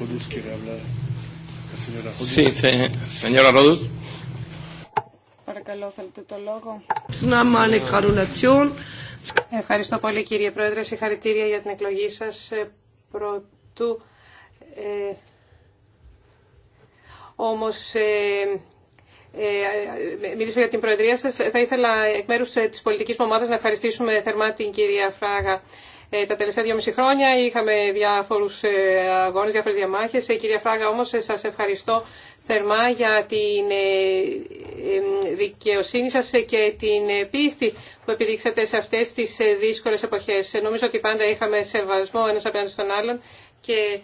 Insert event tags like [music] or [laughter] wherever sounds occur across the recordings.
Rodus quiere hablar. La señora Rodus. Sí, señora Rodus. Ευχαριστώ πολύ κύριε Πρόεδρε. Συγχαρητήρια για την εκλογή σας. Ε, Πρωτού, ε, όμως ε, ε, ε, μιλήσω για την Προεδρία σας. Θα ήθελα εκ μέρους ε, της πολιτικής μου ομάδας να ευχαριστήσουμε θερμά την κυρία Φράγα ε, τα τελευταία μισή χρόνια. Είχαμε διάφορους ε, αγώνες, διάφορες διαμάχες. Ε, κυρία Φράγα, όμως σας ευχαριστώ θερμά για την δικαιοσύνη σας και την πίστη που επιδείξατε σε αυτές τις δύσκολες εποχές. Νομίζω ότι πάντα είχαμε σεβασμό ένα απέναντι στον άλλον και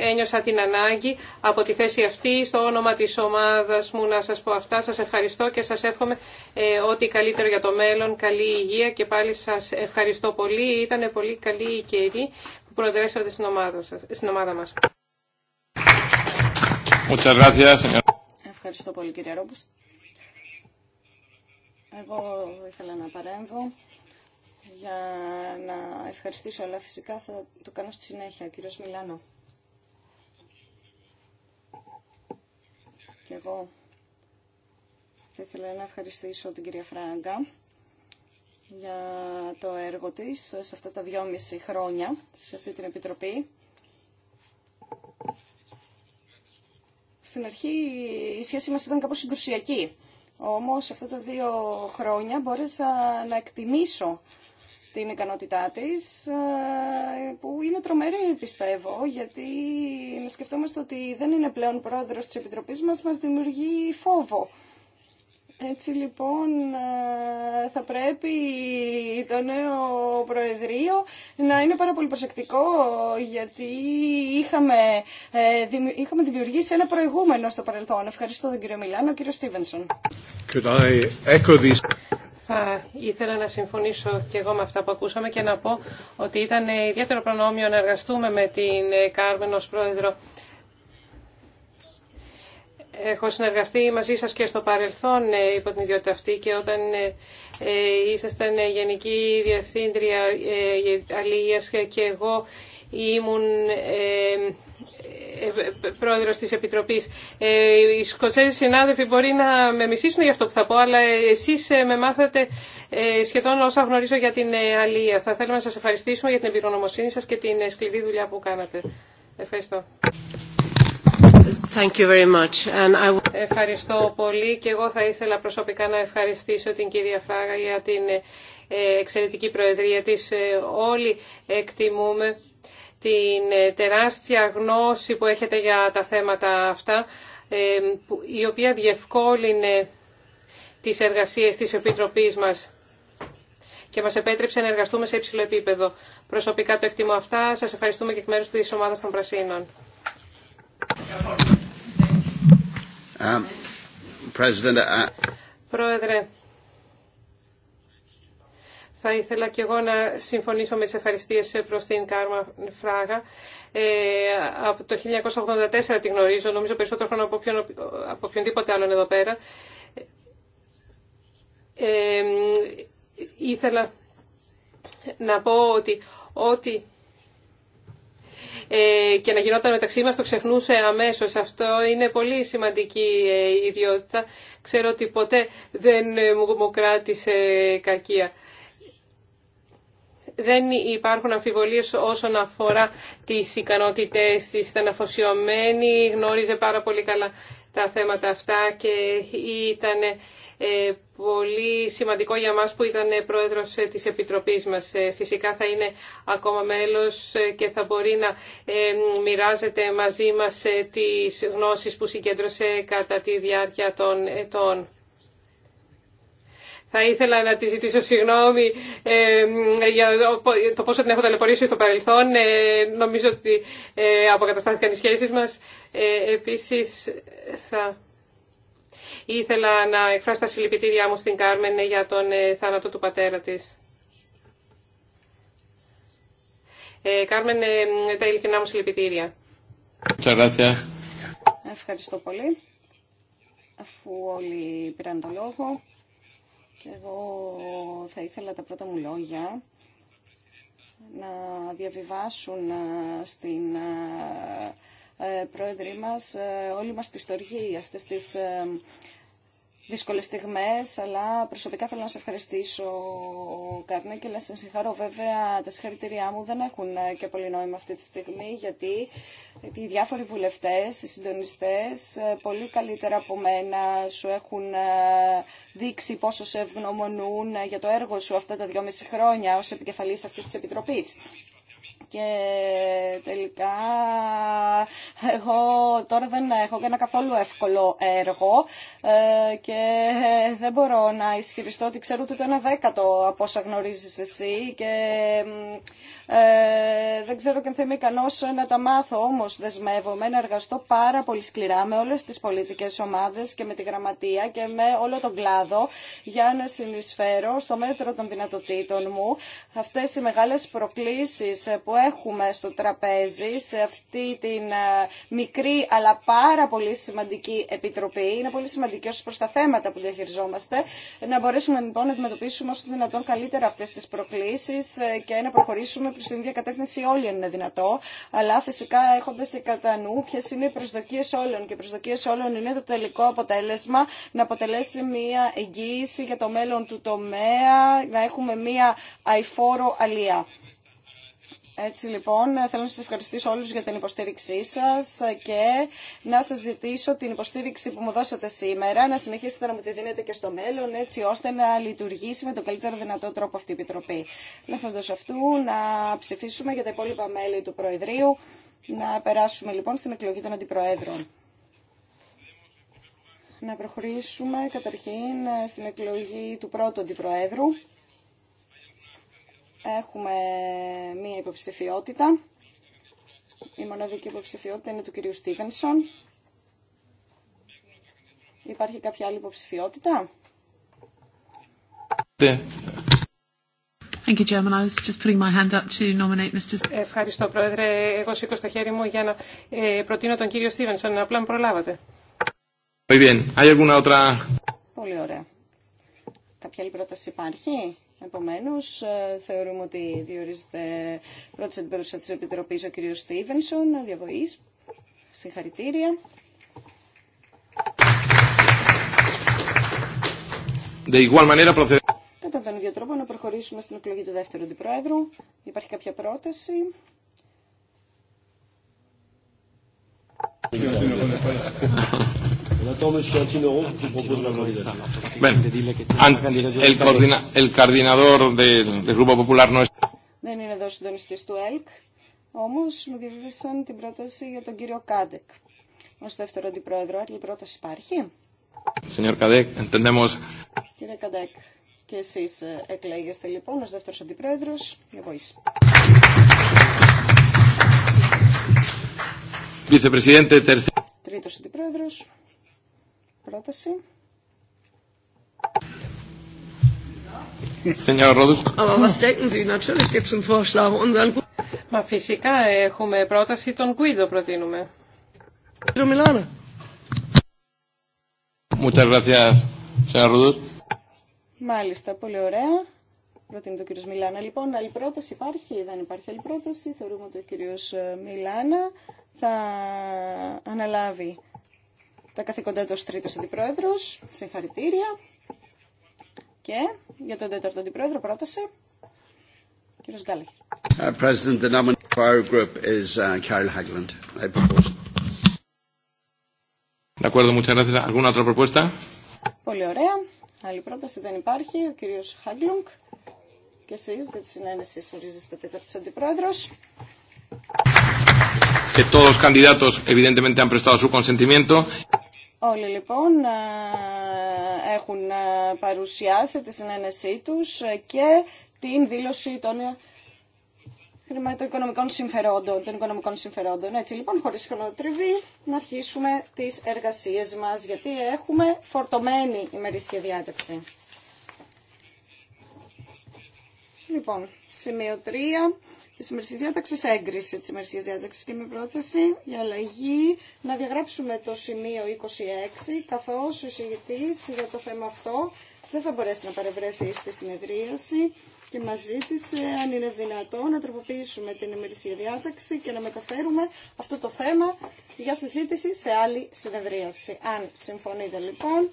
ένιωσα την ανάγκη από τη θέση αυτή στο όνομα της ομάδας μου να σας πω αυτά. Σας ευχαριστώ και σας εύχομαι ε, ό,τι καλύτερο για το μέλλον, καλή υγεία και πάλι σας ευχαριστώ πολύ. Ήταν πολύ καλή η καιρή που προεδρέσατε στην ομάδα, σας, στην ομάδα μας. Ευχαριστώ πολύ κύριε Ρόμπους. Εγώ ήθελα να παρέμβω για να ευχαριστήσω, αλλά φυσικά θα το κάνω στη συνέχεια. Κύριο Μιλάνο. Και εγώ θα ήθελα να ευχαριστήσω την κυρία Φράγκα για το έργο της σε αυτά τα δυόμιση χρόνια σε αυτή την Επιτροπή. Στην αρχή η σχέση μας ήταν κάπως συγκρουσιακή. Όμως αυτά τα δύο χρόνια μπόρεσα να εκτιμήσω την ικανότητά της, ε, που είναι τρομερή πιστεύω, γιατί να σκεφτόμαστε ότι δεν είναι πλέον πρόεδρος της Επιτροπής μας, μας δημιουργεί φόβο. Έτσι λοιπόν ε, θα πρέπει το νέο Προεδρείο να είναι πάρα πολύ προσεκτικό γιατί είχαμε, ε, είχαμε δημιουργήσει ένα προηγούμενο στο παρελθόν. Ευχαριστώ τον κύριο Μιλάνο, κύριο Στίβενσον. Θα ήθελα να συμφωνήσω και εγώ με αυτά που ακούσαμε και να πω ότι ήταν ιδιαίτερο προνόμιο να εργαστούμε με την Κάρμεν ως πρόεδρο. Έχω συνεργαστεί μαζί σας και στο παρελθόν ε, υπό την ιδιότητα αυτή και όταν ε, ε, ήσασταν Γενική Διευθύντρια Αλληλείας και εγώ ήμουν ε, ε, πρόεδρος της Επιτροπής. Ε, οι Σκοτσέζοι συνάδελφοι μπορεί να με μισήσουν για αυτό που θα πω, αλλά εσείς με μάθατε σχεδόν όσα γνωρίζω για την Αλία. Θα θέλουμε να σας ευχαριστήσουμε για την εμπειρονομοσύνη σας και την σκληρή δουλειά που κάνατε. Ευχαριστώ. Thank you very much. And I... Ευχαριστώ πολύ και εγώ θα ήθελα προσωπικά να ευχαριστήσω την κυρία Φράγα για την εξαιρετική προεδρία της. Όλοι εκτιμούμε την ε, τεράστια γνώση που έχετε για τα θέματα αυτά, ε, η οποία διευκόλυνε τις εργασίες της Επιτροπής μας και μας επέτρεψε να εργαστούμε σε υψηλό επίπεδο. Προσωπικά το εκτιμώ αυτά. Σας ευχαριστούμε και εκ μέρους της ομάδας των Πρασίνων. Um, uh, Πρόεδρε, θα ήθελα και εγώ να συμφωνήσω με τις ευχαριστίες ε, προς την Κάρμα Φράγα. Ε, από το 1984 τη γνωρίζω, νομίζω περισσότερο χρόνο από, ποιον, από οποιονδήποτε άλλον εδώ πέρα. Ε, ήθελα να πω ότι ό,τι ε, και να γινόταν μεταξύ μας το ξεχνούσε αμέσως. Αυτό είναι πολύ σημαντική ε, ιδιότητα. Ξέρω ότι ποτέ δεν μου κράτησε κακία δεν υπάρχουν αμφιβολίες όσον αφορά τις ικανότητες της. Ήταν αφοσιωμένη, γνώριζε πάρα πολύ καλά τα θέματα αυτά και ήταν ε, πολύ σημαντικό για μας που ήταν πρόεδρος ε, της Επιτροπής μας. Ε, φυσικά θα είναι ακόμα μέλος και θα μπορεί να μοιράζεται μαζί μας τις γνώσεις που συγκέντρωσε κατά τη διάρκεια των ετών. Θα ήθελα να τη ζητήσω συγγνώμη ε, για το πόσο την έχω ταλαιπωρήσει στο παρελθόν. Ε, νομίζω ότι ε, αποκαταστάθηκαν οι σχέσεις μας. Επίσης, θα... Ήθελα να εκφράσω τα συλληπιτήριά μου στην Κάρμεν για τον θάνατο του πατέρα της. Ε, Κάρμεν, τα ειλικρινά μου συλληπιτήρια. Ευχαριστώ πολύ. Αφού όλοι πήραν το λόγο, και εγώ θα ήθελα τα πρώτα μου λόγια να διαβιβάσουν στην ε, πρόεδρή μας ε, όλη μας τη στοργή αυτές τις ε, Δύσκολε στιγμέ, αλλά προσωπικά θέλω να σε ευχαριστήσω, Κάρνε, και να σε συγχαρώ. Βέβαια, τα συγχαρητήριά μου δεν έχουν ε, και πολύ νόημα αυτή τη στιγμή, γιατί οι διάφοροι βουλευτές, οι συντονιστέ, ε, πολύ καλύτερα από μένα σου έχουν ε, δείξει πόσο σε ευγνωμονούν για το έργο σου αυτά τα δυόμιση χρόνια ως επικεφαλή αυτή τη επιτροπή. Και τελικά εγώ τώρα δεν έχω και ένα καθόλου εύκολο έργο ε, και δεν μπορώ να ισχυριστώ ότι ξέρω ούτε το ένα δέκατο από όσα γνωρίζεις εσύ και ε, δεν ξέρω και αν θα είμαι ικανό να τα μάθω, όμω δεσμεύομαι να εργαστώ πάρα πολύ σκληρά με όλε τι πολιτικέ ομάδε και με τη γραμματεία και με όλο τον κλάδο για να συνεισφέρω στο μέτρο των δυνατοτήτων μου αυτέ οι μεγάλε προκλήσει που έχουμε στο τραπέζι σε αυτή την ε, μικρή αλλά πάρα πολύ σημαντική επιτροπή. Είναι πολύ σημαντική ω προ τα θέματα που διαχειριζόμαστε. Να μπορέσουμε λοιπόν να αντιμετωπίσουμε όσο δυνατόν καλύτερα αυτέ τι προκλήσει ε, και να προχωρήσουμε προ την ίδια κατεύθυνση όλοι είναι δυνατό, αλλά φυσικά έχοντας και κατά νου ποιε είναι οι προσδοκίε όλων και οι προσδοκίε όλων είναι το τελικό αποτέλεσμα να αποτελέσει μια εγγύηση για το μέλλον του τομέα, να έχουμε μια αηφόρο αλία. Έτσι λοιπόν, θέλω να σας ευχαριστήσω όλους για την υποστήριξή σας και να σας ζητήσω την υποστήριξη που μου δώσατε σήμερα, να συνεχίσετε να μου τη δίνετε και στο μέλλον, έτσι ώστε να λειτουργήσει με τον καλύτερο δυνατό τρόπο αυτή η Επιτροπή. Μέθοδος αυτού, να ψηφίσουμε για τα υπόλοιπα μέλη του Προεδρείου, να περάσουμε λοιπόν στην εκλογή των Αντιπροέδρων. Να προχωρήσουμε καταρχήν στην εκλογή του πρώτου Αντιπροέδρου. Έχουμε μία υποψηφιότητα. Η μοναδική υποψηφιότητα είναι του κυρίου Στίβενσον. Υπάρχει κάποια άλλη υποψηφιότητα. Ευχαριστώ, Πρόεδρε. Εγώ σήκω στο χέρι μου για να ε, προτείνω τον κύριο Στίβενσον. Απλά με προλάβατε. Πολύ ωραία. Κάποια άλλη πρόταση υπάρχει. Επομένω, ε, θεωρούμε ότι διορίζεται πρώτη αντιπρόεδρο τη Επιτροπή ο κ. Στίβενσον, διαβοή. Συγχαρητήρια. Κατά τον ίδιο τρόπο να προχωρήσουμε στην εκλογή του δεύτερου αντιπρόεδρου. Υπάρχει κάποια πρόταση. El coordinador del Grupo Popular no Δεν είναι εδώ συντονιστή του ΕΛΚ, όμω μου διαβίβασαν την πρόταση για τον κύριο Κάντεκ ως δεύτερο αντιπρόεδρο. Άλλη πρόταση υπάρχει. Κύριε Καντέκ, και εσείς ε, εκλέγεστε λοιπόν ω δεύτερο αντιπρόεδρο. Εγώ είσαι. Τρίτο αντιπρόεδρο πρόταση. Μα φυσικά έχουμε πρόταση τον Κουίδο προτείνουμε. Μάλιστα, πολύ ωραία. Προτείνει το κύριο Μιλάνα. Λοιπόν, άλλη πρόταση υπάρχει. Δεν υπάρχει άλλη πρόταση. Θεωρούμε ότι ο κύριο ε, Μιλάνα θα αναλάβει τα καθήκοντά του ως τρίτος αντιπρόεδρος. Συγχαρητήρια. Και για τον τέταρτο αντιπρόεδρο πρόταση. Κύριος Γκάλεχερ. Uh, President, the nominee for our group is uh, Carol Hagland. I propose. De acuerdo, muchas gracias. ¿Alguna otra propuesta? Πολύ ωραία. Άλλη πρόταση δεν υπάρχει. Ο κύριος Χάγκλουγκ. Και εσείς, δεν τη συνένεση, ορίζεστε τέταρτος αντιπρόεδρος. Que todos los candidatos, evidentemente, han prestado su consentimiento. Όλοι λοιπόν ε, έχουν ε, παρουσιάσει τη συνένεσή τους και την δήλωση των χρηματοοικονομικών συμφερόντων, των οικονομικών συμφερόντων. Έτσι λοιπόν, χωρίς χρονοτριβή, να αρχίσουμε τις εργασίες μας, γιατί έχουμε φορτωμένη ημερήσια διάταξη. Λοιπόν, σημείο 3, τη σημερινή διάταξη, έγκριση τη σημερινή διάταξη και με πρόταση για αλλαγή να διαγράψουμε το σημείο 26, καθώ ο εισηγητή για το θέμα αυτό δεν θα μπορέσει να παρευρεθεί στη συνεδρίαση και μα ζήτησε αν είναι δυνατό, να τροποποιήσουμε την ημερησία διάταξη και να μεταφέρουμε αυτό το θέμα για συζήτηση σε άλλη συνεδρίαση. Αν συμφωνείτε λοιπόν,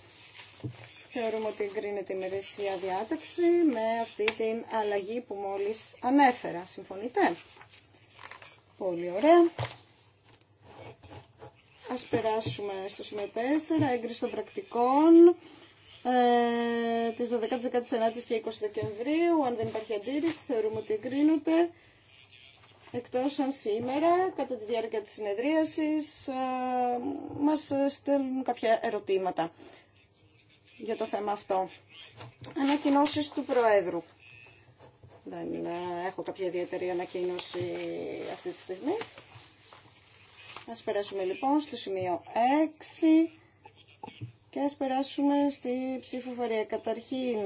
Θεωρούμε ότι εγκρίνεται η διάταξη με αυτή την αλλαγή που μόλις ανέφερα. Συμφωνείτε? Πολύ ωραία. Ας περάσουμε στο σημείο 4, έγκριση των πρακτικών ε, της 12, 19 και 20 Δεκεμβρίου. Αν δεν υπάρχει αντίρρηση, θεωρούμε ότι εγκρίνονται. Εκτός αν σήμερα, κατά τη διάρκεια της συνεδρίασης, ε, μας στέλνουν κάποια ερωτήματα για το θέμα αυτό. Ανακοινώσεις του Προέδρου. Δεν ε, έχω κάποια ιδιαίτερη ανακοίνωση αυτή τη στιγμή. Ας περάσουμε λοιπόν στο σημείο 6 και ας περάσουμε στη ψηφοφορία. Καταρχήν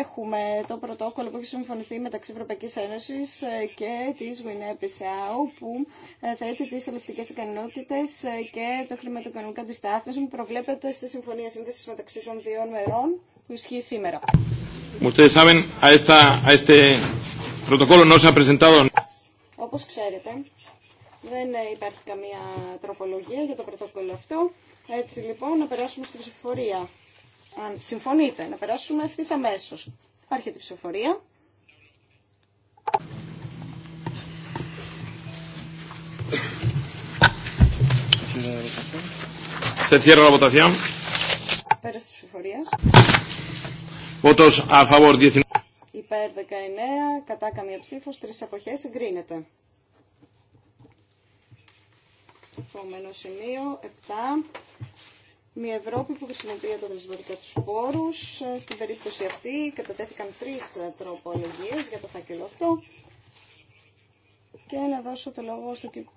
Έχουμε το πρωτόκολλο που έχει συμφωνηθεί μεταξύ Ευρωπαϊκής Ένωσης ε, και της Πισάου που ε, θέτει τις ελευτικές ικανότητες ε, και το χρηματοοικονομικό αντιστάθμισμα που προβλέπεται στη Συμφωνία σύνδεση μεταξύ των δύο μερών που ισχύει σήμερα. Όπως ξέρετε, δεν υπάρχει καμία τροπολογία για το πρωτόκολλο αυτό. Έτσι λοιπόν, να περάσουμε στην ψηφοφορία. Αν συμφωνείτε, να περάσουμε ευθύ αμέσω. Άρχεται η ψηφοφορία. Σε la τη ψηφοφορία. Votos a favor Υπέρ 19, κατά καμία ψήφο, τρει αποχέ εγκρίνεται. Επόμενο σημείο 7 μια Ευρώπη που χρησιμοποιεί αποτελεσματικά του πόρου. Ε, στην περίπτωση αυτή κατατέθηκαν τρει ε, τροπολογίε για το φάκελο αυτό. Και να δώσω το λόγο στον κύριο.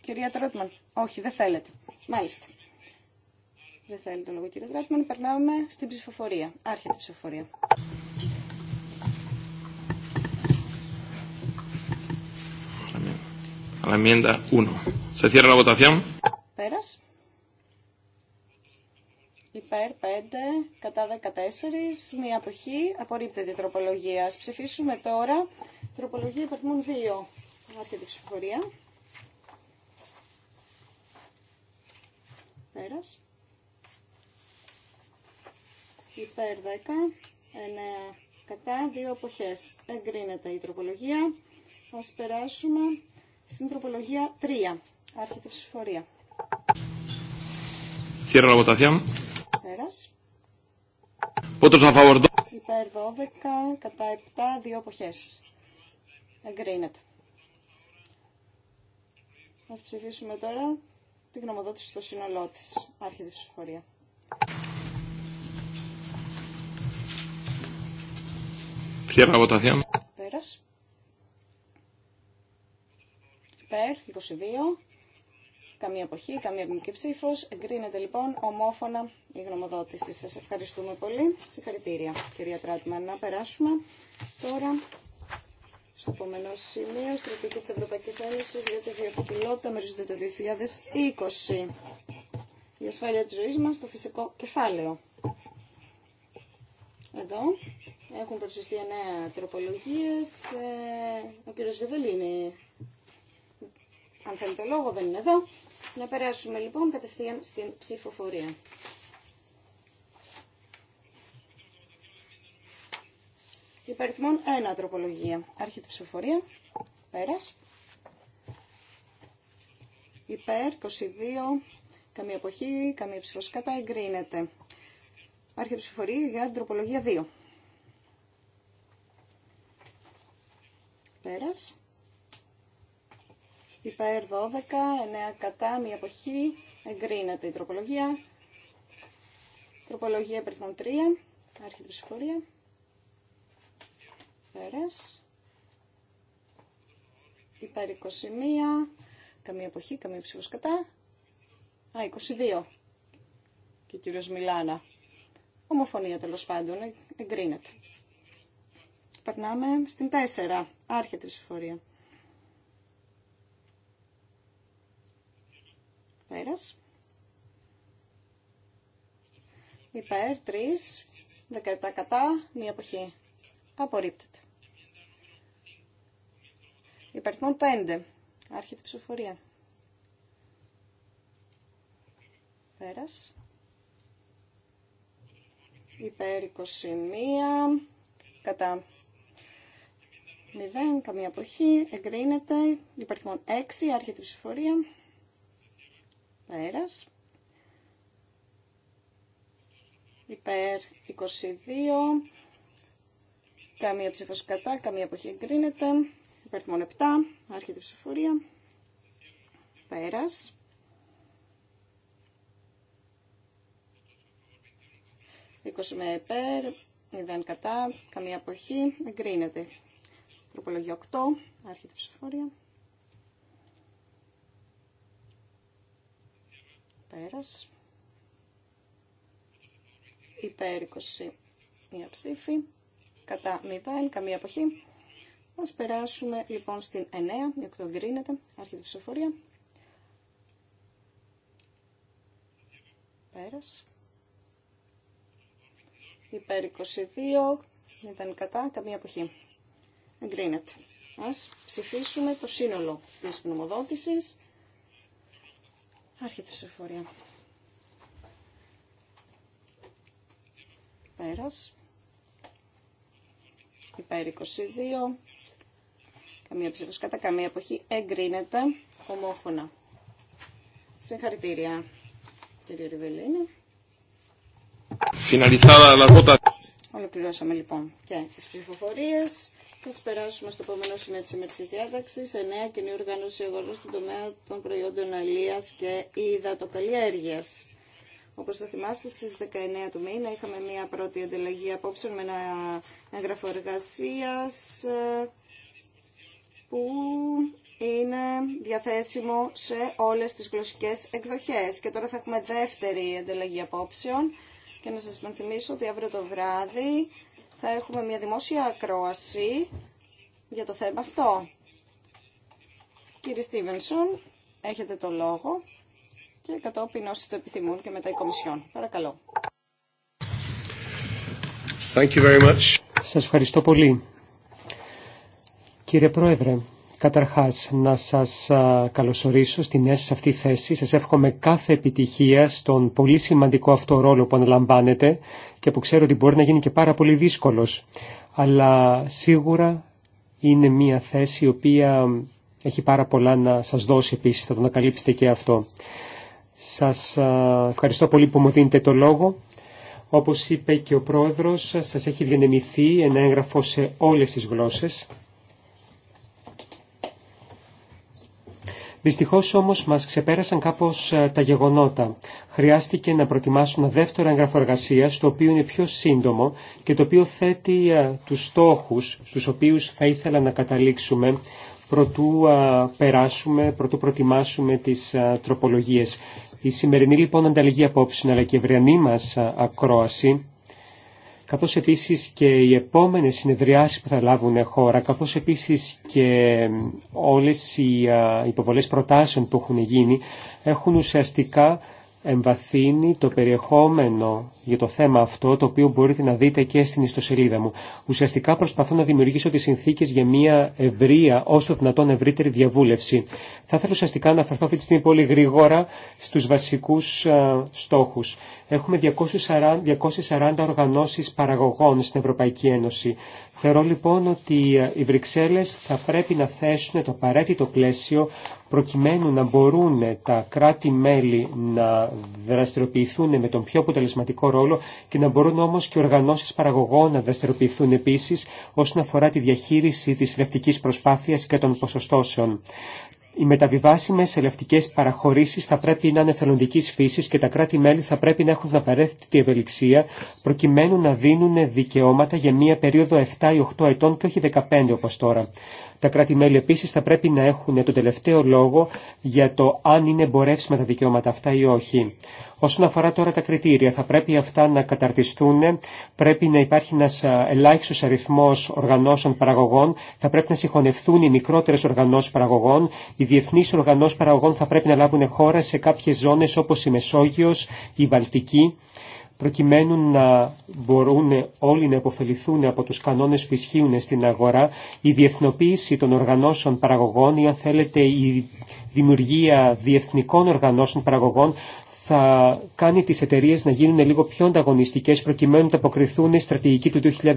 Κυρία Τρότμαν, όχι, δεν θέλετε. Μάλιστα. Δεν θέλετε το λόγο, κύριε Τρότμαν. Περνάμε στην ψηφοφορία. Άρχεται η ψηφοφορία. La 1 υπέρ 5 κατά 14, μία αποχή, απορρίπτεται η τροπολογία. Ας ψηφίσουμε τώρα τροπολογία υπαρθμών 2. Άρχεται η ψηφοφορία. Πέρας. Υπέρ 10, 9 κατά, 2 αποχές. Εγκρίνεται η τροπολογία. Ας περάσουμε στην τροπολογία 3. Άρχεται η ψηφοφορία. la πέρας. φάω Υπέρ 12, κατά 7, δύο εποχές. Εγκρίνεται. Ας ψηφίσουμε τώρα την γνωμοδότηση στο σύνολό της. Άρχεται η ψηφοφορία. Cierra Πέρας. Υπέρ 22, καμία αποχή, καμία γονική ψήφο. Εγκρίνεται λοιπόν ομόφωνα η γνωμοδότηση. Σα ευχαριστούμε πολύ. Συγχαρητήρια, κυρία Τράτμαν. Να περάσουμε τώρα στο επόμενο σημείο, στρατηγική τη Ευρωπαϊκή Ένωση για τη διακοπηλότητα μερίζονται το 2020. Η ασφάλεια τη ζωή μα στο φυσικό κεφάλαιο. Εδώ έχουν προσυστεί νέα τροπολογίε. Ε, ο κύριο Ριβελίνη αν θέλει το λόγο, δεν είναι εδώ. Να περάσουμε λοιπόν κατευθείαν στην ψηφοφορία. Υπαριθμόν ένα τροπολογία. Άρχεται ψηφοφορία. Πέρας. Υπέρ 22. Καμία εποχή, καμία ψηφος κατά εγκρίνεται. Άρχεται ψηφοφορία για την τροπολογία 2. Πέρας υπέρ 12, 9 κατά, μία εποχή, εγκρίνεται η τροπολογία. Τροπολογία υπερθμών 3, άρχεται η ψηφορία. Πέρας. Υπέρ 21, καμία εποχή, καμία ψήφος κατά. Α, 22. Και ο κύριος Μιλάνα. Ομοφωνία τέλος πάντων, εγκρίνεται. Περνάμε στην 4, άρχεται Πέρας. Υπέρ 3, 17 κατά, μία εποχή. Απορρίπτεται. Υπερθμόν 5. Άρχεται η ψηφοφορία. Πέρας. Υπέρ 21. Κατά 0. Καμία εποχή, Εγκρίνεται. Υπερθμόν 6. Άρχεται η ψηφοφορία. Πέρας. Υπέρ 22. Καμία ψήφος κατά, καμία αποχή εγκρίνεται. Υπέρ 7. Άρχεται η ψηφορία. Πέρας. υπέρ, 0 κατά, καμία αποχή, εγκρίνεται. Τροπολογία 8, άρχεται η ψηφορία. Πέρας. Υπέρ 20 μία Κατά μηδέν, καμία αποχή. Ας περάσουμε λοιπόν στην 9, η 8 γκρίνεται, άρχεται η ψηφοφορία. Πέρας. Υπέρ 22, κατά, καμία αποχή. Εγκρίνεται. Ας ψηφίσουμε το σύνολο της πνευμοδότησης. Άρχεται η ψηφοφορία. Πέρας. Υπέρ 22. Καμία ψήφος κατά καμία εποχή εγκρίνεται ομόφωνα. Συγχαρητήρια, κύριε Ριβελίνη. Finalizada la Ολοκληρώσαμε λοιπόν και τι ψηφοφορίε Θα περάσουμε στο επόμενο σημείο τη ημερικής διάταξη. Εννέα Κοινή οργάνωση αγορών στον τομέα των προϊόντων αλλία και υδατοκαλλιέργεια. Όπω θα θυμάστε, στι 19 του μήνα είχαμε μία πρώτη ανταλλαγή απόψεων με ένα έγγραφο εργασία που είναι διαθέσιμο σε όλες τις γλωσσικές εκδοχές. Και τώρα θα έχουμε δεύτερη ανταλλαγή απόψεων και να σας υπενθυμίσω ότι αύριο το βράδυ θα έχουμε μια δημόσια ακρόαση για το θέμα αυτό. Κύριε Στίβενσον, έχετε το λόγο και κατόπιν όσοι το επιθυμούν και μετά η Κομισιόν. Παρακαλώ. Thank you very much. Σας ευχαριστώ πολύ. Κύριε Πρόεδρε, Καταρχάς, να σας καλωσορίσω στη νέα σας αυτή θέση. Σας εύχομαι κάθε επιτυχία στον πολύ σημαντικό αυτό ρόλο που αναλαμβάνετε και που ξέρω ότι μπορεί να γίνει και πάρα πολύ δύσκολος. Αλλά σίγουρα είναι μια θέση η οποία έχει πάρα πολλά να σας δώσει επίσης, θα το ανακαλύψετε και αυτό. Σας ευχαριστώ πολύ που μου δίνετε το λόγο. Όπως είπε και ο πρόεδρος, σας έχει διανεμηθεί ένα έγγραφο σε όλες τις γλώσσες. Δυστυχώς όμως μας ξεπέρασαν κάπως ε, τα γεγονότα. Χρειάστηκε να προτιμάσουμε δεύτερο έγγραφο εργασία, το οποίο είναι πιο σύντομο και το οποίο θέτει ε, τους στόχους στους οποίους θα ήθελα να καταλήξουμε προτού ε, περάσουμε, προτού προτιμάσουμε τις τροπολογίες. Η σημερινή λοιπόν ανταλλαγή απόψη αλλά και η ευριανή μας ακρόαση καθώς επίσης και οι επόμενες συνεδριάσεις που θα λάβουν χώρα, καθώς επίσης και όλες οι υποβολές προτάσεων που έχουν γίνει, έχουν ουσιαστικά εμβαθύνει το περιεχόμενο για το θέμα αυτό, το οποίο μπορείτε να δείτε και στην ιστοσελίδα μου. Ουσιαστικά προσπαθώ να δημιουργήσω τις συνθήκες για μια ευρεία, όσο δυνατόν ευρύτερη διαβούλευση. Θα ήθελα ουσιαστικά να αφαιρθώ αυτή τη στιγμή πολύ γρήγορα στους βασικούς στόχους. Έχουμε 240, 240 οργανώσεις παραγωγών στην Ευρωπαϊκή Ένωση. Θεωρώ λοιπόν ότι ε, οι Βρυξέλλες θα πρέπει να θέσουν το απαραίτητο πλαίσιο προκειμένου να μπορούν τα κράτη-μέλη να δραστηριοποιηθούν με τον πιο αποτελεσματικό ρόλο και να μπορούν όμως και οργανώσεις παραγωγών να δραστηριοποιηθούν επίσης όσον αφορά τη διαχείριση της ρευτικής προσπάθειας και των ποσοστώσεων. Οι μεταβιβάσιμε ελευτικέ παραχωρήσει θα πρέπει να είναι θελοντική φύση και τα κράτη-μέλη θα πρέπει να έχουν την απαραίτητη ευελιξία προκειμένου να δίνουν δικαιώματα για μία περίοδο 7 ή 8 ετών και όχι 15 όπω τώρα. Τα κράτη-μέλη επίσης θα πρέπει να έχουν τον τελευταίο λόγο για το αν είναι εμπορεύσιμα τα δικαιώματα αυτά ή όχι. Όσον αφορά τώρα τα κριτήρια, θα πρέπει αυτά να καταρτιστούν, πρέπει να υπάρχει ένας ελάχιστος αριθμός οργανώσεων παραγωγών, θα πρέπει να συγχωνευτούν οι μικρότερες οργανώσεις παραγωγών, οι διεθνείς οργανώσεις παραγωγών θα πρέπει να λάβουν χώρα σε κάποιες ζώνες όπως η Μεσόγειος, η Βαλτική προκειμένου να μπορούν όλοι να υποφεληθούν από τους κανόνες που ισχύουν στην αγορά, η διεθνοποίηση των οργανώσεων παραγωγών ή αν θέλετε η δημιουργία διεθνικών οργανώσεων παραγωγών θα κάνει τις εταιρείες να γίνουν λίγο πιο ανταγωνιστικές προκειμένου να αποκριθούν η στρατηγική του 2020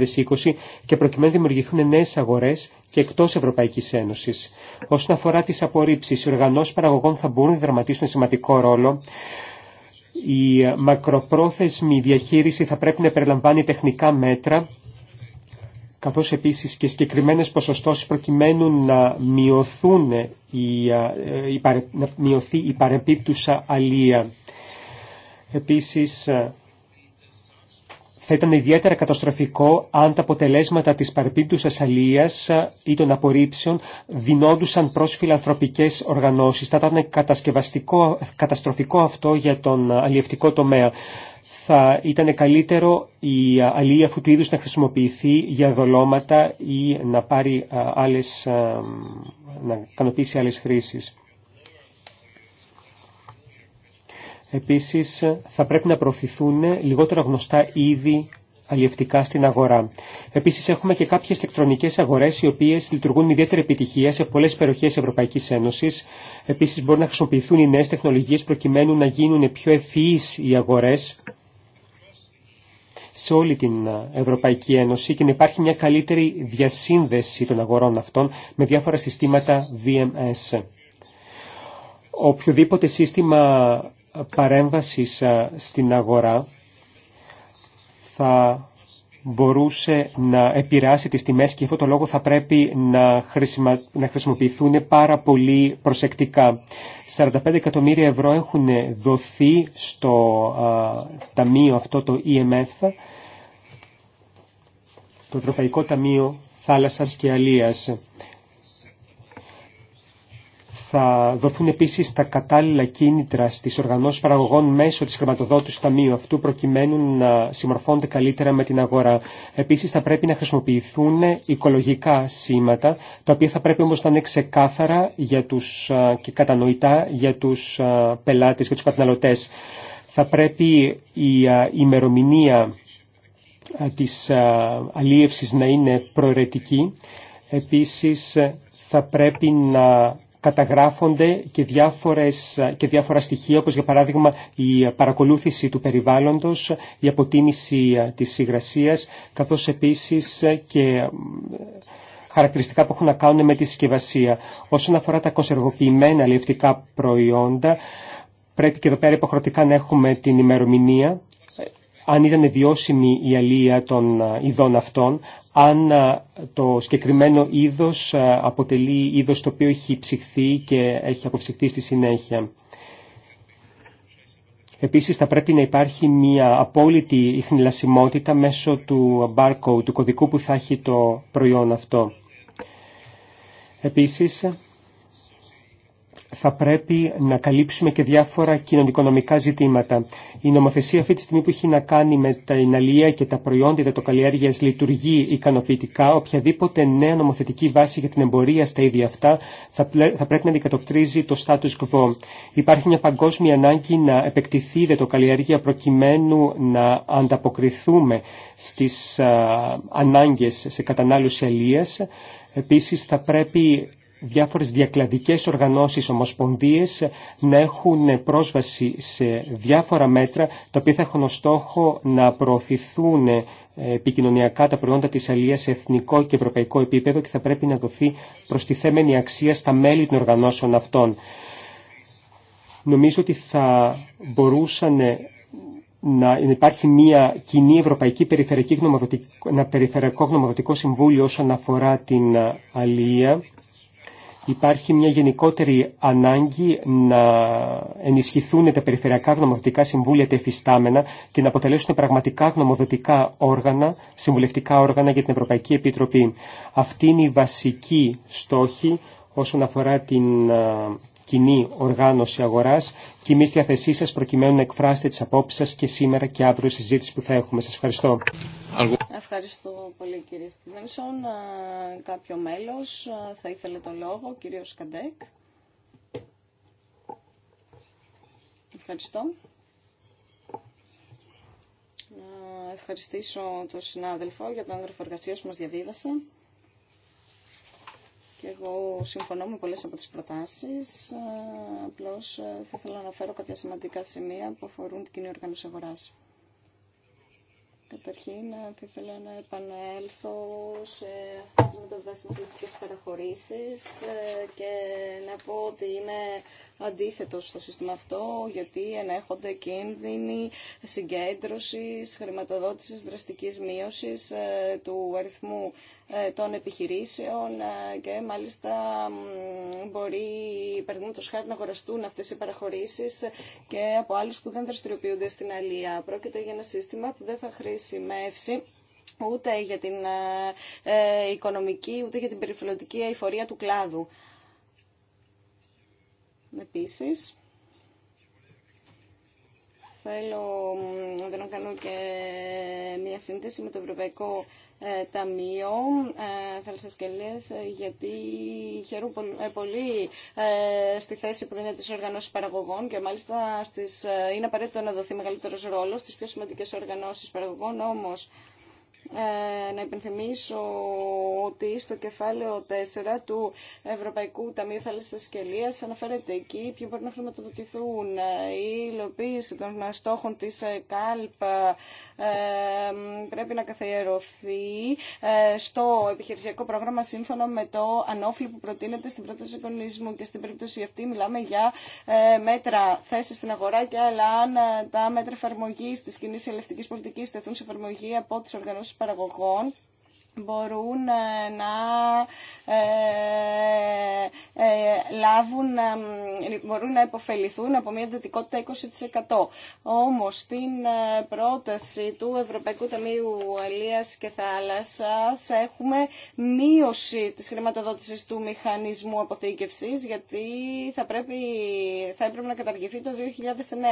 και προκειμένου να δημιουργηθούν νέες αγορές και εκτός Ευρωπαϊκής Ένωσης. Όσον αφορά τις απορρίψεις, οι οργανώσεις παραγωγών θα μπορούν να δραματίσουν σημαντικό ρόλο η μακροπρόθεσμη διαχείριση θα πρέπει να περιλαμβάνει τεχνικά μέτρα καθώς επίσης και συγκεκριμένες ποσοστώσεις προκειμένου να, μειωθούν η, ε, μειωθεί η παρεμπίπτουσα αλία. Επίσης, ε, θα ήταν ιδιαίτερα καταστροφικό αν τα αποτελέσματα της παρπίπτους αλίας ή των απορρίψεων δινόντουσαν προς φιλανθρωπικές οργανώσεις. Θα ήταν κατασκευαστικό, καταστροφικό αυτό για τον αλλιευτικό τομέα. Θα ήταν καλύτερο η αλία αυτού του είδους να χρησιμοποιηθεί για δολώματα ή να πάρει άλλες, να κανοποιήσει άλλες χρήσεις. Επίσης, θα πρέπει να προωθηθούν λιγότερα γνωστά είδη αλλιευτικά στην αγορά. Επίσης έχουμε και κάποιες ηλεκτρονικές αγορές οι οποίες λειτουργούν ιδιαίτερη επιτυχία σε πολλές περιοχές Ευρωπαϊκής Ένωσης. Επίσης μπορούν να χρησιμοποιηθούν οι νέες τεχνολογίες προκειμένου να γίνουν πιο ευφυείς οι αγορές σε όλη την Ευρωπαϊκή Ένωση και να υπάρχει μια καλύτερη διασύνδεση των αγορών αυτών με διάφορα συστήματα VMS. Οποιοδήποτε σύστημα παρέμβασης στην αγορά θα μπορούσε να επηρεάσει τις τιμές και αυτό το λόγο θα πρέπει να, χρησιμα... να χρησιμοποιηθούν πάρα πολύ προσεκτικά. 45 εκατομμύρια ευρώ έχουν δοθεί στο ταμείο αυτό το EMF, το Ευρωπαϊκό Ταμείο Θάλασσας και Αλίας. Θα δοθούν επίσης τα κατάλληλα κίνητρα στις οργανώσεις παραγωγών μέσω της χρηματοδότησης του Ταμείου αυτού προκειμένου να συμμορφώνονται καλύτερα με την αγορά. Επίσης θα πρέπει να χρησιμοποιηθούν οικολογικά σήματα, τα οποία θα πρέπει όμως να είναι ξεκάθαρα για τους, και κατανοητά για τους πελάτες και τους καταναλωτές. Θα πρέπει η ημερομηνία της αλίευσης να είναι προαιρετική. Επίσης θα πρέπει να καταγράφονται και, διάφορες, και διάφορα στοιχεία, όπως για παράδειγμα η παρακολούθηση του περιβάλλοντος, η αποτίμηση ε, της υγρασίας, καθώς επίσης ε, και ε, χαρακτηριστικά που έχουν να κάνουν με τη συσκευασία. Όσον αφορά τα κωσεργοποιημένα λευτικά προϊόντα, πρέπει και εδώ πέρα υποχρεωτικά να έχουμε την ημερομηνία, αν ήταν βιώσιμη η αλία των ειδών αυτών, αν το συγκεκριμένο είδος αποτελεί είδος το οποίο έχει ψυχθεί και έχει αποψυχθεί στη συνέχεια. Επίσης θα πρέπει να υπάρχει μια απόλυτη ιχνηλασιμότητα μέσω του barcode, του κωδικού που θα έχει το προϊόν αυτό. Επίσης θα πρέπει να καλύψουμε και διάφορα κοινωνικονομικά ζητήματα. Η νομοθεσία αυτή τη στιγμή που έχει να κάνει με τα εναλία και τα προϊόντα υδατοκαλλιέργειας λειτουργεί ικανοποιητικά. Οποιαδήποτε νέα νομοθετική βάση για την εμπορία στα ίδια αυτά θα, πρέπει να αντικατοπτρίζει το status quo. Υπάρχει μια παγκόσμια ανάγκη να επεκτηθεί η υδατοκαλλιέργεια προκειμένου να ανταποκριθούμε στι ανάγκε σε κατανάλωση αλία. Επίσης θα πρέπει διάφορες διακλαδικές οργανώσεις, ομοσπονδίες να έχουν πρόσβαση σε διάφορα μέτρα τα οποία θα έχουν ως στόχο να προωθηθούν ε, επικοινωνιακά τα προϊόντα της αλίας σε εθνικό και ευρωπαϊκό επίπεδο και θα πρέπει να δοθεί προστιθέμενη αξία στα μέλη των οργανώσεων αυτών. Νομίζω ότι θα μπορούσαν ε, να υπάρχει μια κοινή ευρωπαϊκή περιφερειακή ένα περιφερειακό γνωμοδοτικό συμβούλιο όσον αφορά την ε, αλία υπάρχει μια γενικότερη ανάγκη να ενισχυθούν τα περιφερειακά γνωμοδοτικά συμβούλια τα εφιστάμενα και να αποτελέσουν πραγματικά γνωμοδοτικά όργανα, συμβουλευτικά όργανα για την Ευρωπαϊκή Επιτροπή. Αυτή είναι η βασική στόχη όσον αφορά την κοινή οργάνωση αγοράς και εμεί διαθεσή σας προκειμένου να εκφράσετε τις απόψεις σας και σήμερα και αύριο στη συζήτηση που θα έχουμε. Σας ευχαριστώ. Ευχαριστώ πολύ κύριε Στιβένσον. Κάποιο μέλος θα ήθελε το λόγο, κύριο Καντέκ. Ευχαριστώ. Να ευχαριστήσω τον συνάδελφο για τον έγγραφο εργασία που μας διαβίβασε. Και εγώ συμφωνώ με πολλές από τις προτάσεις, ε, απλώς ε, θα ήθελα να αναφέρω κάποια σημαντικά σημεία που αφορούν την κοινή οργάνωση αγοράς. Καταρχήν, ε, θα ήθελα να επανέλθω σε αυτές τις μεταβάσιμες μας παραχωρήσεις και να πω ότι είναι αντίθετος στο σύστημα αυτό, γιατί ενέχονται κίνδυνοι συγκέντρωσης, χρηματοδότησης, δραστικής μείωσης ε, του αριθμού ε, των επιχειρήσεων ε, και μάλιστα μπορεί παραδείγματο χάρη να αγοραστούν αυτέ οι παραχωρήσει και από άλλου που δεν δραστηριοποιούνται στην Αλία. Πρόκειται για ένα σύστημα που δεν θα χρησιμεύσει ούτε για την οικονομική ούτε για την περιφερειακή αηφορία του κλάδου. Επίσης, θέλω να κάνω και μία σύνδεση με το Ευρωπαϊκό ε, Ταμείο ε, Θαλασσοσκελίας ε, γιατί χαιρούν πολύ στη θέση που δίνεται στις οργανώσεις παραγωγών και μάλιστα στις, είναι απαραίτητο να δοθεί μεγαλύτερος ρόλος στις πιο σημαντικές οργανώσεις παραγωγών όμως ε, να υπενθυμίσω ότι στο κεφάλαιο 4 του Ευρωπαϊκού Ταμείου Θάλασσα και αναφέρεται εκεί ποιοι μπορεί να χρηματοδοτηθούν ε, η υλοποίηση των στόχων τη ε, ΚΑΛΠ πρέπει να καθιερωθεί στο επιχειρησιακό πρόγραμμα σύμφωνα με το ανόφλη που προτείνεται στην πρόταση εγκονισμού και στην περίπτωση αυτή μιλάμε για μέτρα θέση στην αγορά και άλλα αν τα μέτρα εφαρμογή τη κοινή ελευτική πολιτική τεθούν σε εφαρμογή από τι οργανώσει παραγωγών μπορούν ε, να ε, ε, λάβουν, μπορούν να υποφεληθούν από μια εντατικότητα 20%. Όμως στην πρόταση του Ευρωπαϊκού Ταμείου Αλίας και Θάλασσας έχουμε μείωση της χρηματοδότησης του μηχανισμού αποθήκευσης γιατί θα, πρέπει, θα έπρεπε να καταργηθεί το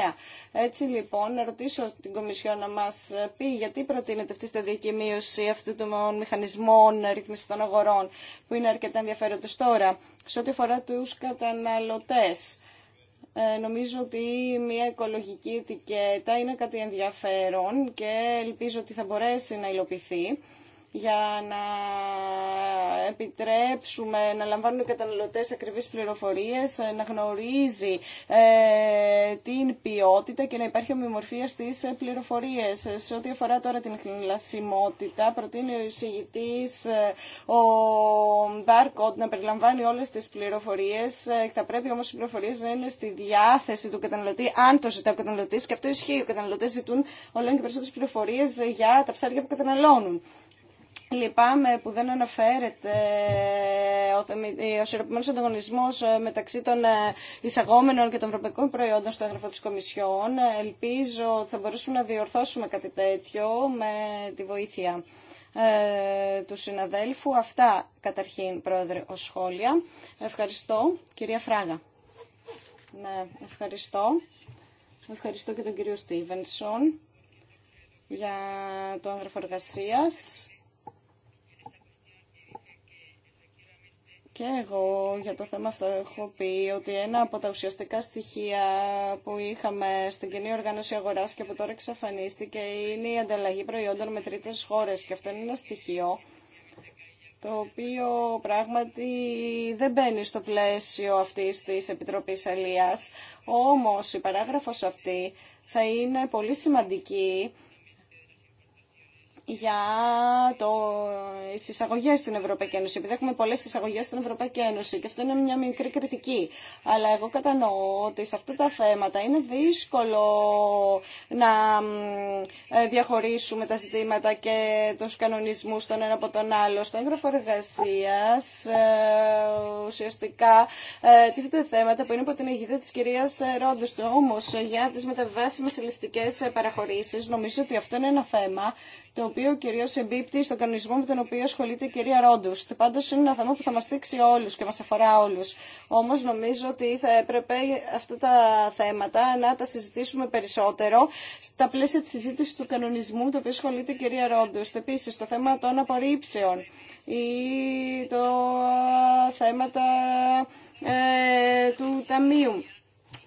2009. Έτσι λοιπόν ρωτήσω την Κομισιό να μας πει γιατί προτείνεται αυτή η σταδιακή μείωση αυτού του μηχανισμού μηχανισμών των αγορών που είναι αρκετά ενδιαφέροντες τώρα. Σε ό,τι αφορά τους καταναλωτές, ε, νομίζω ότι μια οικολογική ετικέτα είναι κάτι ενδιαφέρον και ελπίζω ότι θα μπορέσει να υλοποιηθεί για να επιτρέψουμε να λαμβάνουν οι καταναλωτές ακριβείς πληροφορίες, να γνωρίζει ε, την ποιότητα και να υπάρχει ομοιομορφία στις ε, πληροφορίες. Σε ό,τι αφορά τώρα την χνηλασιμότητα, προτείνει ο εισηγητής ε, ο barcode να περιλαμβάνει όλες τις πληροφορίες. Θα πρέπει όμως οι πληροφορίες να είναι στη διάθεση του καταναλωτή, αν το ζητά ο καταναλωτής και αυτό ισχύει. Οι καταναλωτές ζητούν όλο και περισσότερες πληροφορίες για τα ψάρια που καταναλώνουν. Λυπάμαι που δεν αναφέρεται ο συρροπημένο ανταγωνισμό ε, μεταξύ των ε, εισαγόμενων και των ευρωπαϊκών προϊόντων στο έγγραφο τη Κομισιόν. Ε, ελπίζω ότι θα μπορούσαμε να διορθώσουμε κάτι τέτοιο με τη βοήθεια του συναδέλφου. Αυτά καταρχήν, Πρόεδρε, ως σχόλια. Ευχαριστώ, κυρία Φράγα. Ναι, ευχαριστώ. Ευχαριστώ και τον κύριο Στίβενσον για το έγγραφο εργασίας. Και εγώ για το θέμα αυτό έχω πει ότι ένα από τα ουσιαστικά στοιχεία που είχαμε στην κοινή οργάνωση αγορά και που τώρα εξαφανίστηκε είναι η ανταλλαγή προϊόντων με τρίτε χώρε. Και αυτό είναι ένα στοιχείο το οποίο πράγματι δεν μπαίνει στο πλαίσιο αυτής της Επιτροπής Αλία. Όμως η παράγραφος αυτή θα είναι πολύ σημαντική για το, εισαγωγέ στην Ευρωπαϊκή Ένωση, επειδή έχουμε πολλέ εισαγωγέ στην Ευρωπαϊκή Ένωση και αυτό είναι μια μικρή κριτική. Αλλά εγώ κατανοώ ότι σε αυτά τα θέματα είναι δύσκολο να ε, διαχωρίσουμε τα ζητήματα και του κανονισμού τον ένα από τον άλλο. Στο έγγραφο εργασία ε, ουσιαστικά ε, τίθεται θέματα που είναι από την αιγύδα τη κυρία Ρόντεστο. Όμως για τι μεταβάσιμες ελευτικές παραχωρήσεις νομίζω ότι αυτό είναι ένα θέμα το οποίο κυρίω εμπίπτει στον κανονισμό με τον οποίο ασχολείται η κυρία Ρόντου. Πάντω είναι ένα θέμα που θα μα δείξει όλου και μα αφορά όλου. Όμω νομίζω ότι θα έπρεπε αυτά τα θέματα να τα συζητήσουμε περισσότερο στα πλαίσια τη συζήτηση του κανονισμού με τον οποίο ασχολείται η κυρία Ρόντου. Επίση, το θέμα των απορρίψεων ή το θέματα ε, του Ταμείου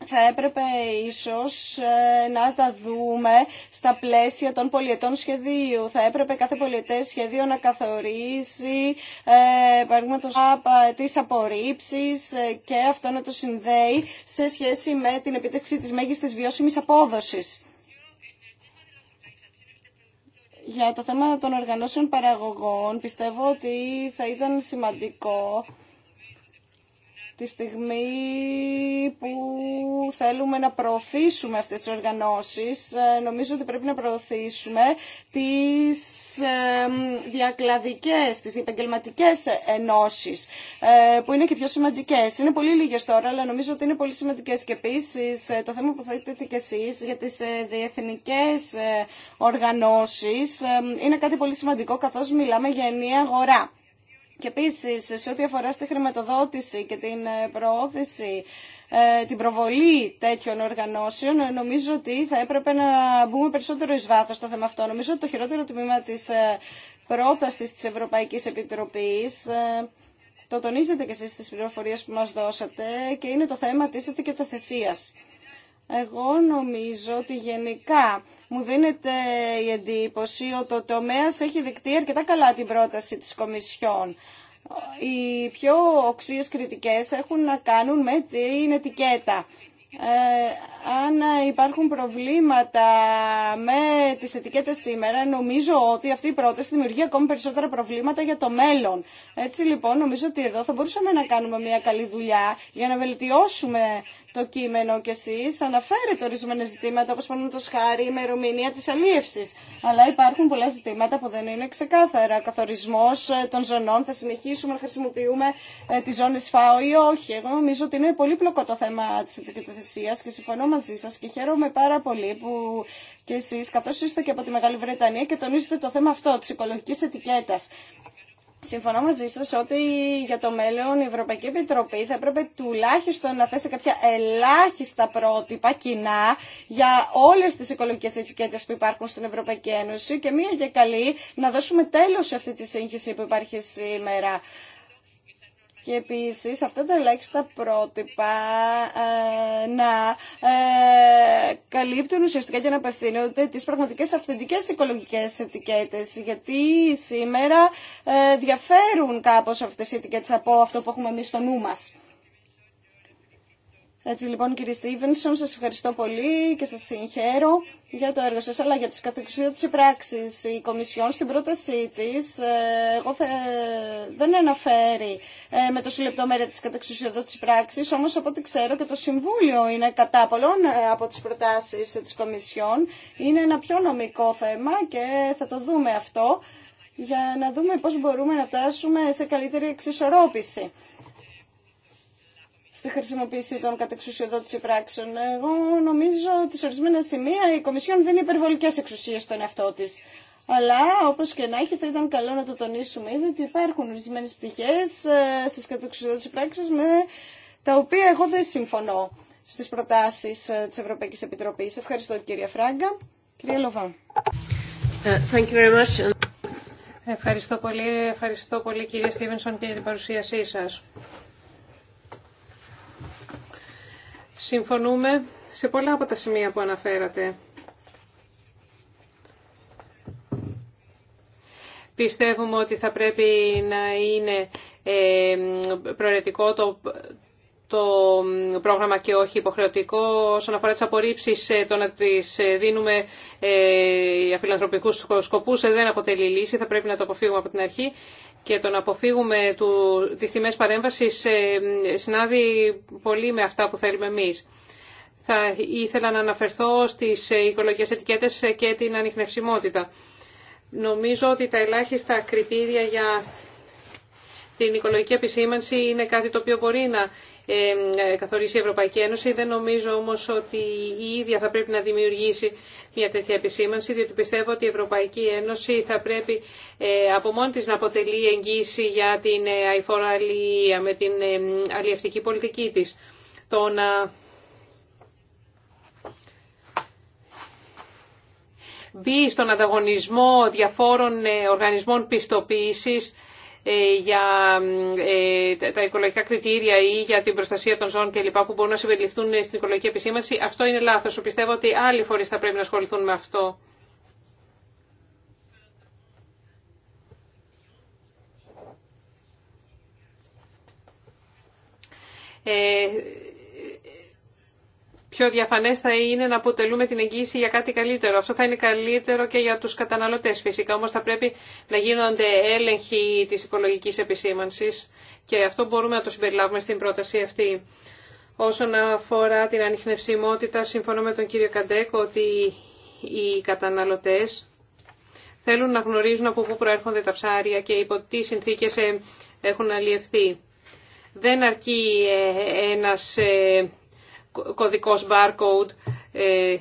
θα έπρεπε ίσως ε, να τα δούμε στα πλαίσια των πολιετών σχεδίου. Θα έπρεπε κάθε πολιετές σχεδίο να καθορίσει ε, τις απορρίψεις ε, και αυτό να το συνδέει σε σχέση με την επιτεύξη της μέγιστης βιώσιμης απόδοσης. Για το θέμα των οργανώσεων παραγωγών πιστεύω ότι θα ήταν σημαντικό τη στιγμή που θέλουμε να προωθήσουμε αυτές τις οργανώσεις, ε, νομίζω ότι πρέπει να προωθήσουμε τις ε, διακλαδικές, τις επαγγελματικέ ενώσεις, ε, που είναι και πιο σημαντικές. Είναι πολύ λίγες τώρα, αλλά νομίζω ότι είναι πολύ σημαντικές. Και επίσης, το θέμα που θέλετε και εσείς για τις διεθνικές οργανώσεις είναι κάτι πολύ σημαντικό, καθώς μιλάμε για ενία αγορά. Και επίση, σε ό,τι αφορά στη χρηματοδότηση και την ε, προώθηση, ε, την προβολή τέτοιων οργανώσεων, ε, νομίζω ότι θα έπρεπε να μπούμε περισσότερο εις βάθος στο θέμα αυτό. Νομίζω ότι το χειρότερο τμήμα της πρότασης της Ευρωπαϊκής Επιτροπής το τονίζετε και εσείς στις πληροφορίες που μας δώσατε και είναι το θέμα της ηθικαιτοθεσίας. Εγώ νομίζω ότι γενικά μου δίνεται η εντύπωση ότι ο τομέας έχει δεκτεί αρκετά καλά την πρόταση της Κομισιόν. Οι πιο οξύες κριτικές έχουν να κάνουν με την ετικέτα. Ε, αν υπάρχουν προβλήματα με τις ετικέτες σήμερα, νομίζω ότι αυτή η πρόταση δημιουργεί ακόμη περισσότερα προβλήματα για το μέλλον. Έτσι λοιπόν, νομίζω ότι εδώ θα μπορούσαμε να κάνουμε μια καλή δουλειά για να βελτιώσουμε το κείμενο και εσείς αναφέρετε ορισμένα ζητήματα, όπως πάνω το σχάρι, η ημερομηνία της αλίευσης. Αλλά υπάρχουν πολλά ζητήματα που δεν είναι ξεκάθαρα. Καθορισμός ε, των ζωνών, θα συνεχίσουμε να χρησιμοποιούμε ε, τις ζώνες ΦΑΟ ή όχι. Εγώ νομίζω ότι είναι πολύ πλοκό το θέμα της και συμφωνώ μαζί σα και χαίρομαι πάρα πολύ που και εσείς καθώ είστε και από τη Μεγάλη Βρετανία και τονίζετε το θέμα αυτό τη οικολογική ετικέτα. Συμφωνώ μαζί σα ότι για το μέλλον η Ευρωπαϊκή Επιτροπή θα έπρεπε τουλάχιστον να θέσει κάποια ελάχιστα πρότυπα κοινά για όλε τι οικολογικέ ετικέτε που υπάρχουν στην Ευρωπαϊκή Ένωση και μία και καλή να δώσουμε τέλο σε αυτή τη σύγχυση που υπάρχει σήμερα και επίσης αυτά τα ελάχιστα πρότυπα ε, να ε, καλύπτουν ουσιαστικά και να απευθύνονται τις πραγματικές αυθεντικές οικολογικές ετικέτες γιατί σήμερα ε, διαφέρουν κάπως αυτές οι ετικέτες από αυτό που έχουμε εμείς στο νου μας. Έτσι λοιπόν κύριε Στίβενσον, σας ευχαριστώ πολύ και σας συγχαίρω για το έργο σας, αλλά για τις καθεξιότητες πράξεις. Η Κομισιόν στην πρότασή της ε, εγώ θε, δεν αναφέρει ε, με τόση λεπτομέρεια τις καθεξιότητες πράξεις, όμως από ό,τι ξέρω και το Συμβούλιο είναι κατά πολλών ε, από τις προτάσεις της Κομισιόν. Είναι ένα πιο νομικό θέμα και θα το δούμε αυτό για να δούμε πώς μπορούμε να φτάσουμε σε καλύτερη εξισορρόπηση στη χρησιμοποίηση των κατεξουσιοδότηση πράξεων. Εγώ νομίζω ότι σε ορισμένα σημεία η Κομισιόν δίνει υπερβολικέ εξουσίε στον εαυτό τη. Αλλά όπω και να έχει, θα ήταν καλό να το τονίσουμε ήδη ότι υπάρχουν ορισμένε πτυχέ ε, στι κατεξουσιοδότηση πράξει με τα οποία εγώ δεν συμφωνώ στι προτάσει ε, τη Ευρωπαϊκή Επιτροπή. Ευχαριστώ κυρία Φράγκα. Κυρία Λοβά. Ε, thank you very Ευχαριστώ πολύ, ευχαριστώ πολύ κυρία Στίβενσον και για την παρουσίασή σας. Συμφωνούμε σε πολλά από τα σημεία που αναφέρατε. Πιστεύουμε ότι θα πρέπει να είναι ε, προαιρετικό το, το πρόγραμμα και όχι υποχρεωτικό. Όσον αφορά τις απορρίψεις, ε, το να τις ε, δίνουμε για φιλανθρωπικούς σκοπούς δεν αποτελεί λύση. Θα πρέπει να το αποφύγουμε από την αρχή και το να αποφύγουμε του, τις τιμές παρέμβασης ε, συνάδει πολύ με αυτά που θέλουμε εμείς. Θα ήθελα να αναφερθώ στις ε, οικολογικές ετικέτες ε, και την ανιχνευσιμότητα. Νομίζω ότι τα ελάχιστα κριτήρια για την οικολογική επισήμανση είναι κάτι το οποίο μπορεί να ε, καθορίσει η Ευρωπαϊκή Ένωση. Δεν νομίζω όμως ότι η ίδια θα πρέπει να δημιουργήσει μια τέτοια επισήμανση, διότι πιστεύω ότι η Ευρωπαϊκή Ένωση θα πρέπει ε, από μόνη της να αποτελεί εγγύηση για την ε, αηφόρα με την αλληλευτική πολιτική της. Το να μπει στον ανταγωνισμό διαφόρων οργανισμών πιστοποίησης ε, για ε, τα οικολογικά κριτήρια ή για την προστασία των ζώων κλπ. που μπορούν να συμπεριληφθούν στην οικολογική επισήμανση. Αυτό είναι λάθος. Πιστεύω ότι άλλοι φορείς θα πρέπει να ασχοληθούν με αυτό. Ε, πιο διαφανές θα είναι να αποτελούμε την εγγύηση για κάτι καλύτερο. Αυτό θα είναι καλύτερο και για τους καταναλωτές φυσικά, όμως θα πρέπει να γίνονται έλεγχοι της οικολογικής επισήμανσης και αυτό μπορούμε να το συμπεριλάβουμε στην πρόταση αυτή. Όσον αφορά την ανιχνευσιμότητα, συμφωνώ με τον κύριο Καντέκο ότι οι καταναλωτές θέλουν να γνωρίζουν από πού προέρχονται τα ψάρια και υπό τι συνθήκες ε, έχουν αλλιευθεί. Δεν αρκεί ε, ένας ε, κωδικός barcode ε,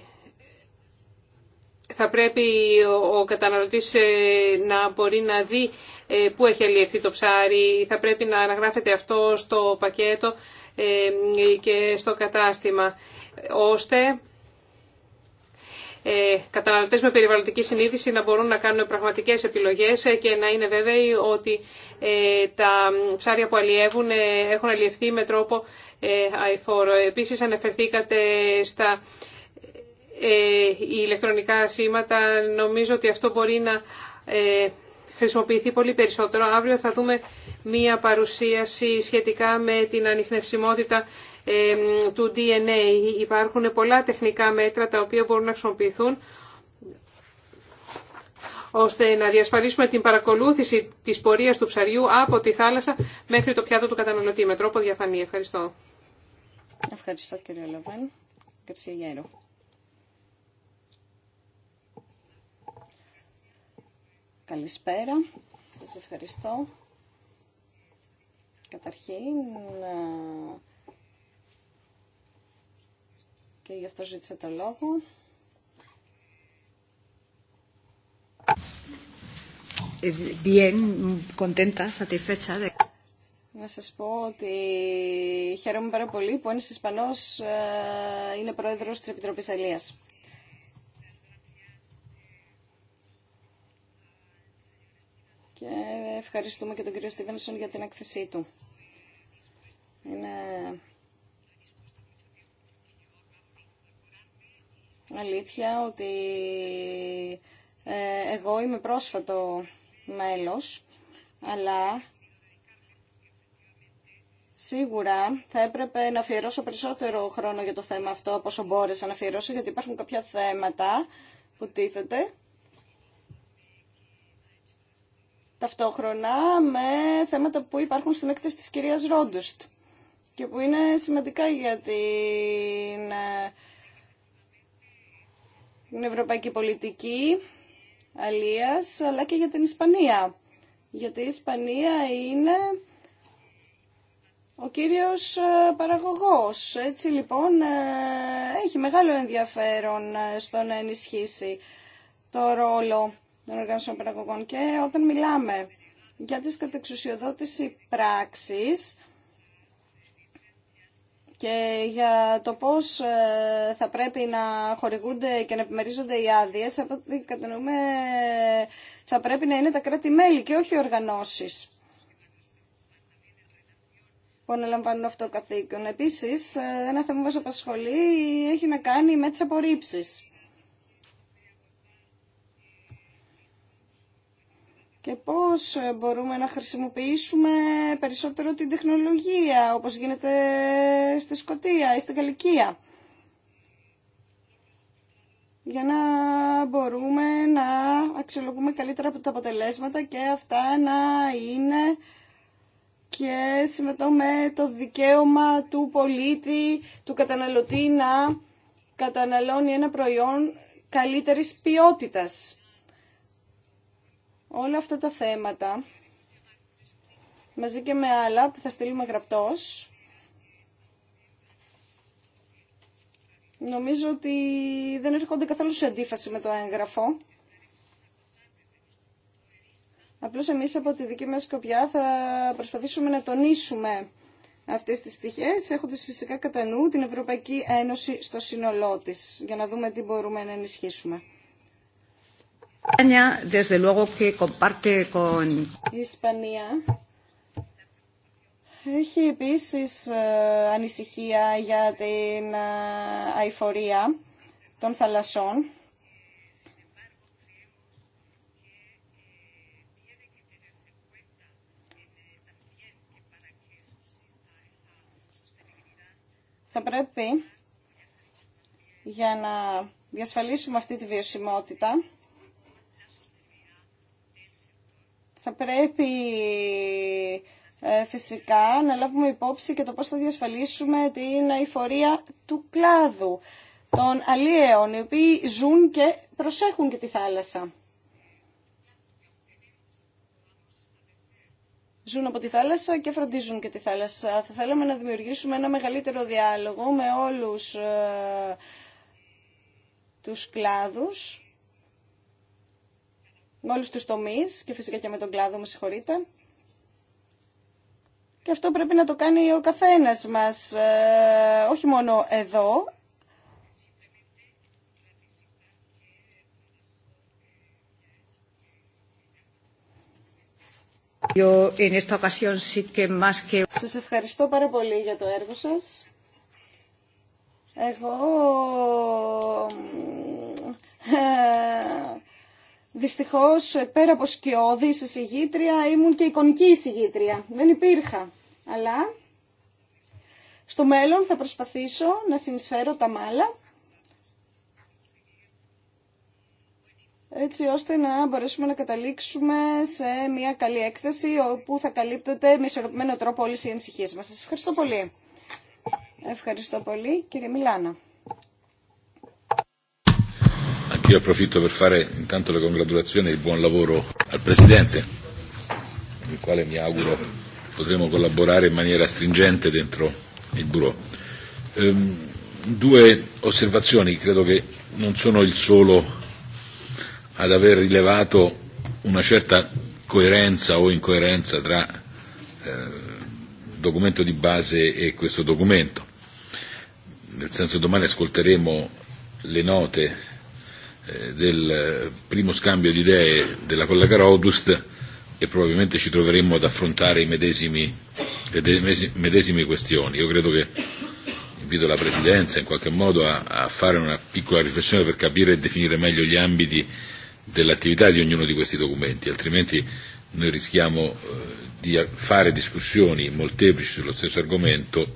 θα πρέπει ο καταναλωτής ε, να μπορεί να δει ε, πού έχει αλλιευθεί το ψάρι, θα πρέπει να αναγράφεται αυτό στο πακέτο και στο κατάστημα, ώστε ε, Καταναλωτέ με περιβαλλοντική συνείδηση να μπορούν να κάνουν πραγματικές επιλογές ε, και να είναι βέβαιοι ότι ε, τα ψάρια που αλλιεύουν έχουν αλλιευθεί με τρόπο αηφόρο. Επίση αναφερθήκατε στα ηλεκτρονικά σήματα. Νομίζω ότι αυτό μπορεί να χρησιμοποιηθεί πολύ περισσότερο. Αύριο θα δούμε μία παρουσίαση σχετικά με την ανιχνευσιμότητα του DNA. Υπάρχουν πολλά τεχνικά μέτρα τα οποία μπορούν να χρησιμοποιηθούν ώστε να διασφαλίσουμε την παρακολούθηση της πορείας του ψαριού από τη θάλασσα μέχρι το πιάτο του καταναλωτή με τρόπο διαφανή. Ευχαριστώ. Ευχαριστώ κύριε Λαβέν. Γέρο. Καλησπέρα. Σας ευχαριστώ. Καταρχήν, και γι' αυτό ζήτησα το λόγο. Να σας πω ότι χαίρομαι πάρα πολύ που ένας Ισπανός ε, είναι πρόεδρος της Επιτροπής Αλίας. Και ευχαριστούμε και τον κύριο Στίβενσον για την έκθεσή του. Είναι αλήθεια ότι ε, εγώ είμαι πρόσφατο μέλος, αλλά Σίγουρα θα έπρεπε να αφιερώσω περισσότερο χρόνο για το θέμα αυτό από όσο μπόρεσα να αφιερώσω, γιατί υπάρχουν κάποια θέματα που τίθεται ταυτόχρονα με θέματα που υπάρχουν στην έκθεση της κυρίας Ρόντουστ και που είναι σημαντικά για την ε, την ευρωπαϊκή πολιτική αλίας, αλλά και για την Ισπανία. Γιατί η Ισπανία είναι ο κύριος ε, παραγωγός. Έτσι λοιπόν ε, έχει μεγάλο ενδιαφέρον ε, στο να ενισχύσει το ρόλο των οργανισμών παραγωγών. Και όταν μιλάμε για τις κατεξουσιοδότηση πράξης, και για το πώς ε, θα πρέπει να χορηγούνται και να επιμερίζονται οι άδειε, από ό,τι κατανοούμε θα πρέπει να είναι τα κράτη-μέλη και όχι οι οργανώσεις που αναλαμβάνουν αυτό το καθήκον. Επίσης, ε, ένα θέμα που μας απασχολεί έχει να κάνει με τις απορρίψεις. και πώς ε, μπορούμε να χρησιμοποιήσουμε περισσότερο την τεχνολογία, όπως γίνεται στη Σκοτία ή στην Γαλλικία. Για να μπορούμε να αξιολογούμε καλύτερα από τα αποτελέσματα και αυτά να είναι και συμμετώ με το δικαίωμα του πολίτη, του καταναλωτή να καταναλώνει ένα προϊόν καλύτερης ποιότητας. Όλα αυτά τα θέματα, μαζί και με άλλα που θα στείλουμε γραπτός, νομίζω ότι δεν έρχονται καθόλου σε αντίφαση με το έγγραφο. Απλώς εμείς από τη δική μας σκοπιά θα προσπαθήσουμε να τονίσουμε αυτές τις πτυχές, έχοντας φυσικά κατά νου την Ευρωπαϊκή Ένωση στο σύνολό της, για να δούμε τι μπορούμε να ενισχύσουμε. España, desde luego que comparte Η Ισπανία έχει επίσης ε, ανησυχία για την ε, αηφορία των θαλασσών. Θα πρέπει για να διασφαλίσουμε αυτή τη βιωσιμότητα θα πρέπει ε, φυσικά να λάβουμε υπόψη και το πώς θα διασφαλίσουμε την αηφορία του κλάδου των αλλιέων, οι οποίοι ζουν και προσέχουν και τη θάλασσα. Ζουν από τη θάλασσα και φροντίζουν και τη θάλασσα. Θα θέλαμε να δημιουργήσουμε ένα μεγαλύτερο διάλογο με όλους ε, τους κλάδους με όλους τους τομείς και φυσικά και με τον κλάδο, με συγχωρείτε. Και αυτό πρέπει να το κάνει ο καθένας μας, ε, όχι μόνο εδώ, Σας ευχαριστώ πάρα πολύ για το έργο σας. Εγώ ε, Δυστυχώ, πέρα από σκιώδη εισηγήτρια, ήμουν και εικονική εισηγήτρια. Δεν υπήρχα. Αλλά στο μέλλον θα προσπαθήσω να συνεισφέρω τα μάλα, έτσι ώστε να μπορέσουμε να καταλήξουμε σε μια καλή έκθεση, όπου θα καλύπτονται με ισορροπημένο τρόπο όλες οι ανησυχίες μας. Σας ευχαριστώ πολύ. Ευχαριστώ πολύ, κύριε Μιλάνα. Io approfitto per fare intanto le congratulazioni e il buon lavoro al Presidente, con il quale mi auguro potremo collaborare in maniera stringente dentro il Bureau. Due osservazioni, credo che non sono il solo ad aver rilevato una certa coerenza o incoerenza tra documento di base e questo documento. Nel senso domani ascolteremo le note del primo scambio di idee della collega Rodust e probabilmente ci troveremo ad affrontare i medesimi, le medesime questioni. Io credo che invito la Presidenza in qualche modo a, a fare una piccola riflessione per capire e definire meglio gli ambiti dell'attività di ognuno di questi documenti, altrimenti noi rischiamo di fare discussioni molteplici sullo stesso argomento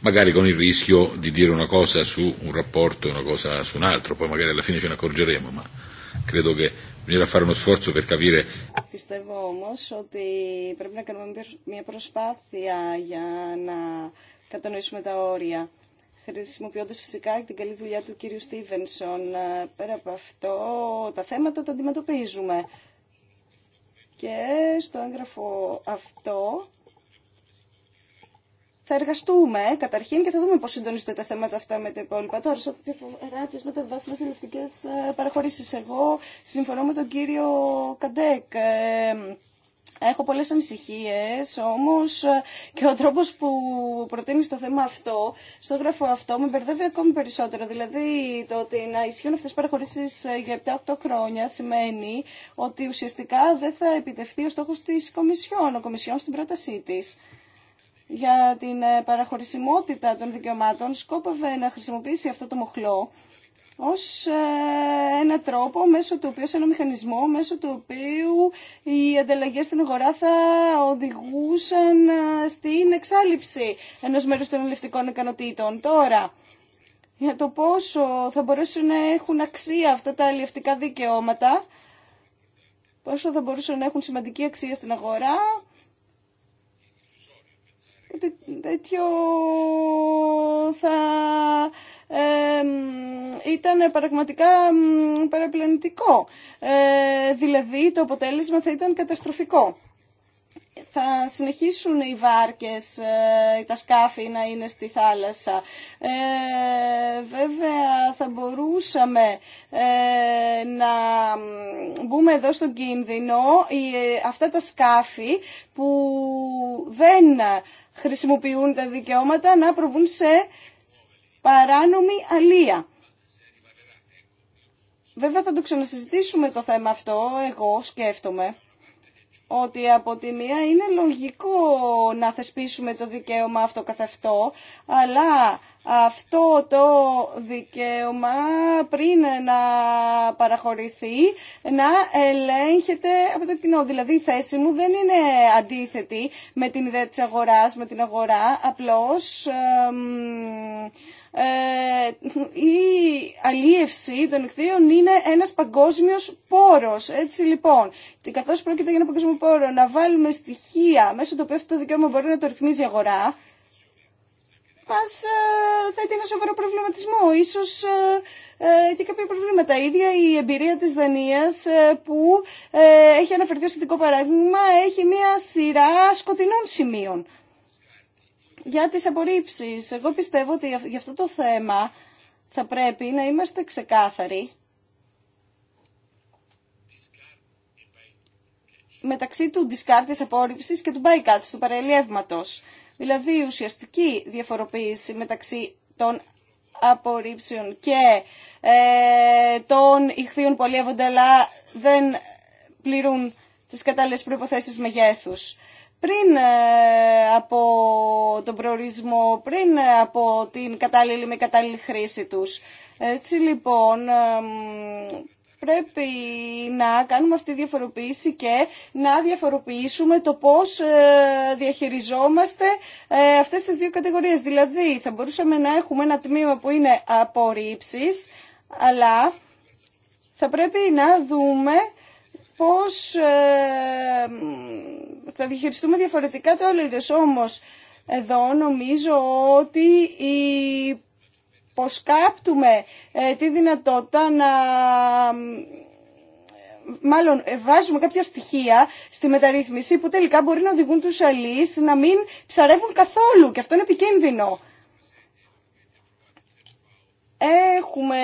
magari con il rischio di dire una cosa su un rapporto e una cosa su un altro, poi magari alla fine ce ne accorgeremo, ma credo che bisognerà fare uno sforzo per capire. Πιστεύω όμως ότι πρέπει να κάνουμε μια προσπάθεια για να κατανοήσουμε τα όρια χρησιμοποιώντας φυσικά την καλή δουλειά του κύριου Στίβενσον. Πέρα από αυτό, τα θέματα τα αντιμετωπίζουμε. Και στο έγγραφο αυτό θα εργαστούμε ε, καταρχήν και θα δούμε πώ συντονίζονται τα θέματα αυτά με τα υπόλοιπα. Τώρα, σε ό,τι αφορά τι μεταβάσιμε ελευθερικέ ε, παραχωρήσει, εγώ συμφωνώ με τον κύριο Καντέκ. Ε, έχω πολλές ανησυχίες, όμως και ο τρόπος που προτείνει το θέμα αυτό, στο γράφο αυτό, με μπερδεύει ακόμη περισσότερο. Δηλαδή, το ότι να ισχύουν αυτές τις παραχωρήσεις για 7-8 χρόνια σημαίνει ότι ουσιαστικά δεν θα επιτευχθεί ο στόχος της Κομισιόν, ο Κομισιόν στην πρότασή της για την ε, παραχωρησιμότητα των δικαιωμάτων σκόπευε να χρησιμοποιήσει αυτό το μοχλό ως ε, ένα τρόπο μέσω του οποίου, σε ένα μηχανισμό μέσω του οποίου οι ανταλλαγέ στην αγορά θα οδηγούσαν ε, στην εξάλληψη ενός μέρους των ελευτικών ικανοτήτων. Τώρα, για το πόσο θα μπορέσουν να έχουν αξία αυτά τα ελευτικά δικαιώματα, πόσο θα μπορούσαν να έχουν σημαντική αξία στην αγορά, τέτοιο θα ε, ήταν πραγματικά παραπλανητικό. Ε, δηλαδή το αποτέλεσμα θα ήταν καταστροφικό. Θα συνεχίσουν οι βάρκες, ε, τα σκάφη να είναι στη θάλασσα. Ε, βέβαια θα μπορούσαμε ε, να μπούμε εδώ στον κίνδυνο ε, αυτά τα σκάφη που δεν χρησιμοποιούν τα δικαιώματα να προβούν σε παράνομη αλία. Βέβαια θα το ξανασυζητήσουμε το θέμα αυτό, εγώ σκέφτομαι ότι από τη μία είναι λογικό να θεσπίσουμε το δικαίωμα αυτό καθ' αλλά αυτό το δικαίωμα πριν να παραχωρηθεί να ελέγχεται από το κοινό. Δηλαδή η θέση μου δεν είναι αντίθετη με την ιδέα της αγοράς, με την αγορά, απλώς... ε, η αλίευση των νυχθείων είναι ένας παγκόσμιος πόρος. Έτσι λοιπόν, και καθώς πρόκειται για ένα παγκόσμιο πόρο, να βάλουμε στοιχεία μέσω το οποίου αυτό το δικαίωμα μπορεί να το ρυθμίζει η αγορά, μας ε, θέτει ένα σοβαρό προβληματισμό. Ίσως ε, και ε, κάποια προβλήματα. Η ίδια η εμπειρία της Δανίας ε, που έχει αναφερθεί ως θετικό παράδειγμα έχει μια σειρά σκοτεινών σημείων για τις απορρίψεις. Εγώ πιστεύω ότι για αυτό το θέμα θα πρέπει να είμαστε ξεκάθαροι μεταξύ του discard της απόρριψης και του bycatch, του παρελιεύματος. Δηλαδή ουσιαστική διαφοροποίηση μεταξύ των απορρίψεων και ε, των ηχθείων που αλλιεύονται αλλά δεν πληρούν τις κατάλληλες προϋποθέσεις μεγέθους. Πριν ε, από τον προορισμό, πριν από την κατάλληλη με κατάλληλη χρήση τους. Έτσι λοιπόν ε, πρέπει να κάνουμε αυτή τη διαφοροποίηση και να διαφοροποιήσουμε το πώς ε, διαχειριζόμαστε ε, αυτές τις δύο κατηγορίες. Δηλαδή, θα μπορούσαμε να έχουμε ένα τμήμα που είναι απορρίψεις, αλλά θα πρέπει να δούμε πώς ε, θα διαχειριστούμε διαφορετικά το όλο είδος. Όμως, εδώ νομίζω ότι η πως κάπτουμε ε, τη δυνατότητα να μάλλον ε, βάζουμε κάποια στοιχεία στη μεταρρύθμιση που τελικά μπορεί να οδηγούν τους αλείς να μην ψαρεύουν καθόλου και αυτό είναι επικίνδυνο. Έχουμε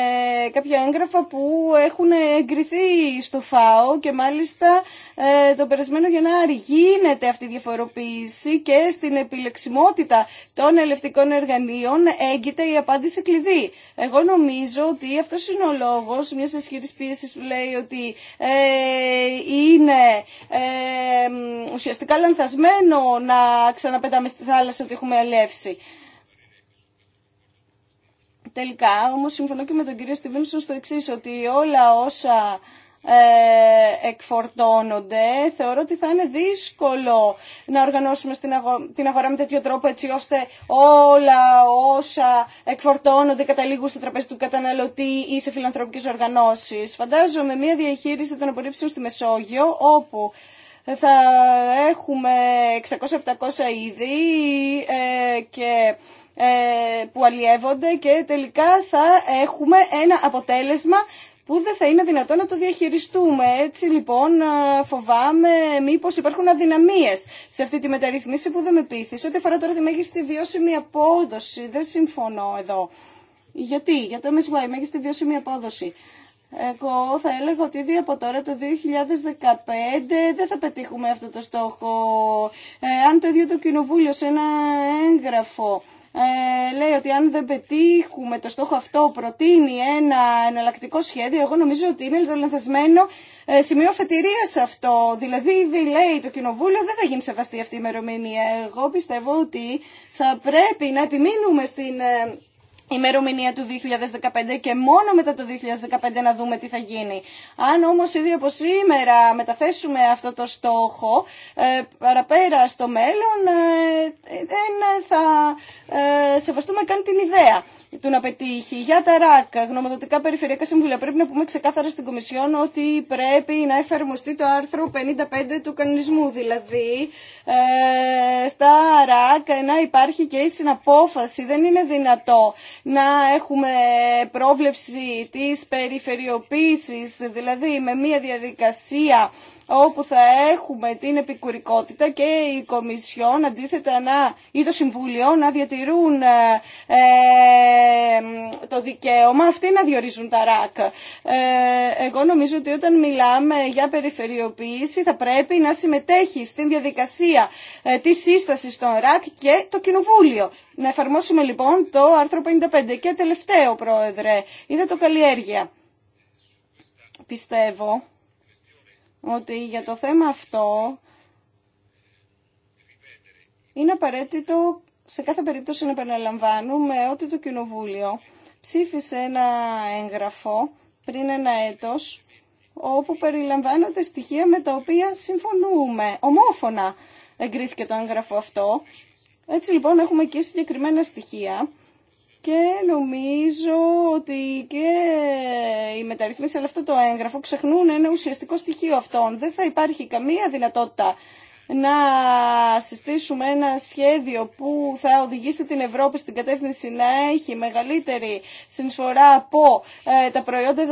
κάποια έγγραφα που έχουν εγκριθεί στο ΦΑΟ και μάλιστα ε, το περασμένο Γενάρη γίνεται αυτή η διαφοροποίηση και στην επιλεξιμότητα των ελευτικών εργανείων έγκυται η απάντηση κλειδί. Εγώ νομίζω ότι αυτό είναι ο λόγο μια ισχυρή πίεση που λέει ότι ε, είναι ε, ουσιαστικά λανθασμένο να ξαναπετάμε στη θάλασσα ότι έχουμε ελεύσει. Τελικά, όμως, συμφωνώ και με τον κύριο Στυβίνσον στο εξή ότι όλα όσα ε, εκφορτώνονται, θεωρώ ότι θα είναι δύσκολο να οργανώσουμε την αγορά με τέτοιο τρόπο έτσι ώστε όλα όσα εκφορτώνονται καταλήγουν στο τραπέζι του καταναλωτή ή σε φιλανθρωπικές οργανώσεις. Φαντάζομαι μια διαχείριση των απορρίψεων στη Μεσόγειο όπου θα έχουμε 600-700 είδη ε, και ε, που αλλιεύονται και τελικά θα έχουμε ένα αποτέλεσμα που δεν θα είναι δυνατόν να το διαχειριστούμε. Έτσι λοιπόν ε, φοβάμαι μήπως υπάρχουν αδυναμίες σε αυτή τη μεταρρυθμίση που δεν με πείθησε. Ό,τι αφορά τώρα τη μέγιστη βιώσιμη απόδοση, δεν συμφωνώ εδώ. Γιατί, για το MSY, μέγιστη βιώσιμη απόδοση. Εγώ θα έλεγα ότι ήδη από τώρα το 2015 δεν θα πετύχουμε αυτό το στόχο. Ε, αν το ίδιο το Κοινοβούλιο σε ένα έγγραφο ε, λέει ότι αν δεν πετύχουμε το στόχο αυτό, προτείνει ένα εναλλακτικό σχέδιο. Εγώ νομίζω ότι είναι λανθασμένο ε, σημείο φετηρία αυτό. Δηλαδή, λέει το Κοινοβούλιο δεν θα γίνει σεβαστή αυτή η ημερομηνία. Εγώ πιστεύω ότι θα πρέπει να επιμείνουμε στην. Ε, ημερομηνία του 2015 και μόνο μετά το 2015 να δούμε τι θα γίνει. Αν όμως ήδη από σήμερα μεταθέσουμε αυτό το στόχο ε, παραπέρα στο μέλλον, ε, δεν θα ε, σεβαστούμε καν την ιδέα του να πετύχει. Για τα ΡΑΚ, γνωμοδοτικά περιφερειακά συμβουλία, πρέπει να πούμε ξεκάθαρα στην Κομισιόν ότι πρέπει να εφαρμοστεί το άρθρο 55 του κανονισμού. Δηλαδή, στα ΡΑΚ να υπάρχει και η συναπόφαση. Δεν είναι δυνατό να έχουμε πρόβλεψη της περιφερειοποίησης, δηλαδή με μια διαδικασία όπου θα έχουμε την επικουρικότητα και η Κομισιόν αντίθετα να, ή το Συμβουλίο να διατηρούν ε, ε, το δικαίωμα αυτοί να διορίζουν τα ΡΑΚ. Ε, εγώ νομίζω ότι όταν μιλάμε για περιφερειοποίηση θα πρέπει να συμμετέχει στην διαδικασία ε, της σύστασης των ΡΑΚ και το Κοινοβούλιο. Να εφαρμόσουμε λοιπόν το άρθρο 55 και τελευταίο πρόεδρε, είδα το καλλιέργεια. Πιστεύω ότι για το θέμα αυτό είναι απαραίτητο σε κάθε περίπτωση να επαναλαμβάνουμε ότι το Κοινοβούλιο ψήφισε ένα έγγραφο πριν ένα έτος όπου περιλαμβάνονται στοιχεία με τα οποία συμφωνούμε. Ομόφωνα εγκρίθηκε το έγγραφο αυτό. Έτσι λοιπόν έχουμε και συγκεκριμένα στοιχεία και νομίζω ότι και οι μεταρρυθμίσεις αλλά αυτό το έγγραφο ξεχνούν ένα ουσιαστικό στοιχείο αυτών. Δεν θα υπάρχει καμία δυνατότητα να συστήσουμε ένα σχέδιο που θα οδηγήσει την Ευρώπη στην κατεύθυνση να έχει μεγαλύτερη συνεισφορά από ε, τα προϊόντα ε,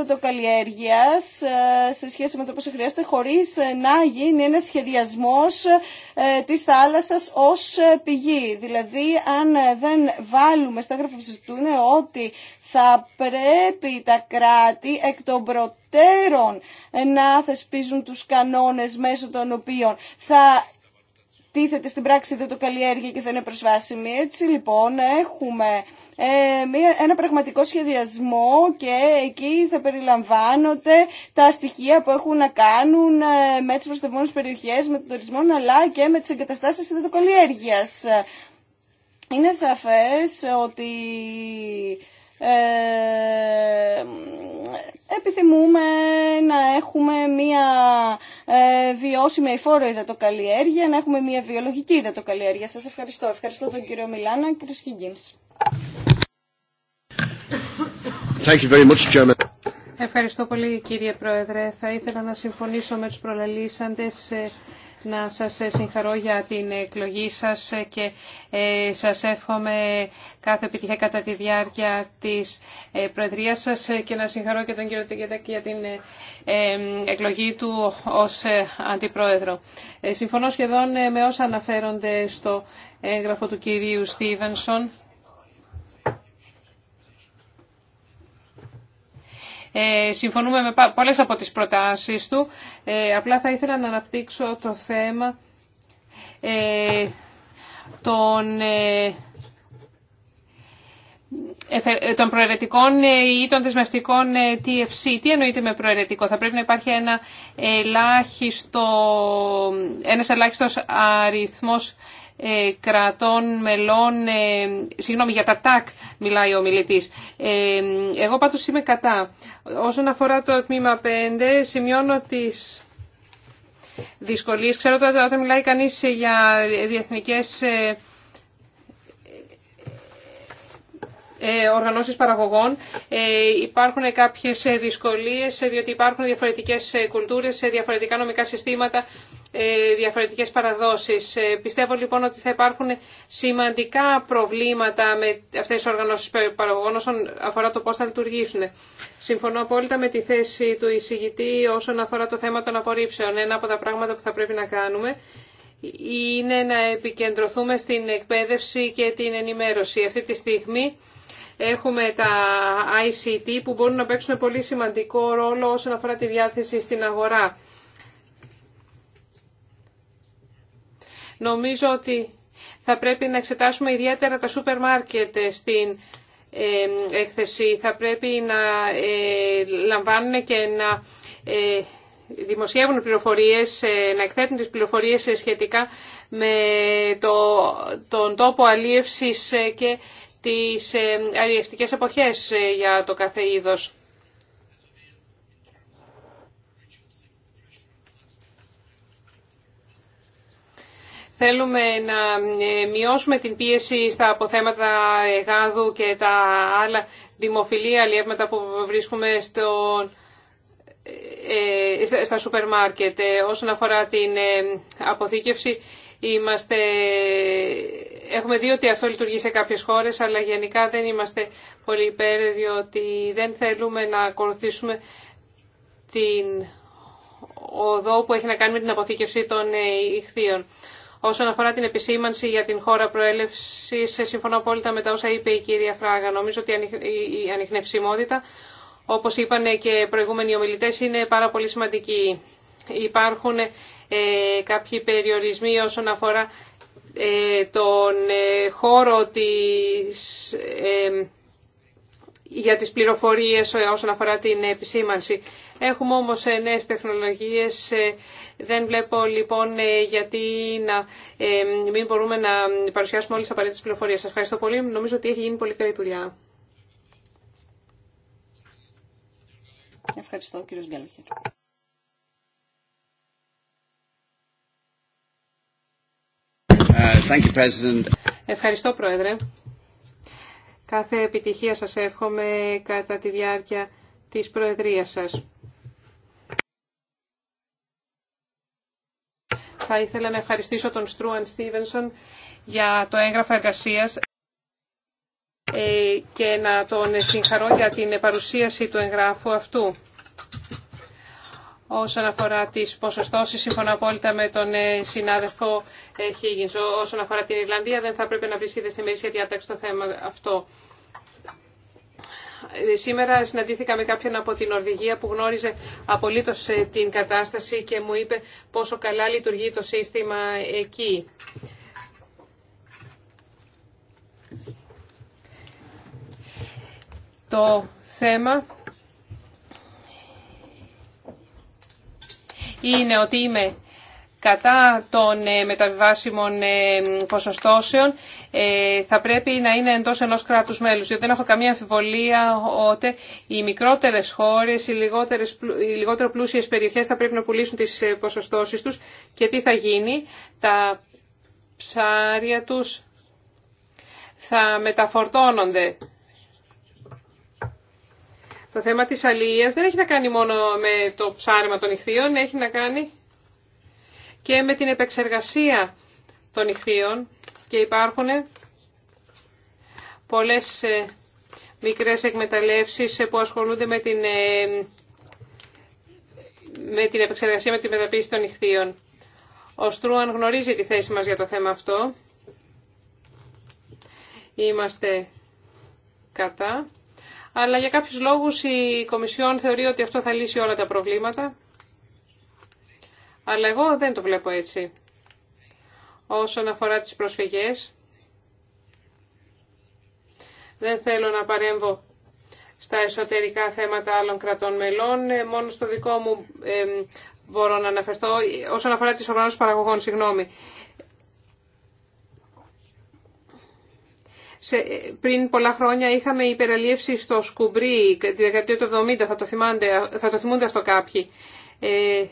σε σχέση με το πώς χρειάζεται χωρίς ε, να γίνει ένα σχεδιασμός ε, της θάλασσας ως πηγή. Δηλαδή αν δεν βάλουμε στα έγγραφα που ότι θα πρέπει τα κράτη εκ των προτέρων να θεσπίζουν τους κανόνες μέσω των οποίων θα τίθεται στην πράξη καλλιέργεια και θα είναι προσβάσιμη. Έτσι λοιπόν έχουμε ε, ένα πραγματικό σχεδιασμό και εκεί θα περιλαμβάνονται τα στοιχεία που έχουν να κάνουν ε, με τις προστατευόμενες περιοχές, με τον τουρισμό αλλά και με τις εγκαταστάσεις καλλιέργειας. Είναι σαφές ότι ε, επιθυμούμε να έχουμε μία ε, βιώσιμη εφόρο υδατοκαλλιέργεια, να έχουμε μία βιολογική υδατοκαλλιέργεια. Σας ευχαριστώ. Ευχαριστώ τον κύριο Μιλάνα και τον Χιγκίνς. Thank you very much, Ευχαριστώ πολύ κύριε Πρόεδρε. Θα ήθελα να συμφωνήσω με τους προλαλήσαντες ε, να σας συγχαρώ για την εκλογή σας και ε, σας εύχομαι κάθε επιτυχία κατά τη διάρκεια της ε, Προεδρίας σας και να συγχαρώ και τον κύριο Τικετάκη για την ε, εκλογή του ως Αντιπρόεδρο. Συμφωνώ σχεδόν με όσα αναφέρονται στο έγγραφο του κυρίου Στίβενσον. Ε, συμφωνούμε με πολλές από τις προτάσεις του. Ε, απλά θα ήθελα να αναπτύξω το θέμα ε, των των προαιρετικών ή των δεσμευτικών TFC. Τι εννοείται με προαιρετικό. Θα πρέπει να υπάρχει ένα ελάχιστο, ένας ελάχιστος αριθμός ε, κρατών μελών, ε, συγγνώμη για τα ΤΑΚ μιλάει ο μιλητής. Ε, εγώ πάντως είμαι κατά. Όσον αφορά το τμήμα 5, σημειώνω τις δυσκολίες. Ξέρω ότι όταν μιλάει κανείς για διεθνικές οργανώσεις παραγωγών υπάρχουν κάποιες δυσκολίες διότι υπάρχουν διαφορετικές κουλτούρες, διαφορετικά νομικά συστήματα ε, διαφορετικές παραδόσεις. Ε, πιστεύω λοιπόν ότι θα υπάρχουν σημαντικά προβλήματα με αυτές τις οργανώσεις παραγωγών όσον αφορά το πώς θα λειτουργήσουν. Συμφωνώ απόλυτα με τη θέση του εισηγητή όσον αφορά το θέμα των απορρίψεων. Ένα από τα πράγματα που θα πρέπει να κάνουμε είναι να επικεντρωθούμε στην εκπαίδευση και την ενημέρωση. Αυτή τη στιγμή έχουμε τα ICT που μπορούν να παίξουν πολύ σημαντικό ρόλο όσον αφορά τη διάθεση στην αγορά. Νομίζω ότι θα πρέπει να εξετάσουμε ιδιαίτερα τα σούπερ μάρκετ στην ε, έκθεση. Θα πρέπει να ε, λαμβάνουν και να ε, δημοσιεύουν πληροφορίες, να εκθέτουν τις πληροφορίες σχετικά με τον τόπο αλίευσης και τις αλλιευτικές εποχές για το κάθε είδος. Θέλουμε να ε, μειώσουμε την πίεση στα αποθέματα γάδου και τα άλλα δημοφιλή αλλιεύματα που βρίσκουμε στο, ε, ε, στα σούπερ μάρκετ. Όσον αφορά την αποθήκευση, είμαστε, έχουμε δει ότι αυτό λειτουργεί σε κάποιες χώρες, αλλά γενικά δεν είμαστε πολύ υπέρ, διότι δεν θέλουμε να ακολουθήσουμε την οδό που έχει να κάνει με την αποθήκευση των ηχθείων. Όσον αφορά την επισήμανση για την χώρα προέλευση, ε, συμφωνώ απόλυτα με τα όσα είπε η κυρία Φράγα. Νομίζω ότι η ανιχνευσιμότητα, όπως είπαν και προηγούμενοι ομιλητές, είναι πάρα πολύ σημαντική. Υπάρχουν ε, κάποιοι περιορισμοί όσον αφορά ε, τον ε, χώρο της, για τις πληροφορίες όσον αφορά την επισήμανση. Έχουμε όμως νέες τεχνολογίες δεν βλέπω λοιπόν ε, γιατί να ε, μην μπορούμε να παρουσιάσουμε όλες τις απαραίτητες πληροφορίες. Σας ευχαριστώ πολύ. Νομίζω ότι έχει γίνει πολύ καλή δουλειά. Ευχαριστώ κύριος ε, Thank Ευχαριστώ, Πρόεδρε. Κάθε επιτυχία σας εύχομαι κατά τη διάρκεια της Προεδρίας σας. Θα ήθελα να ευχαριστήσω τον Στρούαν Στίβενσον για το έγγραφο εργασίας ε, και να τον συγχαρώ για την παρουσίαση του εγγράφου αυτού. Όσον αφορά τις ποσοστώσεις, συμφωνώ απόλυτα με τον ε, συνάδελφο Χίγινς. Ε, όσον αφορά την Ιρλανδία, δεν θα πρέπει να βρίσκεται στη μέση διάταξη το θέμα αυτό. Σήμερα συναντήθηκα με κάποιον από την Νορβηγία που γνώριζε απολύτως ε, την κατάσταση και μου είπε πόσο καλά λειτουργεί το σύστημα εκεί. Το θέμα είναι ότι είμαι κατά των ε, μεταβιβάσιμων ε, ποσοστώσεων ε, θα πρέπει να είναι εντό ενό κράτους μέλους. Γιατί δεν έχω καμία αμφιβολία ότι οι μικρότερε χώρε, οι, οι λιγότερο πλούσιε περιοχέ θα πρέπει να πουλήσουν τις ε, ποσοστώσει τους και τι θα γίνει. Τα ψάρια τους θα μεταφορτώνονται. Το θέμα της αλληλείας δεν έχει να κάνει μόνο με το ψάρεμα των ηχθείων, έχει να κάνει και με την επεξεργασία των ηχθείων και υπάρχουν πολλές ε, μικρές εκμεταλλεύσεις ε, που ασχολούνται με την, ε, με την επεξεργασία, με τη μεταποίηση των ηχθείων. Ο Στρούαν γνωρίζει τη θέση μας για το θέμα αυτό. Είμαστε κατά. Αλλά για κάποιους λόγους η Κομισιόν θεωρεί ότι αυτό θα λύσει όλα τα προβλήματα. Αλλά εγώ δεν το βλέπω έτσι όσον αφορά τις προσφυγές. Δεν θέλω να παρέμβω στα εσωτερικά θέματα άλλων κρατών μελών, ε, μόνο στο δικό μου ε, μπορώ να αναφερθώ, όσον αφορά τις οργανώσεις παραγωγών, συγγνώμη. Ε, πριν πολλά χρόνια είχαμε υπεραλίευση στο Σκουμπρί, τη δεκαετία του 70, θα το, θυμάντε, θα το θυμούνται αυτό κάποιοι. Ε,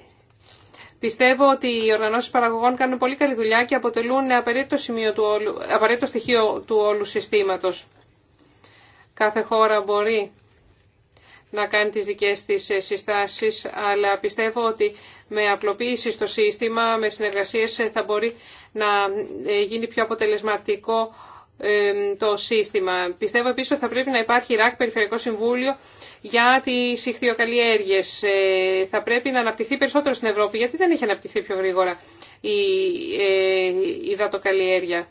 Πιστεύω ότι οι οργανώσεις παραγωγών κάνουν πολύ καλή δουλειά και αποτελούν απαραίτητο, σημείο του όλου, απαραίτητο στοιχείο του όλου συστήματος. Κάθε χώρα μπορεί να κάνει τις δικές της ε, συστάσεις, αλλά πιστεύω ότι με απλοποίηση στο σύστημα, με συνεργασίες ε, θα μπορεί να ε, γίνει πιο αποτελεσματικό το σύστημα. Πιστεύω επίσης ότι θα πρέπει να υπάρχει ΡΑΚ Περιφερειακό Συμβούλιο για τις ηχθειοκαλλιέργειες. Ε, θα πρέπει να αναπτυχθεί περισσότερο στην Ευρώπη. Γιατί δεν έχει αναπτυχθεί πιο γρήγορα η ε, δατοκαλλιέργεια.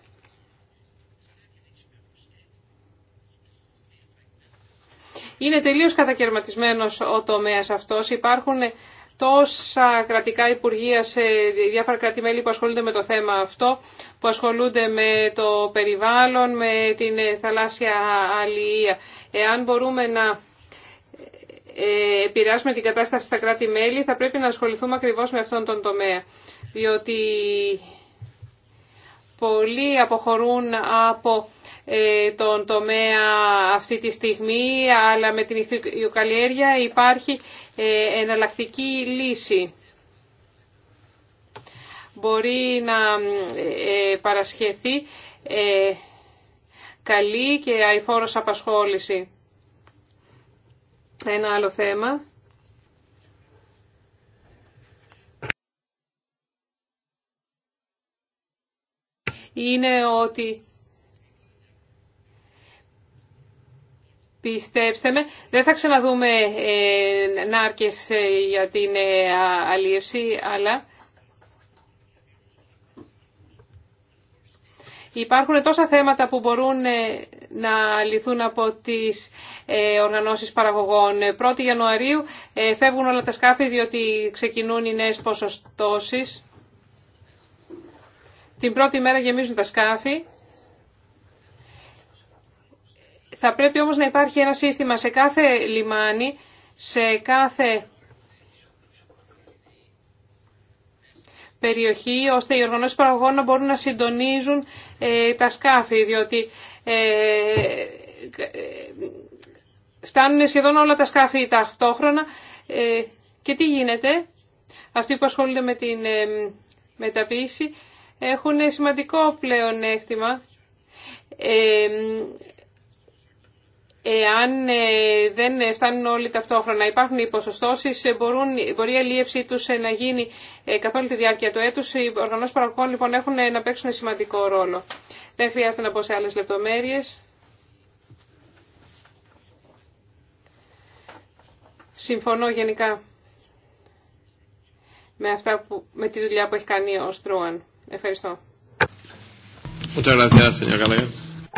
Είναι τελείως κατακαιρματισμένος ο τομέας αυτός. Υπάρχουν τόσα κρατικά υπουργεία σε διάφορα κράτη-μέλη που ασχολούνται με το θέμα αυτό, που ασχολούνται με το περιβάλλον, με την ε, θαλάσσια αλληλεία. Εάν μπορούμε να ε, επηρεάσουμε την κατάσταση στα κράτη-μέλη, θα πρέπει να ασχοληθούμε ακριβώς με αυτόν τον τομέα. Διότι πολλοί αποχωρούν από ε, τον τομέα αυτή τη στιγμή, αλλά με την ηθιοκαλλιέργεια υπάρχει ε, εναλλακτική λύση. Μπορεί να ε, παρασχεθεί ε, καλή και αηφόρος απασχόληση. Ένα άλλο θέμα. Είναι ότι Πιστέψτε με, δεν θα ξαναδούμε ε, νάρκες ε, για την ε, αλίευση, αλλά υπάρχουν τόσα θέματα που μπορούν να λυθούν από τις οργανώσεις παραγωγών. 1η Ιανουαρίου φεύγουν όλα τα σκάφη διότι ξεκινούν οι νέες ποσοστώσεις. Την πρώτη μέρα γεμίζουν τα σκάφη θα πρέπει όμως να υπάρχει ένα σύστημα σε κάθε λιμάνι, σε κάθε περιοχή, ώστε οι οργανώσεις παραγωγών να μπορούν να συντονίζουν ε, τα σκάφη, διότι ε, ε, φτάνουν σχεδόν όλα τα σκάφη ταυτόχρονα και τι γίνεται. Αυτοί που ασχολούνται με την μεταποίηση έχουν σημαντικό πλέον έκτημα. Αν ε, δεν φτάνουν όλοι ταυτόχρονα. Υπάρχουν οι ποσοστώσεις, ε, μπορεί η ελίευση τους ε, να γίνει καθ' όλη τη διάρκεια του έτου. Οι οργανώσεις παραγωγών λοιπόν έχουν να παίξουν σημαντικό ρόλο. Δεν χρειάζεται να πω σε άλλε λεπτομέρειες. Συμφωνώ γενικά με, αυτά με τη δουλειά που έχει κάνει ο Στρούαν. Ευχαριστώ.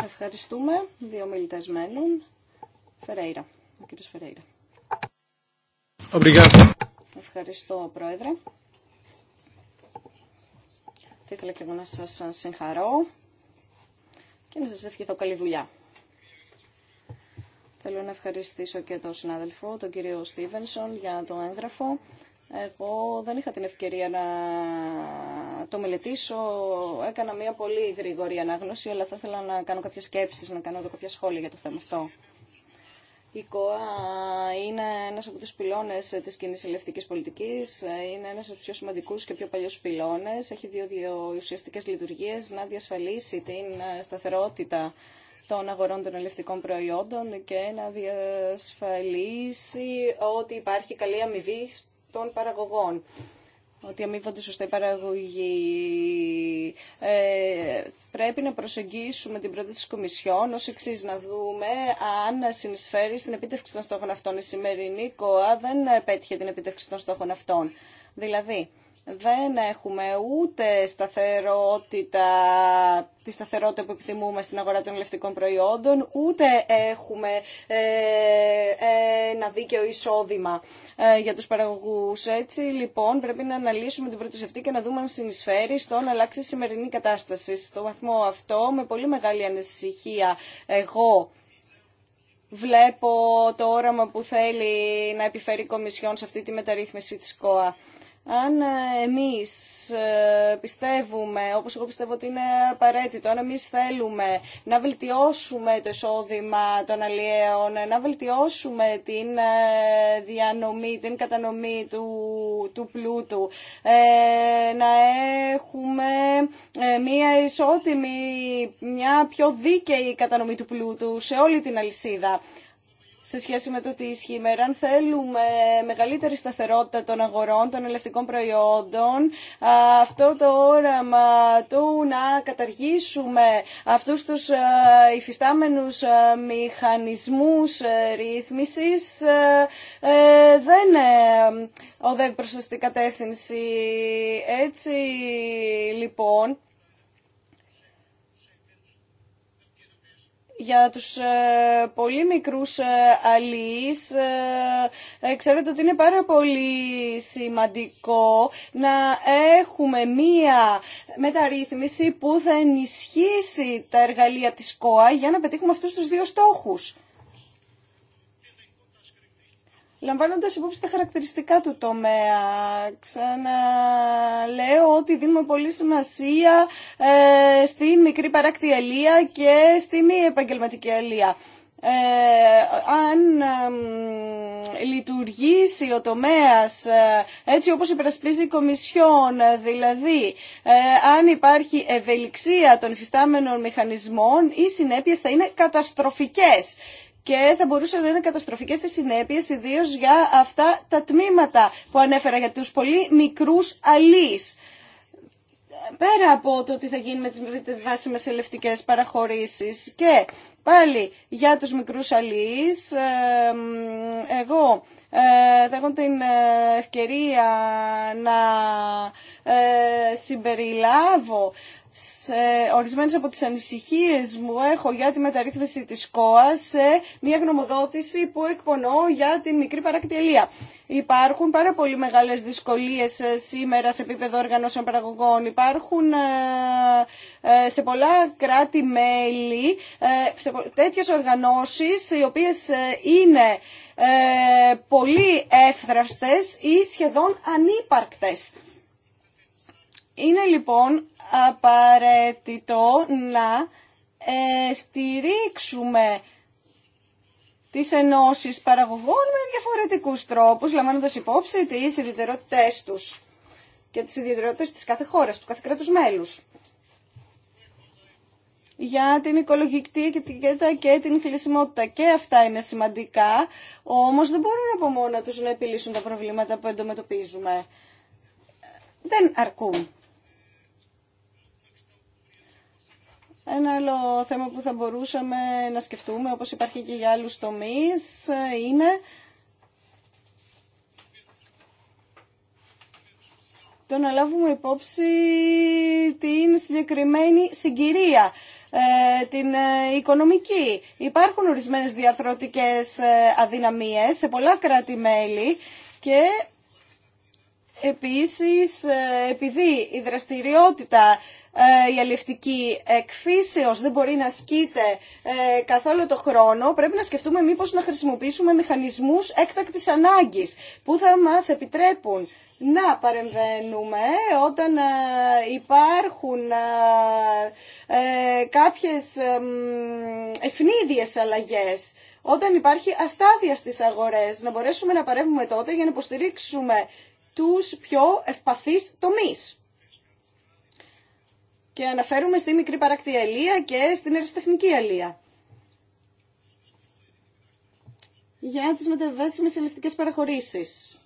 Ευχαριστούμε. Δύο μιλητές μέλλον. Φερέιρα. Ο κύριος Φερέιρα. Ευχαριστώ, Πρόεδρε. Θα ήθελα και εγώ να σας συγχαρώ και να σας ευχηθώ καλή δουλειά. Θέλω να ευχαριστήσω και τον συνάδελφο, τον κύριο Στίβενσον, για το έγγραφο. Εγώ δεν είχα την ευκαιρία να το μελετήσω. Έκανα μια πολύ γρήγορη ανάγνωση, αλλά θα ήθελα να κάνω κάποιες σκέψεις, να κάνω εδώ κάποια σχόλια για το θέμα αυτό. Η ΚΟΑ είναι ένας από τους πυλώνες της κοινή ελευτικής πολιτικής, είναι ένας από τους πιο σημαντικούς και πιο παλιούς πυλώνες. Έχει δύο, δύο ουσιαστικές λειτουργίες, να διασφαλίσει την ε, σταθερότητα των αγορών των ελευτικών προϊόντων και να διασφαλίσει ότι υπάρχει καλή αμοιβή των παραγωγών ότι αμείβονται σωστά οι παραγωγοί. Ε, πρέπει να προσεγγίσουμε την πρόταση της Κομισιόν ως εξή να δούμε αν συνεισφέρει στην επίτευξη των στόχων αυτών. Η σημερινή ΚΟΑ δεν πέτυχε την επίτευξη των στόχων αυτών. Δηλαδή, δεν έχουμε ούτε σταθερότητα, τη σταθερότητα που επιθυμούμε στην αγορά των ελευτικών προϊόντων, ούτε έχουμε ε, ένα δίκαιο εισόδημα ε, για τους παραγωγούς. Έτσι λοιπόν πρέπει να αναλύσουμε την πρόταση αυτή και να δούμε αν συνεισφέρει στο να αλλάξει η σημερινή κατάσταση. Στο βαθμό αυτό με πολύ μεγάλη ανησυχία εγώ βλέπω το όραμα που θέλει να επιφέρει η Κομισιόν σε αυτή τη μεταρρύθμιση της ΚΟΑ αν ε, εμείς ε, πιστεύουμε, όπως εγώ πιστεύω ότι είναι απαραίτητο, αν εμείς θέλουμε να βελτιώσουμε το εισόδημα των αλλιέων, να βελτιώσουμε την ε, διανομή, την κατανομή του, του πλούτου, να έχουμε μια ισότιμη, μια πιο δίκαιη κατανομή του πλούτου σε όλη την αλυσίδα σε σχέση με το τι ισχύει Αν θέλουμε μεγαλύτερη σταθερότητα των αγορών, των ελευτικών προϊόντων, αυτό το όραμα του να καταργήσουμε αυτούς τους υφιστάμενους μηχανισμούς ε, ρύθμισης ε, δεν ε, οδεύει προς σωστή κατεύθυνση. Έτσι λοιπόν για τους ε, πολύ μικρούς ε, αλείς, ε, ξέρετε ότι είναι πάρα πολύ σημαντικό να έχουμε μία μεταρρύθμιση που θα ενισχύσει τα εργαλεία της ΚΟΑ για να πετύχουμε αυτούς τους δύο στόχους λαμβάνοντας υπόψη τα χαρακτηριστικά του τομέα. Ξαναλέω ότι δίνουμε πολύ σημασία ε, στη μικρή παράκτη αλία και στη μη επαγγελματική αλία. Ε, αν ε, λειτουργήσει ο τομέας ε, έτσι όπως υπερασπίζει η Κομισιόν, ε, δηλαδή αν υπάρχει ευελιξία των υφιστάμενων μηχανισμών, οι συνέπειες θα είναι καταστροφικές και θα μπορούσαν να είναι καταστροφικέ οι συνέπειες, ιδίως για αυτά τα τμήματα που ανέφερα για τους πολύ μικρούς αλείς πέρα από το ότι θα γίνει με τις βάσιμες ελευτικές παραχωρήσεις και πάλι για τους μικρούς αλείς, εγώ ε, θα έχω την ε, ευκαιρία να ε, συμπεριλάβω σε ορισμένες από τις ανησυχίες μου έχω για τη μεταρρύθμιση της ΚΟΑ σε μια γνωμοδότηση που εκπονώ για την μικρή παρακτηλία. Υπάρχουν πάρα πολύ μεγάλες δυσκολίες ε, σήμερα σε επίπεδο οργανώσεων παραγωγών. Υπάρχουν ε, ε, σε πολλά κράτη-μέλη τέτοιες οργανώσεις οι οποίες είναι πολύ εύθραστες ή σχεδόν ανύπαρκτες. Είναι λοιπόν απαραίτητο να ε, στηρίξουμε τις ενώσεις παραγωγών με διαφορετικούς τρόπους, λαμβάνοντας υπόψη τις ιδιαιτερότητές τους και τις ιδιαιτερότητες της κάθε χώρας, του κάθε κράτους μέλους. Για την οικολογική ετικέτα και την χλησιμότητα. και αυτά είναι σημαντικά, όμως δεν μπορούν από μόνα τους να επιλύσουν τα προβλήματα που εντομετωπίζουμε. Δεν αρκούν. Ένα άλλο θέμα που θα μπορούσαμε να σκεφτούμε, όπως υπάρχει και για άλλους τομείς, είναι το να λάβουμε υπόψη την συγκεκριμένη συγκυρία ε, την ε, οικονομική. Υπάρχουν ορισμένες διαθρωτικές ε, αδυναμίες σε πολλά κράτη-μέλη και επίσης επειδή η δραστηριότητα ε, η αλληλευτική εκφύσεως δεν μπορεί να ασκείται ε, καθόλου το χρόνο, πρέπει να σκεφτούμε μήπως να χρησιμοποιήσουμε μηχανισμούς έκτακτης ανάγκης που θα μας επιτρέπουν να παρεμβαίνουμε όταν ε, υπάρχουν κάποιες ευνίδιες αλλαγές όταν υπάρχει αστάθεια στις αγορές, να μπορέσουμε να παρεύουμε τότε για να υποστηρίξουμε τους πιο ευπαθείς τομείς. Και αναφέρουμε στη μικρή παράκτη αλία και στην αριστεχνική αλία. Για τις μετεβάσιμες ελευτικές παραχωρήσεις.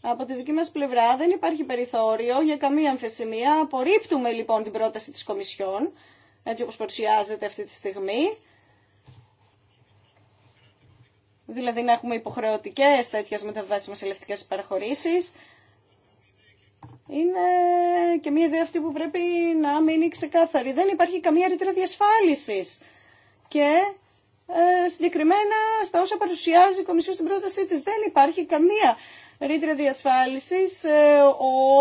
Από τη δική μας πλευρά δεν υπάρχει περιθώριο για καμία αμφισημία. Απορρίπτουμε λοιπόν την πρόταση της Κομισιόν, έτσι όπως παρουσιάζεται αυτή τη στιγμή. Δηλαδή να έχουμε υποχρεωτικές τέτοιες μεταβάσιμες ελευτικές παραχωρήσεις είναι και μια ιδέα αυτή που πρέπει να μείνει ξεκάθαρη. Δεν υπάρχει καμία ρήτρα διασφάλισης και ε, συγκεκριμένα στα όσα παρουσιάζει η Κομισιόν στην πρότασή της δεν υπάρχει καμία ρήτρα διασφάλισης ε,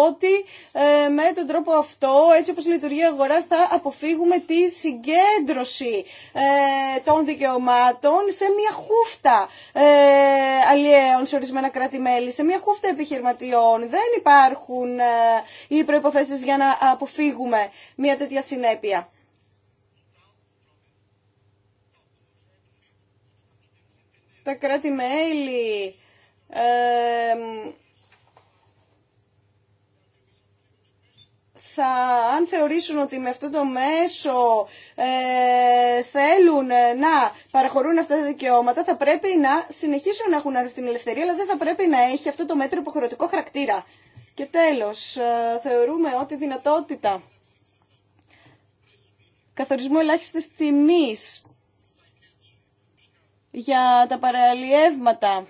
ότι ε, με τον τρόπο αυτό, έτσι όπως λειτουργεί η αγορά, θα αποφύγουμε τη συγκέντρωση ε, των δικαιωμάτων σε μια χούφτα αλλιέων σε ορισμένα κράτη-μέλη, σε μια χούφτα επιχειρηματιών. Δεν υπάρχουν οι προϋποθέσεις για να αποφύγουμε μια τέτοια συνέπεια. Τα κράτη-μέλη θα, αν θεωρήσουν ότι με αυτό το μέσο ε, θέλουν ε, να παραχωρούν αυτά τα δικαιώματα, θα πρέπει να συνεχίσουν να έχουν αυτή την ελευθερία, αλλά δεν θα πρέπει να έχει αυτό το μέτρο υποχρεωτικό χαρακτήρα. Και τέλος, ε, θεωρούμε ότι η δυνατότητα καθορισμού ελάχιστης τιμής για τα παραλιεύματα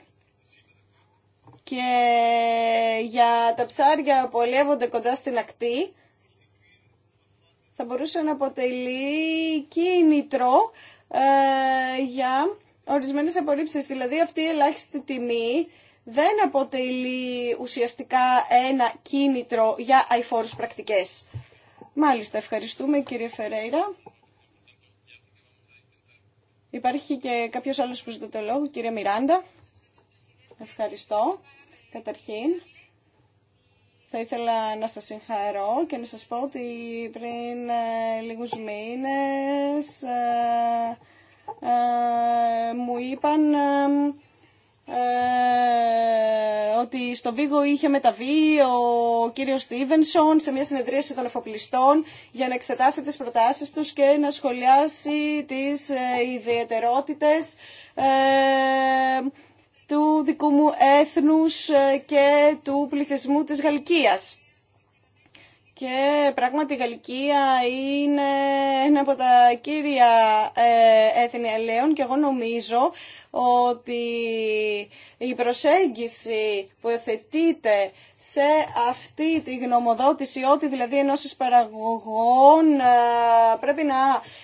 και για τα ψάρια που ολεύονται κοντά στην ακτή θα μπορούσε να αποτελεί κίνητρο ε, για ορισμένες απορρίψεις. Δηλαδή αυτή η ελάχιστη τιμή δεν αποτελεί ουσιαστικά ένα κίνητρο για αηφόρους πρακτικές. Μάλιστα, ευχαριστούμε κύριε Φερέιρα. Υπάρχει και κάποιος άλλος που ζητώ το λόγο, κύριε Μιράντα. Ευχαριστώ. Καταρχήν, θα ήθελα να σας συγχαρώ και να σας πω ότι πριν ε, λίγους μήνες ε, ε, μου είπαν ότι στο Βίγο είχε μεταβεί ο κύριος Στίβενσον σε μια συνεδρίαση των εφοπλιστών για να εξετάσει τις προτάσεις τους και να σχολιάσει τις ιδιαιτερότητες του δικού μου έθνους ε, και του πληθυσμού της Γαλλικίας. Και πράγματι η Γαλλικία είναι ένα από τα κύρια ε, έθνη ελαίων και εγώ νομίζω ότι η προσέγγιση που εθετείται σε αυτή τη γνωμοδότηση, ότι δηλαδή ενώσεις παραγωγών πρέπει να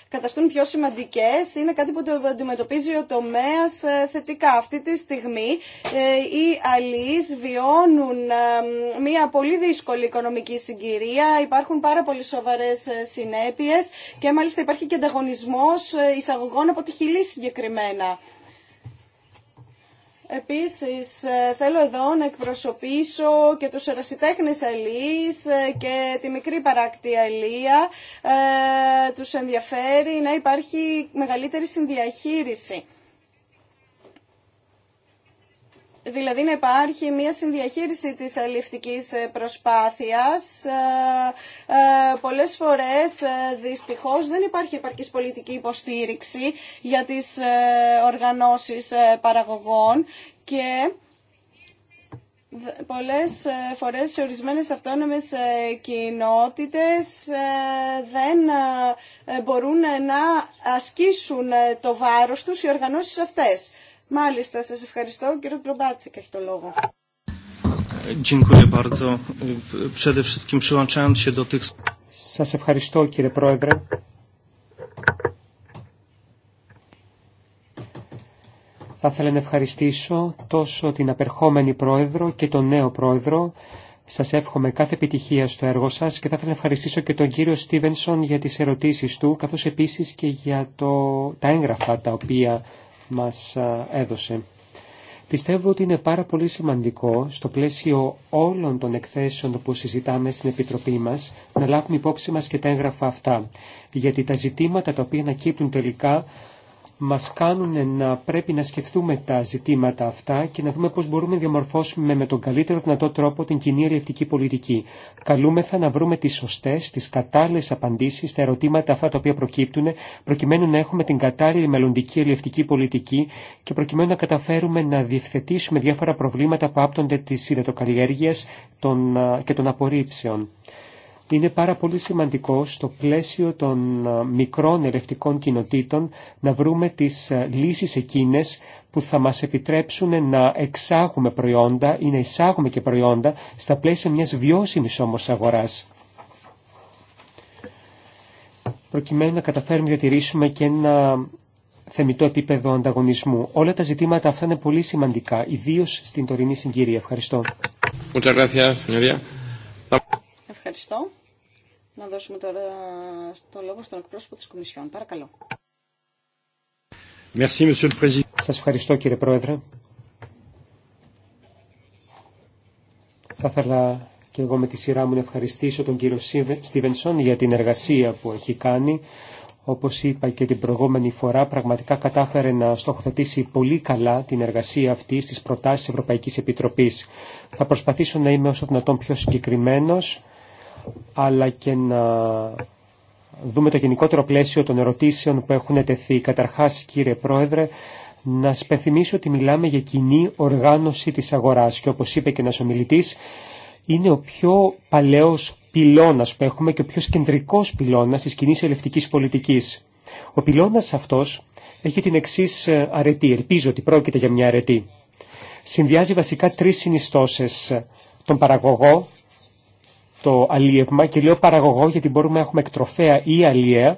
καταστούν πιο σημαντικές, είναι κάτι που το αντιμετωπίζει ο τομέας ε, θετικά. Αυτή τη στιγμή ε, οι αλλοίς βιώνουν ε, μια πολύ δύσκολη οικονομική συγκυρία, υπάρχουν πάρα πολύ σοβαρές συνέπειες και μάλιστα υπάρχει και ανταγωνισμός εισαγωγών από τη Χιλή συγκεκριμένα. Επίσης, ε, θέλω εδώ να εκπροσωπήσω και τους ερασιτέχνες αλληλείς ε, και τη μικρή παράκτη Ελία ε, τους ενδιαφέρει να υπάρχει μεγαλύτερη συνδιαχείριση δηλαδή να υπάρχει μια συνδιαχείριση της αλληλευτικής ε, προσπάθειας. Ε, ε, πολλές φορές δυστυχώς δεν υπάρχει επαρκής πολιτική υποστήριξη για τις οργανώσεις παραγωγών και πολλές φορές σε ορισμένες αυτόνομες κοινότητες δεν μπορούν να ασκήσουν το βάρος τους οι οργανώσεις αυτές. Μάλιστα, σα ευχαριστώ. Ο κύριο Μπρομπάτσικ έχει το λόγο. Σα ευχαριστώ κύριε Πρόεδρε. Θα ήθελα να ευχαριστήσω τόσο την απερχόμενη Πρόεδρο και τον νέο Πρόεδρο. Σα εύχομαι κάθε επιτυχία στο έργο σα και θα ήθελα να ευχαριστήσω και τον κύριο Στίβενσον για τι ερωτήσει του, καθώ επίση και για το, τα έγγραφα τα οποία μας έδωσε. Πιστεύω ότι είναι πάρα πολύ σημαντικό στο πλαίσιο όλων των εκθέσεων που συζητάμε στην Επιτροπή μας να λάβουμε υπόψη μας και τα έγγραφα αυτά. Γιατί τα ζητήματα τα οποία ανακύπτουν τελικά μας κάνουν να πρέπει να σκεφτούμε τα ζητήματα αυτά και να δούμε πώς μπορούμε να διαμορφώσουμε με τον καλύτερο δυνατό τρόπο την κοινή ελευτική πολιτική. Καλούμεθα να βρούμε τις σωστές, τις κατάλληλες απαντήσεις στα ερωτήματα αυτά τα οποία προκύπτουν, προκειμένου να έχουμε την κατάλληλη μελλοντική ελευτική πολιτική και προκειμένου να καταφέρουμε να διευθετήσουμε διάφορα προβλήματα που άπτονται της υδατοκαλλιέργειας και των απορρίψεων είναι πάρα πολύ σημαντικό στο πλαίσιο των μικρών ερευτικών κοινοτήτων να βρούμε τις λύσεις εκείνες που θα μας επιτρέψουν να εξάγουμε προϊόντα ή να εισάγουμε και προϊόντα στα πλαίσια μιας βιώσιμης όμως αγοράς προκειμένου να καταφέρουμε να διατηρήσουμε και ένα θεμητό επίπεδο ανταγωνισμού. Όλα τα ζητήματα αυτά είναι πολύ σημαντικά, ιδίω στην τωρινή συγκυρία. Ευχαριστώ. Ευχαριστώ. Να δώσουμε τώρα το λόγο στον εκπρόσωπο της Κομισιόν. Παρακαλώ. Merci, Σας ευχαριστώ κύριε Πρόεδρε. Θα ήθελα και εγώ με τη σειρά μου να ευχαριστήσω τον κύριο Στίβενσον για την εργασία που έχει κάνει. Όπως είπα και την προηγούμενη φορά, πραγματικά κατάφερε να στοχοθετήσει πολύ καλά την εργασία αυτή στις προτάσεις Ευρωπαϊκής Επιτροπής. Θα προσπαθήσω να είμαι όσο δυνατόν πιο συγκεκριμένος αλλά και να δούμε το γενικότερο πλαίσιο των ερωτήσεων που έχουν τεθεί. Καταρχάς, κύριε Πρόεδρε, να σπεθυμίσω ότι μιλάμε για κοινή οργάνωση της αγοράς και όπως είπε και ένα ομιλητή, είναι ο πιο παλαιός πυλώνας που έχουμε και ο πιο κεντρικός πυλώνας της κοινή ελευτικής πολιτικής. Ο πυλώνας αυτός έχει την εξή ε, αρετή, ελπίζω ότι πρόκειται για μια αρετή. Συνδυάζει βασικά τρεις συνιστώσεις, τον παραγωγό, το αλίευμα και λέω παραγωγό γιατί μπορούμε να έχουμε εκτροφέα ή αλιέα.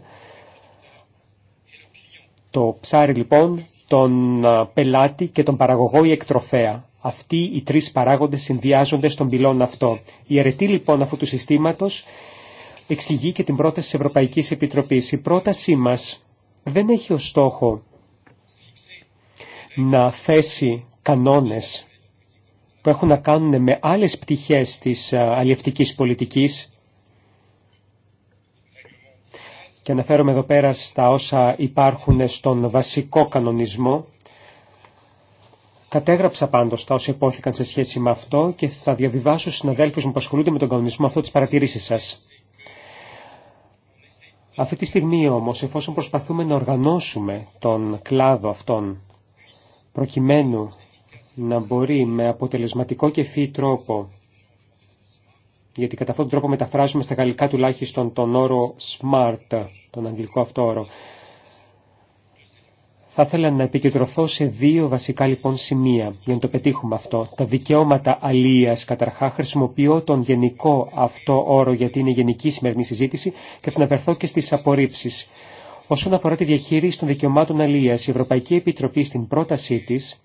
Το ψάρι λοιπόν, τον πελάτη και τον παραγωγό ή εκτροφέα. Αυτοί οι τρεις παράγοντες συνδυάζονται στον πυλόν αυτό. Η αρετή λοιπόν αυτού του συστήματος εξηγεί και την πρόταση της Ευρωπαϊκής Επιτροπής. Η πρότασή μας δεν έχει ως στόχο να θέσει κανόνες που έχουν να κάνουν με άλλες πτυχές της ε, αλλιευτικής πολιτικής και αναφέρομαι εδώ πέρα στα όσα υπάρχουν στον βασικό κανονισμό. Κατέγραψα πάντως τα όσα υπόθηκαν σε σχέση με αυτό και θα διαβιβάσω στους συναδέλφους μου που ασχολούνται με τον κανονισμό αυτό τις παρατηρήσεις σας. Αυτή τη στιγμή όμως, εφόσον προσπαθούμε να οργανώσουμε τον κλάδο αυτόν, προκειμένου να μπορεί με αποτελεσματικό και φύη τρόπο, γιατί κατά αυτόν τον τρόπο μεταφράζουμε στα γαλλικά τουλάχιστον τον όρο smart, τον αγγλικό αυτό όρο, θα ήθελα να επικεντρωθώ σε δύο βασικά λοιπόν σημεία για να το πετύχουμε αυτό. Τα δικαιώματα αλλία καταρχά χρησιμοποιώ τον γενικό αυτό όρο γιατί είναι γενική σημερινή συζήτηση και θα αναφερθώ και στις απορρίψεις. Όσον αφορά τη διαχείριση των δικαιωμάτων αλίας, η Ευρωπαϊκή Επιτροπή στην πρότασή της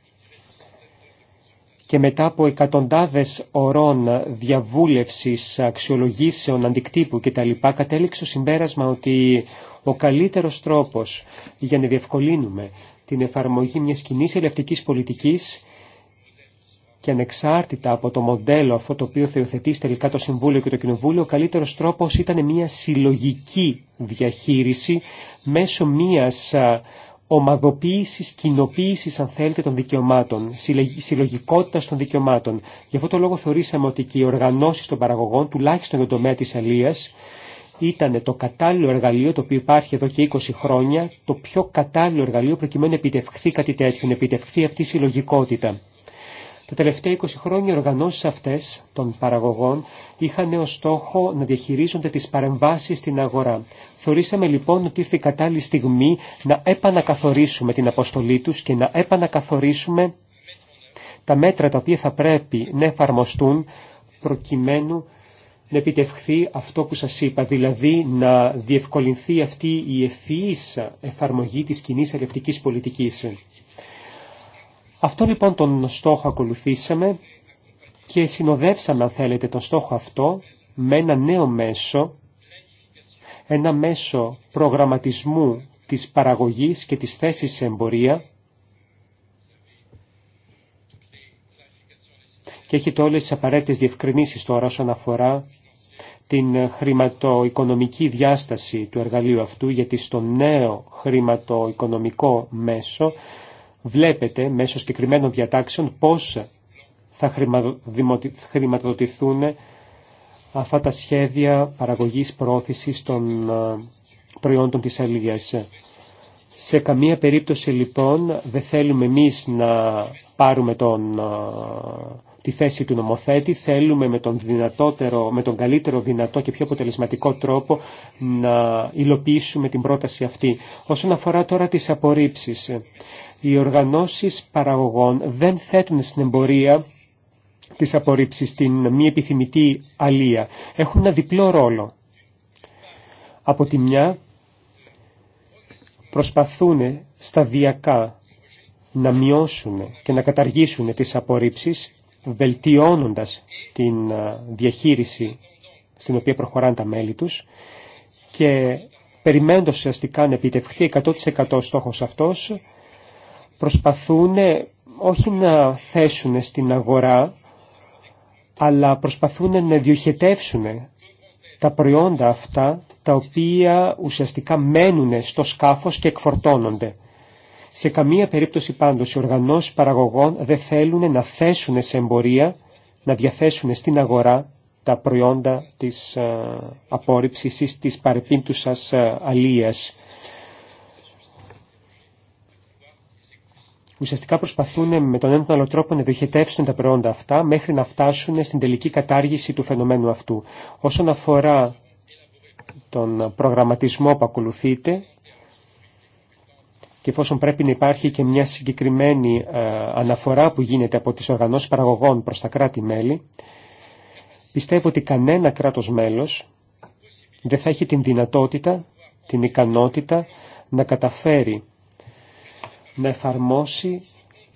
και μετά από εκατοντάδες ωρών διαβούλευσης, αξιολογήσεων, αντικτύπου κτλ. κατέληξε το συμπέρασμα ότι ο καλύτερος τρόπος για να διευκολύνουμε την εφαρμογή μιας κοινή ελευτικής πολιτικής και ανεξάρτητα από το μοντέλο αυτό το οποίο θεωθετεί τελικά το Συμβούλιο και το Κοινοβούλιο, ο καλύτερος τρόπος ήταν μια συλλογική διαχείριση μέσω μιας ομαδοποίησης, κοινοποίησης αν θέλετε των δικαιωμάτων, συλλογικότητα των δικαιωμάτων. Γι' αυτό το λόγο θεωρήσαμε ότι και οι οργανώσεις των παραγωγών, τουλάχιστον για το τομέα της αλίας, ήταν το κατάλληλο εργαλείο το οποίο υπάρχει εδώ και 20 χρόνια, το πιο κατάλληλο εργαλείο προκειμένου να επιτευχθεί κάτι τέτοιο, να επιτευχθεί αυτή η συλλογικότητα. Τα τελευταία 20 χρόνια οι οργανώσεις αυτές των παραγωγών είχαν ως στόχο να διαχειρίζονται τις παρεμβάσεις στην αγορά. Θεωρήσαμε λοιπόν ότι ήρθε η κατάλληλη στιγμή να επανακαθορίσουμε την αποστολή τους και να επανακαθορίσουμε τα μέτρα τα οποία θα πρέπει να εφαρμοστούν προκειμένου να επιτευχθεί αυτό που σας είπα, δηλαδή να διευκολυνθεί αυτή η ευφυής εφαρμογή της κοινή ελευτικής πολιτικής. Αυτό λοιπόν τον στόχο ακολουθήσαμε και συνοδεύσαμε αν θέλετε τον στόχο αυτό με ένα νέο μέσο, ένα μέσο προγραμματισμού της παραγωγής και της θέσης σε εμπορία και έχετε όλες τις απαραίτητες διευκρινήσεις τώρα όσον αφορά την χρηματοοικονομική διάσταση του εργαλείου αυτού γιατί στο νέο χρηματοοικονομικό μέσο βλέπετε μέσω συγκεκριμένων διατάξεων πώς θα χρηματοδοτηθούν αυτά τα σχέδια παραγωγής πρόθεσης των ε, προϊόντων της αλληλίας. Σε καμία περίπτωση λοιπόν δεν θέλουμε εμείς να πάρουμε τον, ε, τη θέση του νομοθέτη, θέλουμε με τον, δυνατότερο, με τον καλύτερο δυνατό και πιο αποτελεσματικό τρόπο να υλοποιήσουμε την πρόταση αυτή. Όσον αφορά τώρα τις απορρίψεις, οι οργανώσεις παραγωγών δεν θέτουν στην εμπορία τις απορρίψεις την μη επιθυμητή αλία. Έχουν ένα διπλό ρόλο. Από τη μια προσπαθούν σταδιακά να μειώσουν και να καταργήσουν τις απορρίψεις βελτιώνοντας την διαχείριση στην οποία προχωράνε τα μέλη τους και περιμένοντας ουσιαστικά να επιτευχθεί 100% στόχος αυτός προσπαθούν όχι να θέσουν στην αγορά, αλλά προσπαθούν να διοχετεύσουν τα προϊόντα αυτά, τα οποία ουσιαστικά μένουν στο σκάφος και εκφορτώνονται. Σε καμία περίπτωση πάντως οι οργανώσεις παραγωγών δεν θέλουν να θέσουν σε εμπορία, να διαθέσουν στην αγορά τα προϊόντα της ε, απόρριψης ή της παρεπίντουσας ε, αλίας. ουσιαστικά προσπαθούν με τον έναν τον άλλο τρόπο να διοχετεύσουν τα προϊόντα αυτά μέχρι να φτάσουν στην τελική κατάργηση του φαινομένου αυτού. Όσον αφορά τον προγραμματισμό που ακολουθείτε και εφόσον πρέπει να υπάρχει και μια συγκεκριμένη ε, αναφορά που γίνεται από τις οργανώσεις παραγωγών προς τα κράτη-μέλη, πιστεύω ότι κανένα κράτος μέλος δεν θα έχει την δυνατότητα, την ικανότητα να καταφέρει να εφαρμόσει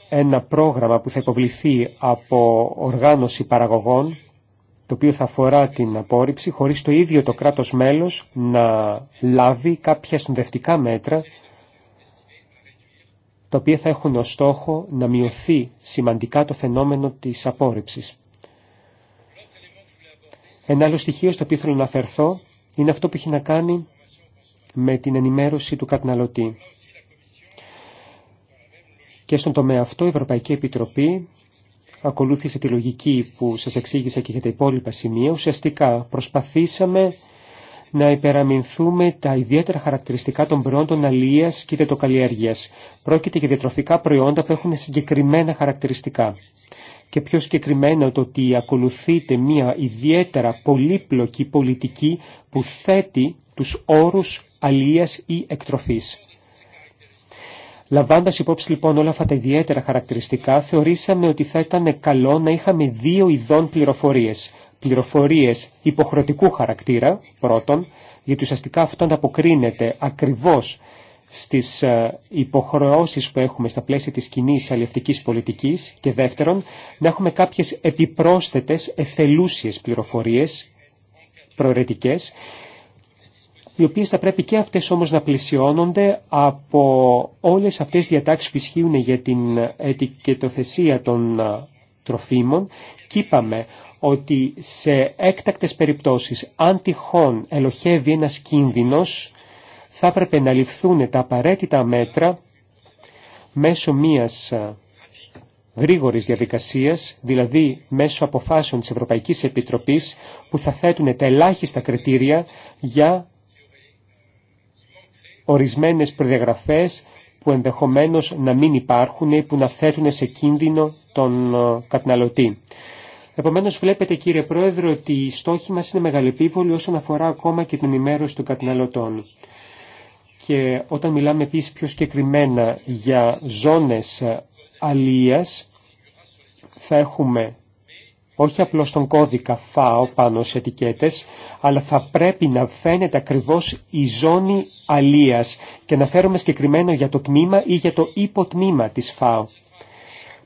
ένα πρόγραμμα που θα υποβληθεί από οργάνωση παραγωγών, το οποίο θα αφορά την απόρριψη, χωρίς το ίδιο το κράτος μέλος να λάβει κάποια συνδευτικά μέτρα, τα οποία θα έχουν ως στόχο να μειωθεί σημαντικά το φαινόμενο της απόρριψης. Ένα άλλο στοιχείο στο οποίο θέλω να αφαιρθώ είναι αυτό που έχει να κάνει με την ενημέρωση του καταναλωτή. Και στον τομέα αυτό η Ευρωπαϊκή Επιτροπή ακολούθησε τη λογική που σας εξήγησα και για τα υπόλοιπα σημεία. Ουσιαστικά προσπαθήσαμε να υπεραμεινθούμε τα ιδιαίτερα χαρακτηριστικά των προϊόντων αλίας και καλλιέργειας, Πρόκειται για διατροφικά προϊόντα που έχουν συγκεκριμένα χαρακτηριστικά. Και πιο συγκεκριμένα το ότι ακολουθείται μια ιδιαίτερα πολύπλοκη πολιτική που θέτει τους όρους αλίας ή εκτροφής. Λαμβάνοντα υπόψη λοιπόν όλα αυτά τα ιδιαίτερα χαρακτηριστικά, θεωρήσαμε ότι θα ήταν καλό να είχαμε δύο ειδών πληροφορίε. Πληροφορίε υποχρεωτικού χαρακτήρα, πρώτον, γιατί ουσιαστικά αυτό ανταποκρίνεται ακριβώς στις ε, υποχρεώσει που έχουμε στα πλαίσια της κοινή αλληλευτικής πολιτικής και δεύτερον, να έχουμε κάποιε επιπρόσθετε εθελούσιες πληροφορίε προαιρετικέ, οι οποίες θα πρέπει και αυτές όμως να πλησιώνονται από όλες αυτές τις διατάξεις που ισχύουν για την ετικετοθεσία των ε, τροφίμων και είπαμε ότι σε έκτακτες περιπτώσεις, αν τυχόν ελοχεύει ένας κίνδυνος, θα έπρεπε να ληφθούν τα απαραίτητα μέτρα μέσω μίας ε, γρήγορη διαδικασία, δηλαδή μέσω αποφάσεων της Ευρωπαϊκής Επιτροπής, που θα θέτουν τα ελάχιστα κριτήρια για ορισμένες προδιαγραφές που ενδεχομένως να μην υπάρχουν ή που να θέτουν σε κίνδυνο τον ε, καταναλωτή. Επομένως βλέπετε κύριε Πρόεδρε ότι η στόχη μας είναι μεγαλεπίβολοι όσον αφορά ακόμα και την ενημέρωση των καταναλωτών. Και όταν μιλάμε επίσης πιο συγκεκριμένα για ζώνες ε, αλίας, θα έχουμε όχι απλώς τον κώδικα ΦΑΟ πάνω σε ετικέτες, αλλά θα πρέπει να φαίνεται ακριβώς η ζώνη αλίας και να φέρουμε συγκεκριμένο για το τμήμα ή για το υποτμήμα της ΦΑΟ.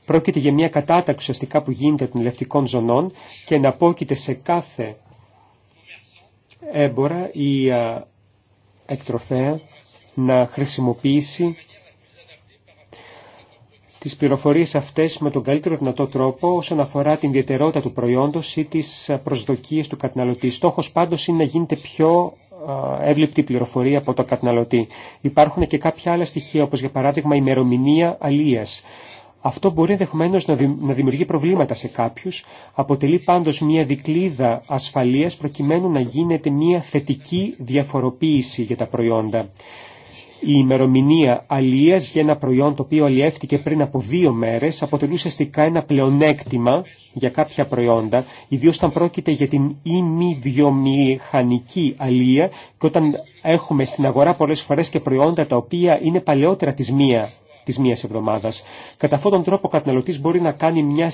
Πρόκειται για μια κατάταξη ουσιαστικά που γίνεται των ελευτικών ζωνών και να πόκειται σε κάθε έμπορα ή εκτροφέα να χρησιμοποιήσει τις πληροφορίες αυτές με τον καλύτερο δυνατό τρόπο όσον αφορά την ιδιαιτερότητα του προϊόντος ή τις ε, προσδοκίες του καταναλωτή. Στόχος πάντως είναι να γίνεται πιο ε, εύληπτη πληροφορία από τον καταναλωτή. Υπάρχουν και κάποια άλλα στοιχεία όπως για παράδειγμα η ημερομηνία αλίας. Αυτό μπορεί ενδεχομένω να δημιουργεί προβλήματα το καταναλωτη κάποιου, αποτελεί πάντω μια δικλίδα ασφαλεία προκειμένου να γίνεται μια θετική διαφοροποίηση για τα προϊόντα η ημερομηνία αλίας για ένα προϊόν το οποίο αλλιεύτηκε πριν από δύο μέρες αποτελεί ουσιαστικά ένα πλεονέκτημα για κάποια προϊόντα, ιδίω όταν πρόκειται για την ημιβιομηχανική αλία και όταν έχουμε στην αγορά πολλές φορές και προϊόντα τα οποία είναι παλαιότερα της μία τη μία εβδομάδα. Κατά αυτόν τον τρόπο, ο καταναλωτή μπορεί να κάνει μια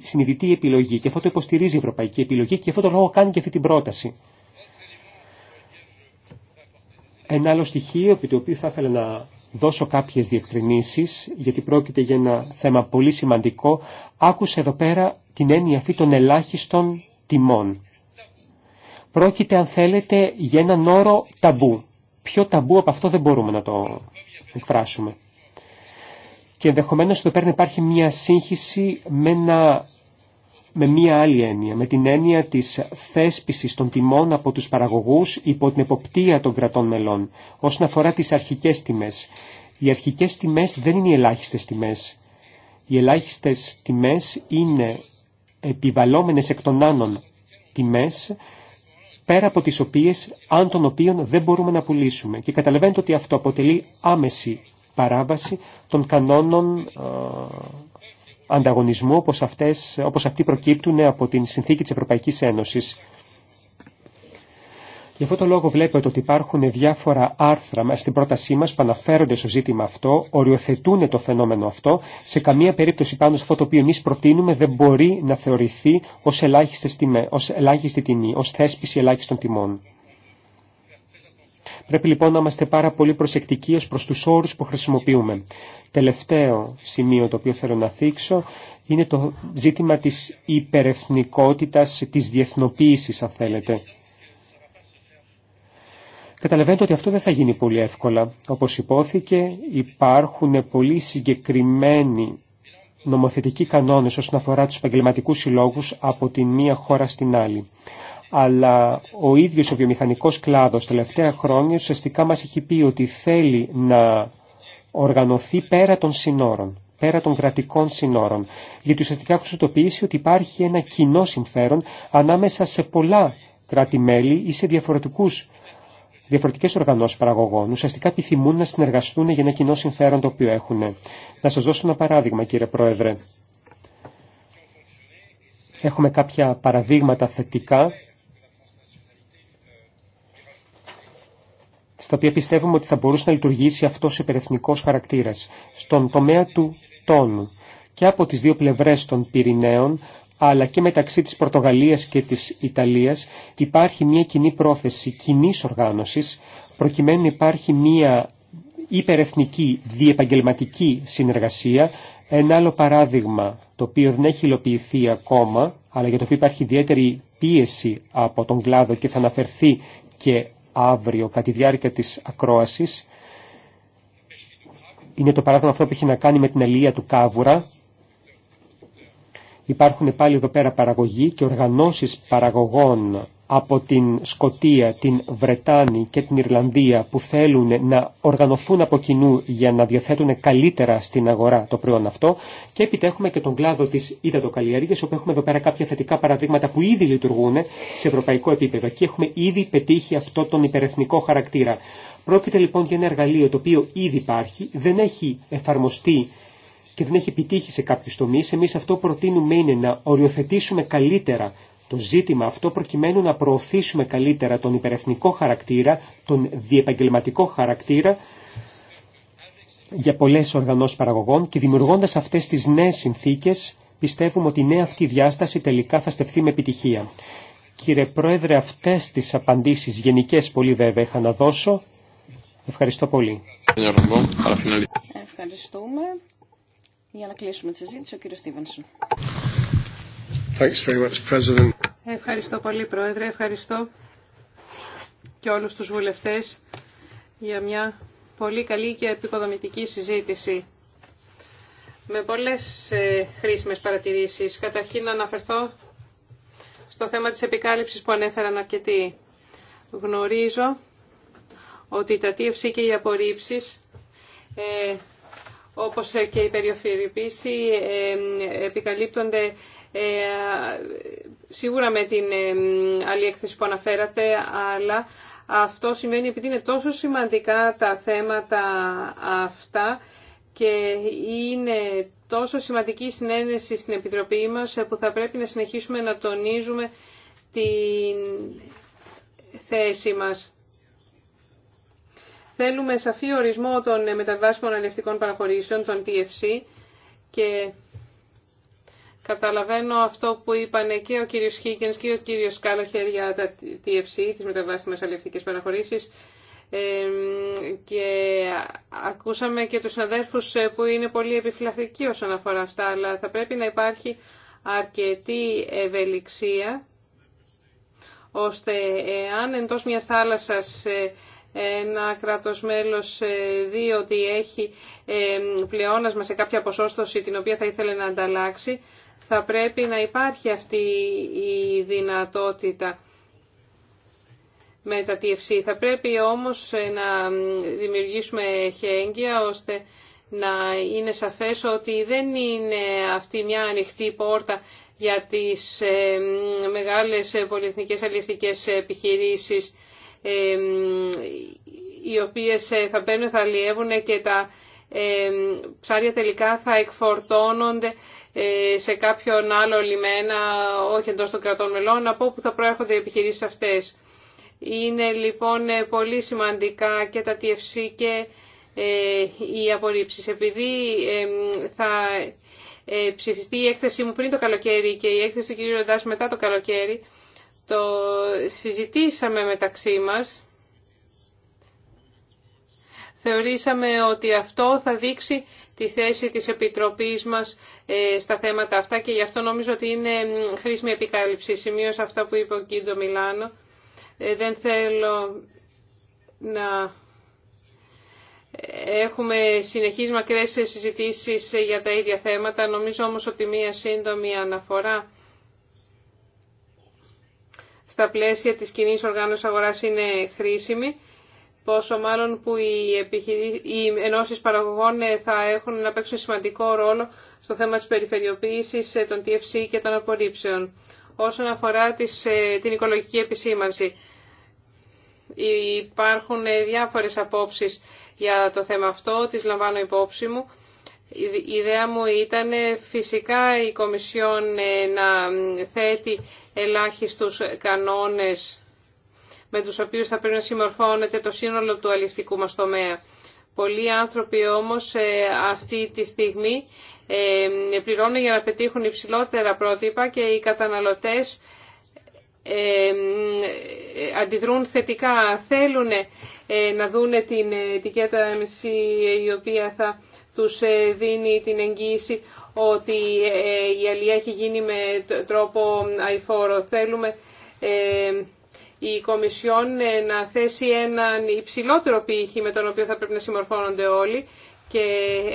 συνειδητή επιλογή και αυτό το υποστηρίζει η Ευρωπαϊκή Επιλογή και αυτό τον λόγο κάνει και αυτή την πρόταση. Ένα άλλο στοιχείο επί το οποίο θα ήθελα να δώσω κάποιες διευκρινήσεις, γιατί πρόκειται για ένα θέμα πολύ σημαντικό, άκουσε εδώ πέρα την έννοια αυτή των ελάχιστων τιμών. Πρόκειται, αν θέλετε, για έναν όρο ταμπού. Πιο ταμπού από αυτό δεν μπορούμε να το εκφράσουμε. Και ενδεχομένως εδώ πέρα υπάρχει μια σύγχυση με ένα με μία άλλη έννοια, με την έννοια της θέσπισης των τιμών από τους παραγωγούς υπό την εποπτεία των κρατών μελών, όσον αφορά τις αρχικές τιμές. Οι αρχικές τιμές δεν είναι οι ελάχιστες τιμές. Οι ελάχιστες τιμές είναι επιβαλόμενες εκ των άνων τιμές, πέρα από τις οποίες, αν των οποίων δεν μπορούμε να πουλήσουμε. Και καταλαβαίνετε ότι αυτό αποτελεί άμεση παράβαση των κανόνων ε, ανταγωνισμού όπως, αυτές, όπως αυτοί προκύπτουν από την συνθήκη της Ευρωπαϊκής Ένωσης. Γι' αυτό το λόγο βλέπετε ότι υπάρχουν διάφορα άρθρα στην πρότασή μας που αναφέρονται στο ζήτημα αυτό, οριοθετούν το φαινόμενο αυτό. Σε καμία περίπτωση πάνω σε αυτό το οποίο εμείς προτείνουμε δεν μπορεί να θεωρηθεί ως, ελάχιστη τιμή, ως θέσπιση ελάχιστων τιμών. Πρέπει λοιπόν να είμαστε πάρα πολύ προσεκτικοί ως προς τους όρους που χρησιμοποιούμε. Τελευταίο σημείο το οποίο θέλω να θίξω είναι το ζήτημα της υπερεθνικότητας, της διεθνοποίησης αν θέλετε. Καταλαβαίνετε ότι αυτό δεν θα γίνει πολύ εύκολα. Όπως υπόθηκε υπάρχουν πολύ συγκεκριμένοι νομοθετικοί κανόνες όσον αφορά τους επαγγελματικού συλλόγους από τη μία χώρα στην άλλη αλλά ο ίδιος ο βιομηχανικός κλάδος τελευταία χρόνια ουσιαστικά μας έχει πει ότι θέλει να οργανωθεί πέρα των συνόρων, πέρα των κρατικών συνόρων, γιατί ουσιαστικά έχουν συνειδητοποιήσει ότι υπάρχει ένα κοινό συμφέρον ανάμεσα σε πολλά κράτη-μέλη ή σε διαφορετικούς Διαφορετικές οργανώσεις παραγωγών ουσιαστικά επιθυμούν να συνεργαστούν για ένα κοινό συμφέρον το οποίο έχουν. Να σας δώσω ένα παράδειγμα κύριε Πρόεδρε. Έχουμε κάποια παραδείγματα θετικά στα οποία πιστεύουμε ότι θα μπορούσε να λειτουργήσει αυτός ο υπερεθνικός χαρακτήρας, στον τομέα του τόνου και από τις δύο πλευρές των Πυρηναίων, αλλά και μεταξύ της Πορτογαλίας και της Ιταλίας υπάρχει μια κοινή πρόθεση κοινή οργάνωσης, προκειμένου να υπάρχει μια υπερεθνική διεπαγγελματική συνεργασία. Ένα άλλο παράδειγμα, το οποίο δεν έχει υλοποιηθεί ακόμα, αλλά για το οποίο υπάρχει ιδιαίτερη πίεση από τον κλάδο και θα αναφερθεί και αύριο κατά τη διάρκεια της ακρόασης είναι το παράδειγμα αυτό που έχει να κάνει με την αλληλεία του Κάβουρα. Υπάρχουν πάλι εδώ πέρα παραγωγοί και οργανώσεις παραγωγών από την Σκοτία, την Βρετάνη και την Ιρλανδία που θέλουν να οργανωθούν από κοινού για να διαθέτουν καλύτερα στην αγορά το προϊόν αυτό και έπειτα έχουμε και τον κλάδο τη υδατοκαλλιέργειας όπου έχουμε εδώ πέρα κάποια θετικά παραδείγματα που ήδη λειτουργούν σε ευρωπαϊκό επίπεδο. και έχουμε ήδη πετύχει αυτό τον υπερεθνικό χαρακτήρα. Πρόκειται λοιπόν για ένα εργαλείο το οποίο ήδη υπάρχει, δεν έχει εφαρμοστεί και δεν έχει επιτύχει σε κάποιου τομεί. Εμεί αυτό προτείνουμε είναι να οριοθετήσουμε καλύτερα το ζήτημα αυτό προκειμένου να προωθήσουμε καλύτερα τον υπερεθνικό χαρακτήρα, τον διεπαγγελματικό χαρακτήρα για πολλές οργανώσεις παραγωγών και δημιουργώντας αυτές τις νέες συνθήκες πιστεύουμε ότι η νέα αυτή διάσταση τελικά θα στεφθεί με επιτυχία. Κύριε Πρόεδρε, αυτές τις απαντήσεις γενικές πολύ βέβαια είχα να δώσω. Ευχαριστώ πολύ. Ευχαριστούμε. Για να κλείσουμε τη συζήτηση, ο κύριος Στίβενσον. Thanks very much, President. Ευχαριστώ πολύ, Πρόεδρε. Ευχαριστώ και όλους τους βουλευτές για μια πολύ καλή και επικοδομητική συζήτηση. Με πολλές ε, χρήσιμες παρατηρήσεις. Καταρχήν να αναφερθώ στο θέμα της επικάλυψης που ανέφεραν αρκετοί. Γνωρίζω ότι τα TFC και οι απορρίψεις, ε, όπως και η περιοφυροποίηση, ε, ε, επικαλύπτονται σίγουρα με την άλλη έκθεση που αναφέρατε, αλλά αυτό σημαίνει επειδή είναι τόσο σημαντικά τα θέματα αυτά και είναι τόσο σημαντική συνένεση στην Επιτροπή μας ε, που θα πρέπει να συνεχίσουμε να τονίζουμε την θέση μας. Θέλουμε σαφή ορισμό των μεταβάσιμων ανευτικών παραχωρήσεων, των TFC, και Καταλαβαίνω αυτό που είπαν και ο κύριος Χίγκενς και ο κύριος Κάλαχερ για τα TFC, τις Μεταβάσεις Μεσαλλευτικές παραχωρήσεις. και ακούσαμε και τους αδέρφους ε, που είναι πολύ επιφυλακτικοί όσον αφορά αυτά, αλλά θα πρέπει να υπάρχει αρκετή ευελιξία, ώστε εάν εντός μιας θάλασσας ε, ένα κράτος μέλος ε, δει ότι έχει πλεόνασμα σε κάποια ποσόστοση την οποία θα ήθελε να ανταλλάξει, θα πρέπει να υπάρχει αυτή η δυνατότητα με τα TFC. Θα πρέπει όμως ε, να δημιουργήσουμε χέγγια ώστε να είναι σαφές ότι δεν είναι αυτή μια ανοιχτή πόρτα για τις ε, μεγάλες πολυεθνικές αλληλευτικές επιχειρήσεις ε, οι οποίες θα μπαίνουν, θα αλλιεύουν και τα ε, ψάρια τελικά θα εκφορτώνονται ε, σε κάποιον άλλο λιμένα, όχι εντός των κρατών μελών, από όπου θα προέρχονται οι επιχειρήσεις αυτές. Είναι λοιπόν ε, πολύ σημαντικά και τα TFC και οι απορρίψεις. Επειδή θα ψηφιστεί η έκθεσή μου πριν το καλοκαίρι και η έκθεση του κ. Ροντάς μετά το καλοκαίρι, το συζητήσαμε μεταξύ μας θεωρήσαμε ότι αυτό θα δείξει τη θέση της Επιτροπής μας ε, στα θέματα αυτά και γι' αυτό νομίζω ότι είναι χρήσιμη επικάλυψη. Σημείωσα αυτά που είπε ο Κίντο Μιλάνο. Ε, δεν θέλω να ε, έχουμε συνεχείς μακρές συζητήσεις για τα ίδια θέματα. Νομίζω όμως ότι μία σύντομη αναφορά στα πλαίσια της κοινή οργάνωσης αγοράς είναι χρήσιμη πόσο μάλλον που οι, επιχειρή... οι παραγωγών ε, θα έχουν να παίξουν σημαντικό ρόλο στο θέμα της περιφερειοποίησης ε, των TFC και των απορρίψεων. Όσον αφορά τις, ε, την οικολογική επισήμανση, υπάρχουν διάφορες απόψεις για το θέμα αυτό, τις λαμβάνω υπόψη μου. Η ιδέα μου ήταν φυσικά η Κομισιόν να θέτει ελάχιστους κανόνες με τους οποίους θα πρέπει να συμμορφώνεται το σύνολο του αληφτικού μας τομέα. Πολλοί άνθρωποι όμως ε, αυτή τη στιγμή ε, πληρώνουν για να πετύχουν υψηλότερα πρότυπα και οι καταναλωτές ε, αντιδρούν θετικά. Θέλουν να δούνε την ετικέτα η οποία θα τους δίνει την εγγύηση ότι η αλληλεία έχει γίνει με τρόπο αηφόρο. Θέλουμε η Κομισιόν ε, να θέσει έναν υψηλότερο πύχη με τον οποίο θα πρέπει να συμμορφώνονται όλοι και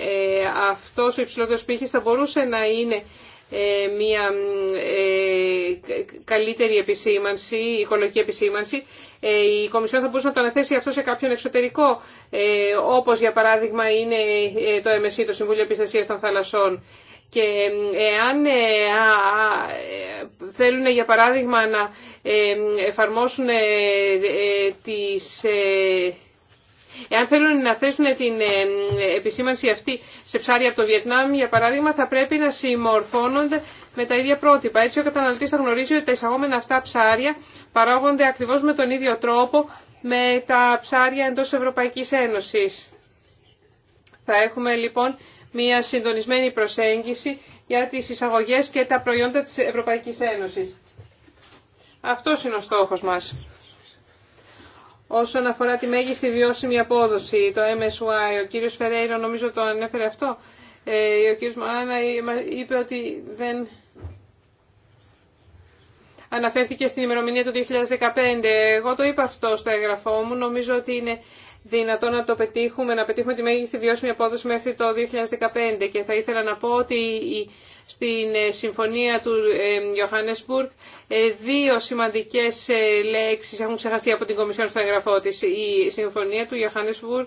ε, αυτός ο υψηλότερος πύχης θα μπορούσε να είναι ε, μια καλύτερη επισήμανση, οικολογική επισήμανση. Η Κομισιόν θα μπορούσε να το αναθέσει αυτό σε κάποιον εξωτερικό, όπως για παράδειγμα είναι το MSC, το Συμβούλιο Επιστασίας των Θαλασσών. Και εάν ε, θέλουν, για παράδειγμα, να εφαρμόσουν ε, τις... Ε, εάν θέλουν να θέσουν την επισήμανση αυτή σε ψάρια από το Βιετνάμ, για παράδειγμα, θα πρέπει να συμμορφώνονται με τα ίδια πρότυπα. Έτσι, ο καταναλωτής θα γνωρίζει ότι τα εισαγόμενα αυτά ψάρια παράγονται ακριβώς με τον ίδιο τρόπο με τα ψάρια εντός Ευρωπαϊκής Ένωσης. Θα έχουμε λοιπόν μια συντονισμένη προσέγγιση για τις εισαγωγές και τα προϊόντα της Ευρωπαϊκής Ένωσης. Αυτός είναι ο στόχος μας. Όσον αφορά τη μέγιστη βιώσιμη απόδοση, το MSY, ο κύριος Φερέιρο νομίζω το ανέφερε αυτό, ε, ο κύριος Μαράνα είπε ότι δεν αναφέρθηκε στην ημερομηνία του 2015. Εγώ το είπα αυτό στο έγγραφό μου. Νομίζω ότι είναι δυνατό να το πετύχουμε, να πετύχουμε τη μέγιστη βιώσιμη απόδοση μέχρι το 2015. Και θα ήθελα να πω ότι στην ε, συμφωνία του ε, Johannesburg ε, δύο σημαντικές λέξεις έχουν ξεχαστεί από την Κομισιόν στο εγγραφό τη. Η συμφωνία του Johannesburg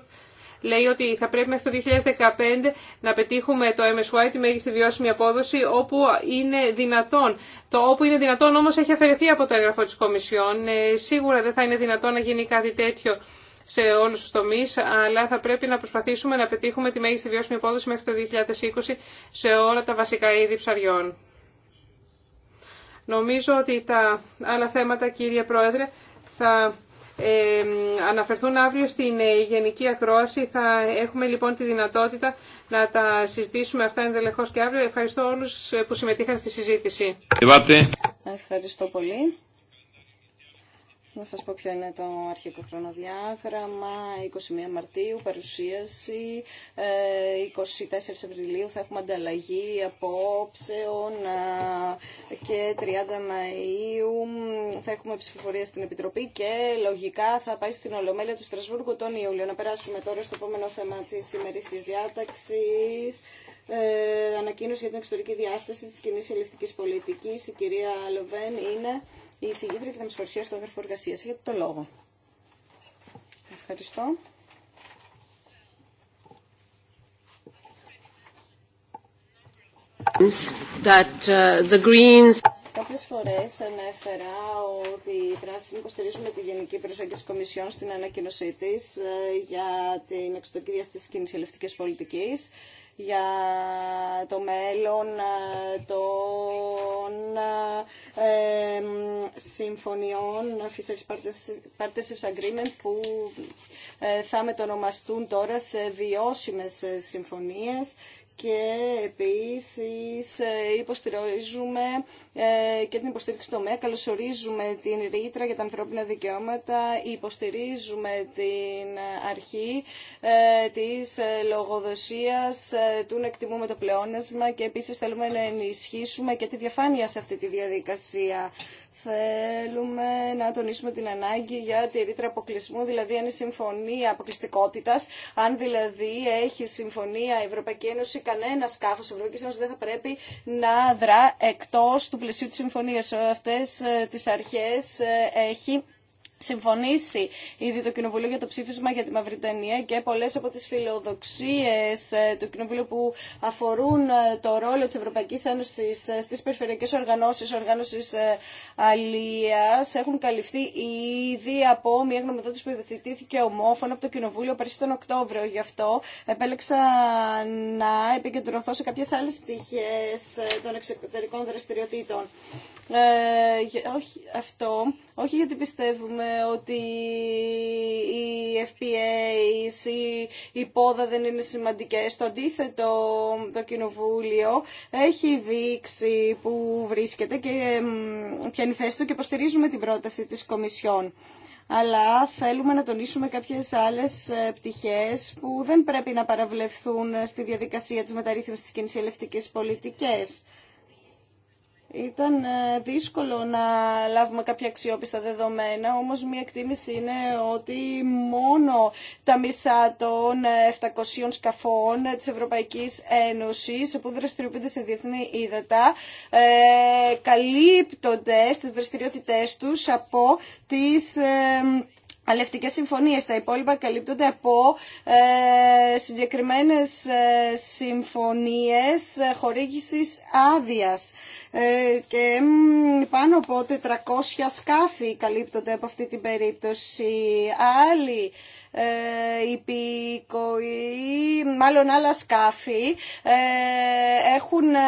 λέει ότι θα πρέπει μέχρι το 2015 να πετύχουμε το MSY, τη μέγιστη βιώσιμη απόδοση, όπου είναι δυνατόν. Το όπου είναι δυνατόν όμως έχει αφαιρεθεί από το έγγραφο τη Κομισιόν. σίγουρα δεν θα είναι δυνατόν να γίνει κάτι τέτοιο σε όλους τους τομείς, αλλά θα πρέπει να προσπαθήσουμε να πετύχουμε τη μέγιστη βιώσιμη απόδοση μέχρι το 2020 σε όλα τα βασικά είδη ψαριών. Νομίζω ότι τα άλλα θέματα, κύριε Πρόεδρε, θα ε, αναφερθούν αύριο στην ε, Γενική Ακρόαση. Θα έχουμε λοιπόν τη δυνατότητα να τα συζητήσουμε αυτά ενδελεχώς και αύριο. Ευχαριστώ όλους ε, που συμμετείχαν στη συζήτηση. Ευχαριστώ πολύ. Να σας πω ποιο είναι το αρχικό χρονοδιάγραμμα. 21 Μαρτίου, παρουσίαση. 24 ε, Απριλίου θα έχουμε ανταλλαγή απόψεων και 30 Μαΐου θα έχουμε ψηφοφορία στην Επιτροπή και λογικά θα πάει στην Ολομέλεια του Στρασβούργου τον Ιούλιο. Να περάσουμε τώρα στο επόμενο θέμα της ημερήσιας διάταξης. Ε, ανακοίνωση για την εξωτερική διάσταση της κοινή ελευθερικής πολιτικής. Η κυρία Λοβέν είναι η εισηγήτρια και θα μα παρουσιάσει το έγγραφο εργασίας. Έχετε το λόγο. Ευχαριστώ. That, uh, the Greens... Κάποιες φορές ανέφερα ότι οι πράσινοι υποστηρίζουν τη Γενική Προσέγγιση Κομισιόν στην ανακοίνωσή της ε, για την εξωτερική διαστήση κίνηση ελευτικής πολιτικής για το μέλλον ε, των ε, συμφωνιών Fisheries Partnership Agreement που ε, θα μετονομαστούν τώρα σε βιώσιμες ε, συμφωνίες και επίσης ε, υποστηρίζουμε ε, και την υποστήριξη τομέα, καλωσορίζουμε την ρήτρα για τα ανθρώπινα δικαιώματα, υποστηρίζουμε την αρχή ε, της λογοδοσίας, του να εκτιμούμε το πλεόνασμα και επίσης θέλουμε να ενισχύσουμε και τη διαφάνεια σε αυτή τη διαδικασία. Θέλουμε να τονίσουμε την ανάγκη για τη ρήτρα αποκλεισμού, δηλαδή αν η συμφωνία αποκλειστικότητα, αν δηλαδή έχει συμφωνία Ευρωπαϊκή Ένωση, κανένα σκάφο τη Ευρωπαϊκή Ένωση δεν θα πρέπει να δρά εκτό του πλαισίου τη συμφωνία. Αυτέ ε, τι αρχέ ε, έχει συμφωνήσει ήδη το Κοινοβουλίο για το ψήφισμα για τη Μαυριτανία και πολλές από τις φιλοδοξίες ε, του Κοινοβουλίου που αφορούν ε, το ρόλο της Ευρωπαϊκής Ένωσης ε, στις περιφερειακές οργανώσεις, οργάνωσης αλίας έχουν καλυφθεί ήδη από μια γνωμοδότηση που υποθετήθηκε ομόφωνα από το Κοινοβούλιο πέρσι τον Οκτώβριο. Γι' αυτό επέλεξα να επικεντρωθώ σε κάποιες άλλες στοιχείες των εξωτερικών δραστηριοτήτων. Ε, όχι, αυτό, όχι γιατί πιστεύουμε ότι οι FPA, η πόδα δεν είναι σημαντικέ στο αντίθετο, το Κοινοβούλιο έχει δείξει που βρίσκεται και ποια είναι η θέση του και υποστηρίζουμε την πρόταση της Κομισιόν αλλά θέλουμε να τονίσουμε κάποιες άλλες ε, πτυχές που δεν πρέπει να παραβλεφθούν στη διαδικασία της μεταρρύθμισης της κινησιαλευτικής πολιτικής. Ήταν ε, δύσκολο να λάβουμε κάποια αξιόπιστα δεδομένα, όμως μια εκτίμηση είναι ότι μόνο τα μισά των 700 ε, σκαφών ε, της Ευρωπαϊκής Ένωσης που δραστηριοποιείται σε διεθνή ύδατα καλύπτονται στις δραστηριότητές τους από τις αλευτικές συμφωνίες. Τα υπόλοιπα καλύπτονται από ε, συγκεκριμένες ε, συμφωνίες χορήγησης άδειας. Ε, και πάνω από 400 σκάφη καλύπτονται από αυτή την περίπτωση. Άλλοι ε, υπηκοοί, μάλλον άλλα σκάφη, ε, έχουν ε,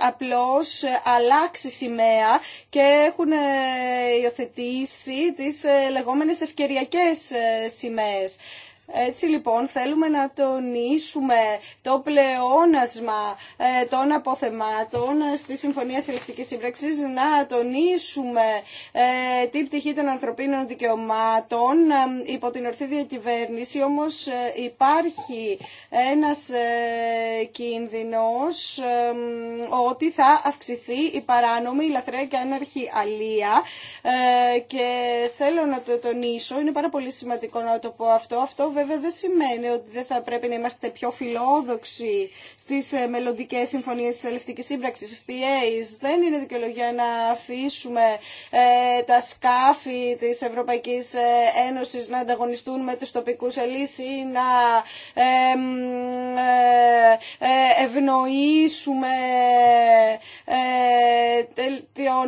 απλώς αλλάξει σημαία και έχουν υιοθετήσει τις λεγόμενες ευκαιριακές σημαίες. Έτσι λοιπόν θέλουμε να τονίσουμε το πλεόνασμα ε, των αποθεμάτων ε, στη Συμφωνία Συλλεκτικής Σύμπραξης, να τονίσουμε ε, την πτυχή των ανθρωπίνων δικαιωμάτων υπό την ορθή διακυβέρνηση, όμως υπάρχει ένας κίνδυνος ότι θα αυξηθεί η παράνομη, η λαθρέα και άναρχη αλία και θέλω να το τονίσω, είναι πάρα πολύ σημαντικό να το πω αυτό, αυτό βέβαια δεν σημαίνει ότι δεν θα πρέπει να είμαστε πιο φιλόδοξοι στις ε, μελλοντικέ συμφωνίες της ελευτική σύμπραξης, FPAs. Δεν είναι δικαιολογία να αφήσουμε ε, τα σκάφη της Ευρωπαϊκής ε, Ένωσης να ανταγωνιστούν με τους τοπικούς ελείς ή να ε, ε, ευνοήσουμε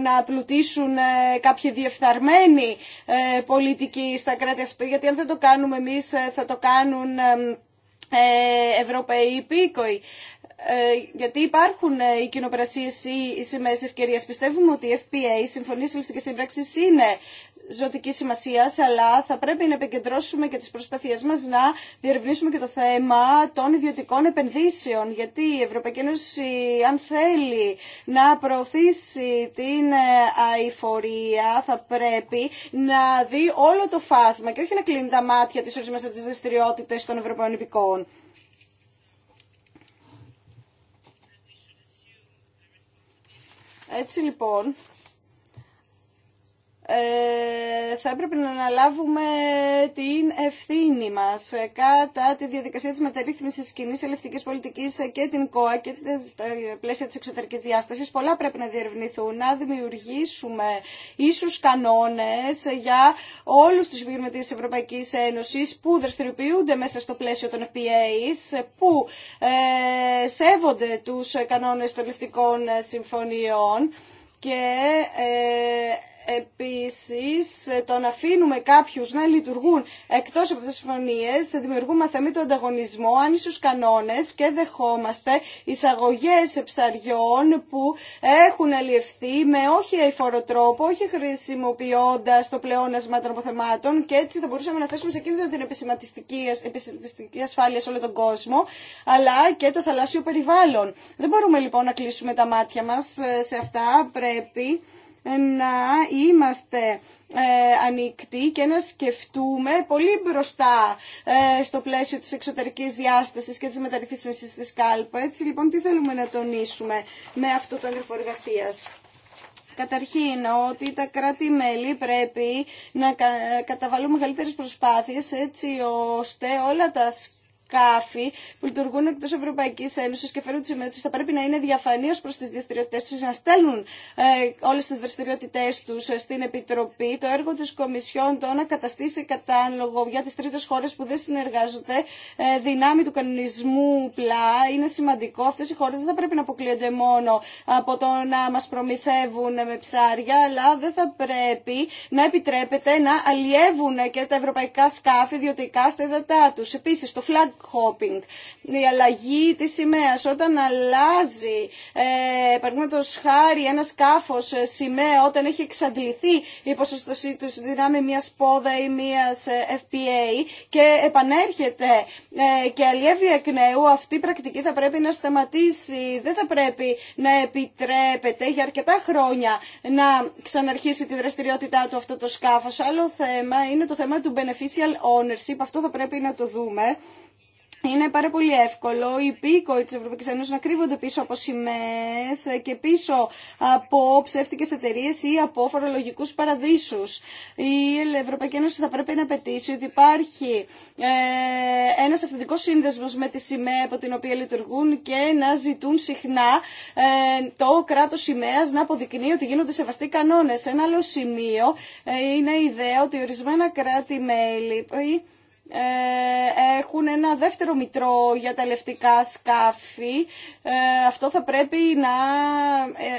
να πλουτίσουν κάποιοι διεφθαρμένοι πολιτικοί στα κράτη αυτά. γιατί αν δεν το κάνουμε εμείς θα το κάνουν ε, Ευρωπαίοι υπήκοοι. Ε, γιατί υπάρχουν ε, οι κοινοπρασίε ή οι σημαίε ευκαιρία. Πιστεύουμε ότι η FPA, η Συμφωνία Συλληφτική Σύμπραξη, είναι ζωτική σημασία, αλλά θα πρέπει να επικεντρώσουμε και τι προσπαθίε μα να διερευνήσουμε και το θέμα των ιδιωτικών επενδύσεων. Γιατί η Ευρωπαϊκή Ένωση, αν θέλει να προωθήσει την ε, αηφορία, θα πρέπει να δει όλο το φάσμα και όχι να κλείνει τα μάτια τη ορισμένη από τι δραστηριότητε των Ευρωπαϊκών Υπηκών. Έτσι λοιπόν, ε, θα έπρεπε να αναλάβουμε την ευθύνη μας κατά τη διαδικασία της μεταρρύθμισης της κοινής ελευτικής πολιτικής και την ΚΟΑ και στα πλαίσια της εξωτερικής διάστασης. Πολλά πρέπει να διερευνηθούν, να δημιουργήσουμε ίσους κανόνες για όλους τους επιχειρηματίες της Ευρωπαϊκής Ένωσης που δραστηριοποιούνται μέσα στο πλαίσιο των FPAs, που ε, σέβονται τους κανόνες των ελευτικών συμφωνιών και ε, Επίσης, το να αφήνουμε κάποιους να λειτουργούν εκτός από τις συμφωνίες, δημιουργούμε του ανταγωνισμό, άνισους κανόνες και δεχόμαστε εισαγωγές ψαριών που έχουν αλλιευθεί με όχι αηφόρο όχι χρησιμοποιώντας το πλεόνασμα των αποθεμάτων και έτσι θα μπορούσαμε να θέσουμε σε κίνδυνο την επισηματιστική ασφάλεια σε όλο τον κόσμο, αλλά και το θαλάσσιο περιβάλλον. Δεν μπορούμε λοιπόν να κλείσουμε τα μάτια μας ε, σε αυτά, πρέπει να είμαστε ε, ανοίκτοι και να σκεφτούμε πολύ μπροστά ε, στο πλαίσιο της εξωτερικής διάστασης και της μεταρρυθμίσης της κάλπα. Έτσι λοιπόν τι θέλουμε να τονίσουμε με αυτό το έγγραφο εργασίας. Καταρχήν ότι τα κράτη-μέλη πρέπει να καταβάλουν μεγαλύτερες προσπάθειες έτσι ώστε όλα τα σκάφη που λειτουργούν εκτό Ευρωπαϊκή Ένωση και φέρουν τι σημαίε θα πρέπει να είναι διαφανεί προ τι δραστηριότητέ του, να στέλνουν ε, όλε τι δραστηριότητέ του ε, στην Επιτροπή. Το έργο τη Κομισιόν το να καταστήσει κατάλογο για τι τρίτε χώρε που δεν συνεργάζονται ε, δυνάμει του κανονισμού πλά είναι σημαντικό. Αυτέ οι χώρε δεν θα πρέπει να αποκλείονται μόνο από το να μα προμηθεύουν με ψάρια, αλλά δεν θα πρέπει να επιτρέπεται να αλλιεύουν και τα ευρωπαϊκά σκάφη ιδιωτικά στα του. Επίση, το flat η αλλαγή της σημαίας. Όταν αλλάζει, ε, παραδείγματο χάρη, ένα σκάφος ε, σημαία όταν έχει εξαντληθεί η ποσοστοσή του δυνάμει μια πόδα ή μιας ε, FPA και επανέρχεται ε, και αλλιεύει εκ νέου, αυτή η πρακτική θα πρέπει να σταματήσει. Δεν θα πρέπει να επιτρέπεται για αρκετά χρόνια να ξαναρχίσει τη δραστηριότητά του αυτό το σκάφος. Άλλο θέμα είναι το θέμα του beneficial ownership. Αυτό θα πρέπει να το δούμε είναι πάρα πολύ εύκολο οι υπήκοοι τη Ευρωπαϊκή Ένωση να κρύβονται πίσω από σημαίε και πίσω από ψεύτικε εταιρείε ή από φορολογικού παραδείσου. Η Ευρωπαϊκή Ένωση θα πρέπει να απαιτήσει ότι υπάρχει ε, ένα αυθεντικό σύνδεσμο με τη σημαία από την οποία λειτουργούν και να ζητούν συχνά ε, το κράτο σημαία να αποδεικνύει ότι γίνονται σεβαστοί κανόνε. Ένα άλλο σημείο ε, είναι η ιδέα ότι ορισμένα κράτη-μέλη ε, έχουν ένα δεύτερο μητρό για τα λευτικά σκάφη. Ε, αυτό θα πρέπει να,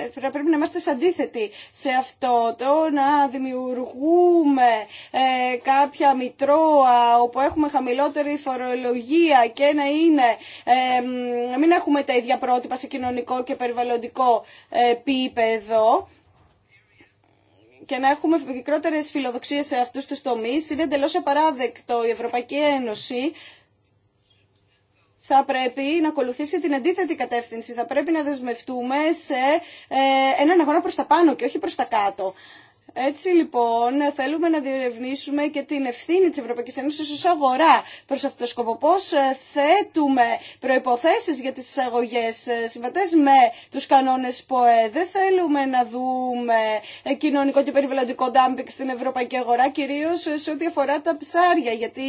ε, θα πρέπει να είμαστε αντίθετοι σε αυτό. Το να δημιουργούμε κάποια μητρώα όπου έχουμε χαμηλότερη φορολογία και να είναι, μην έχουμε τα ίδια πρότυπα σε κοινωνικό και περιβαλλοντικό επίπεδο και να έχουμε μικρότερε φιλοδοξίε σε αυτού του τομεί. Είναι εντελώ απαράδεκτο η Ευρωπαϊκή Ένωση θα πρέπει να ακολουθήσει την αντίθετη κατεύθυνση. Θα πρέπει να δεσμευτούμε σε ε, έναν αγώνα προς τα πάνω και όχι προς τα κάτω. Έτσι λοιπόν θέλουμε να διερευνήσουμε και την ευθύνη της Ευρωπαϊκής Ένωσης ως αγορά προς αυτό τον σκοπό. Πώς ε, θέτουμε προϋποθέσεις για τις εισαγωγές ε, συμβατές με τους κανόνες ΠΟΕ. Δεν θέλουμε να δούμε ε, κοινωνικό και περιβαλλοντικό ντάμπινγκ στην ευρωπαϊκή αγορά, κυρίως σε ό,τι αφορά τα ψάρια, γιατί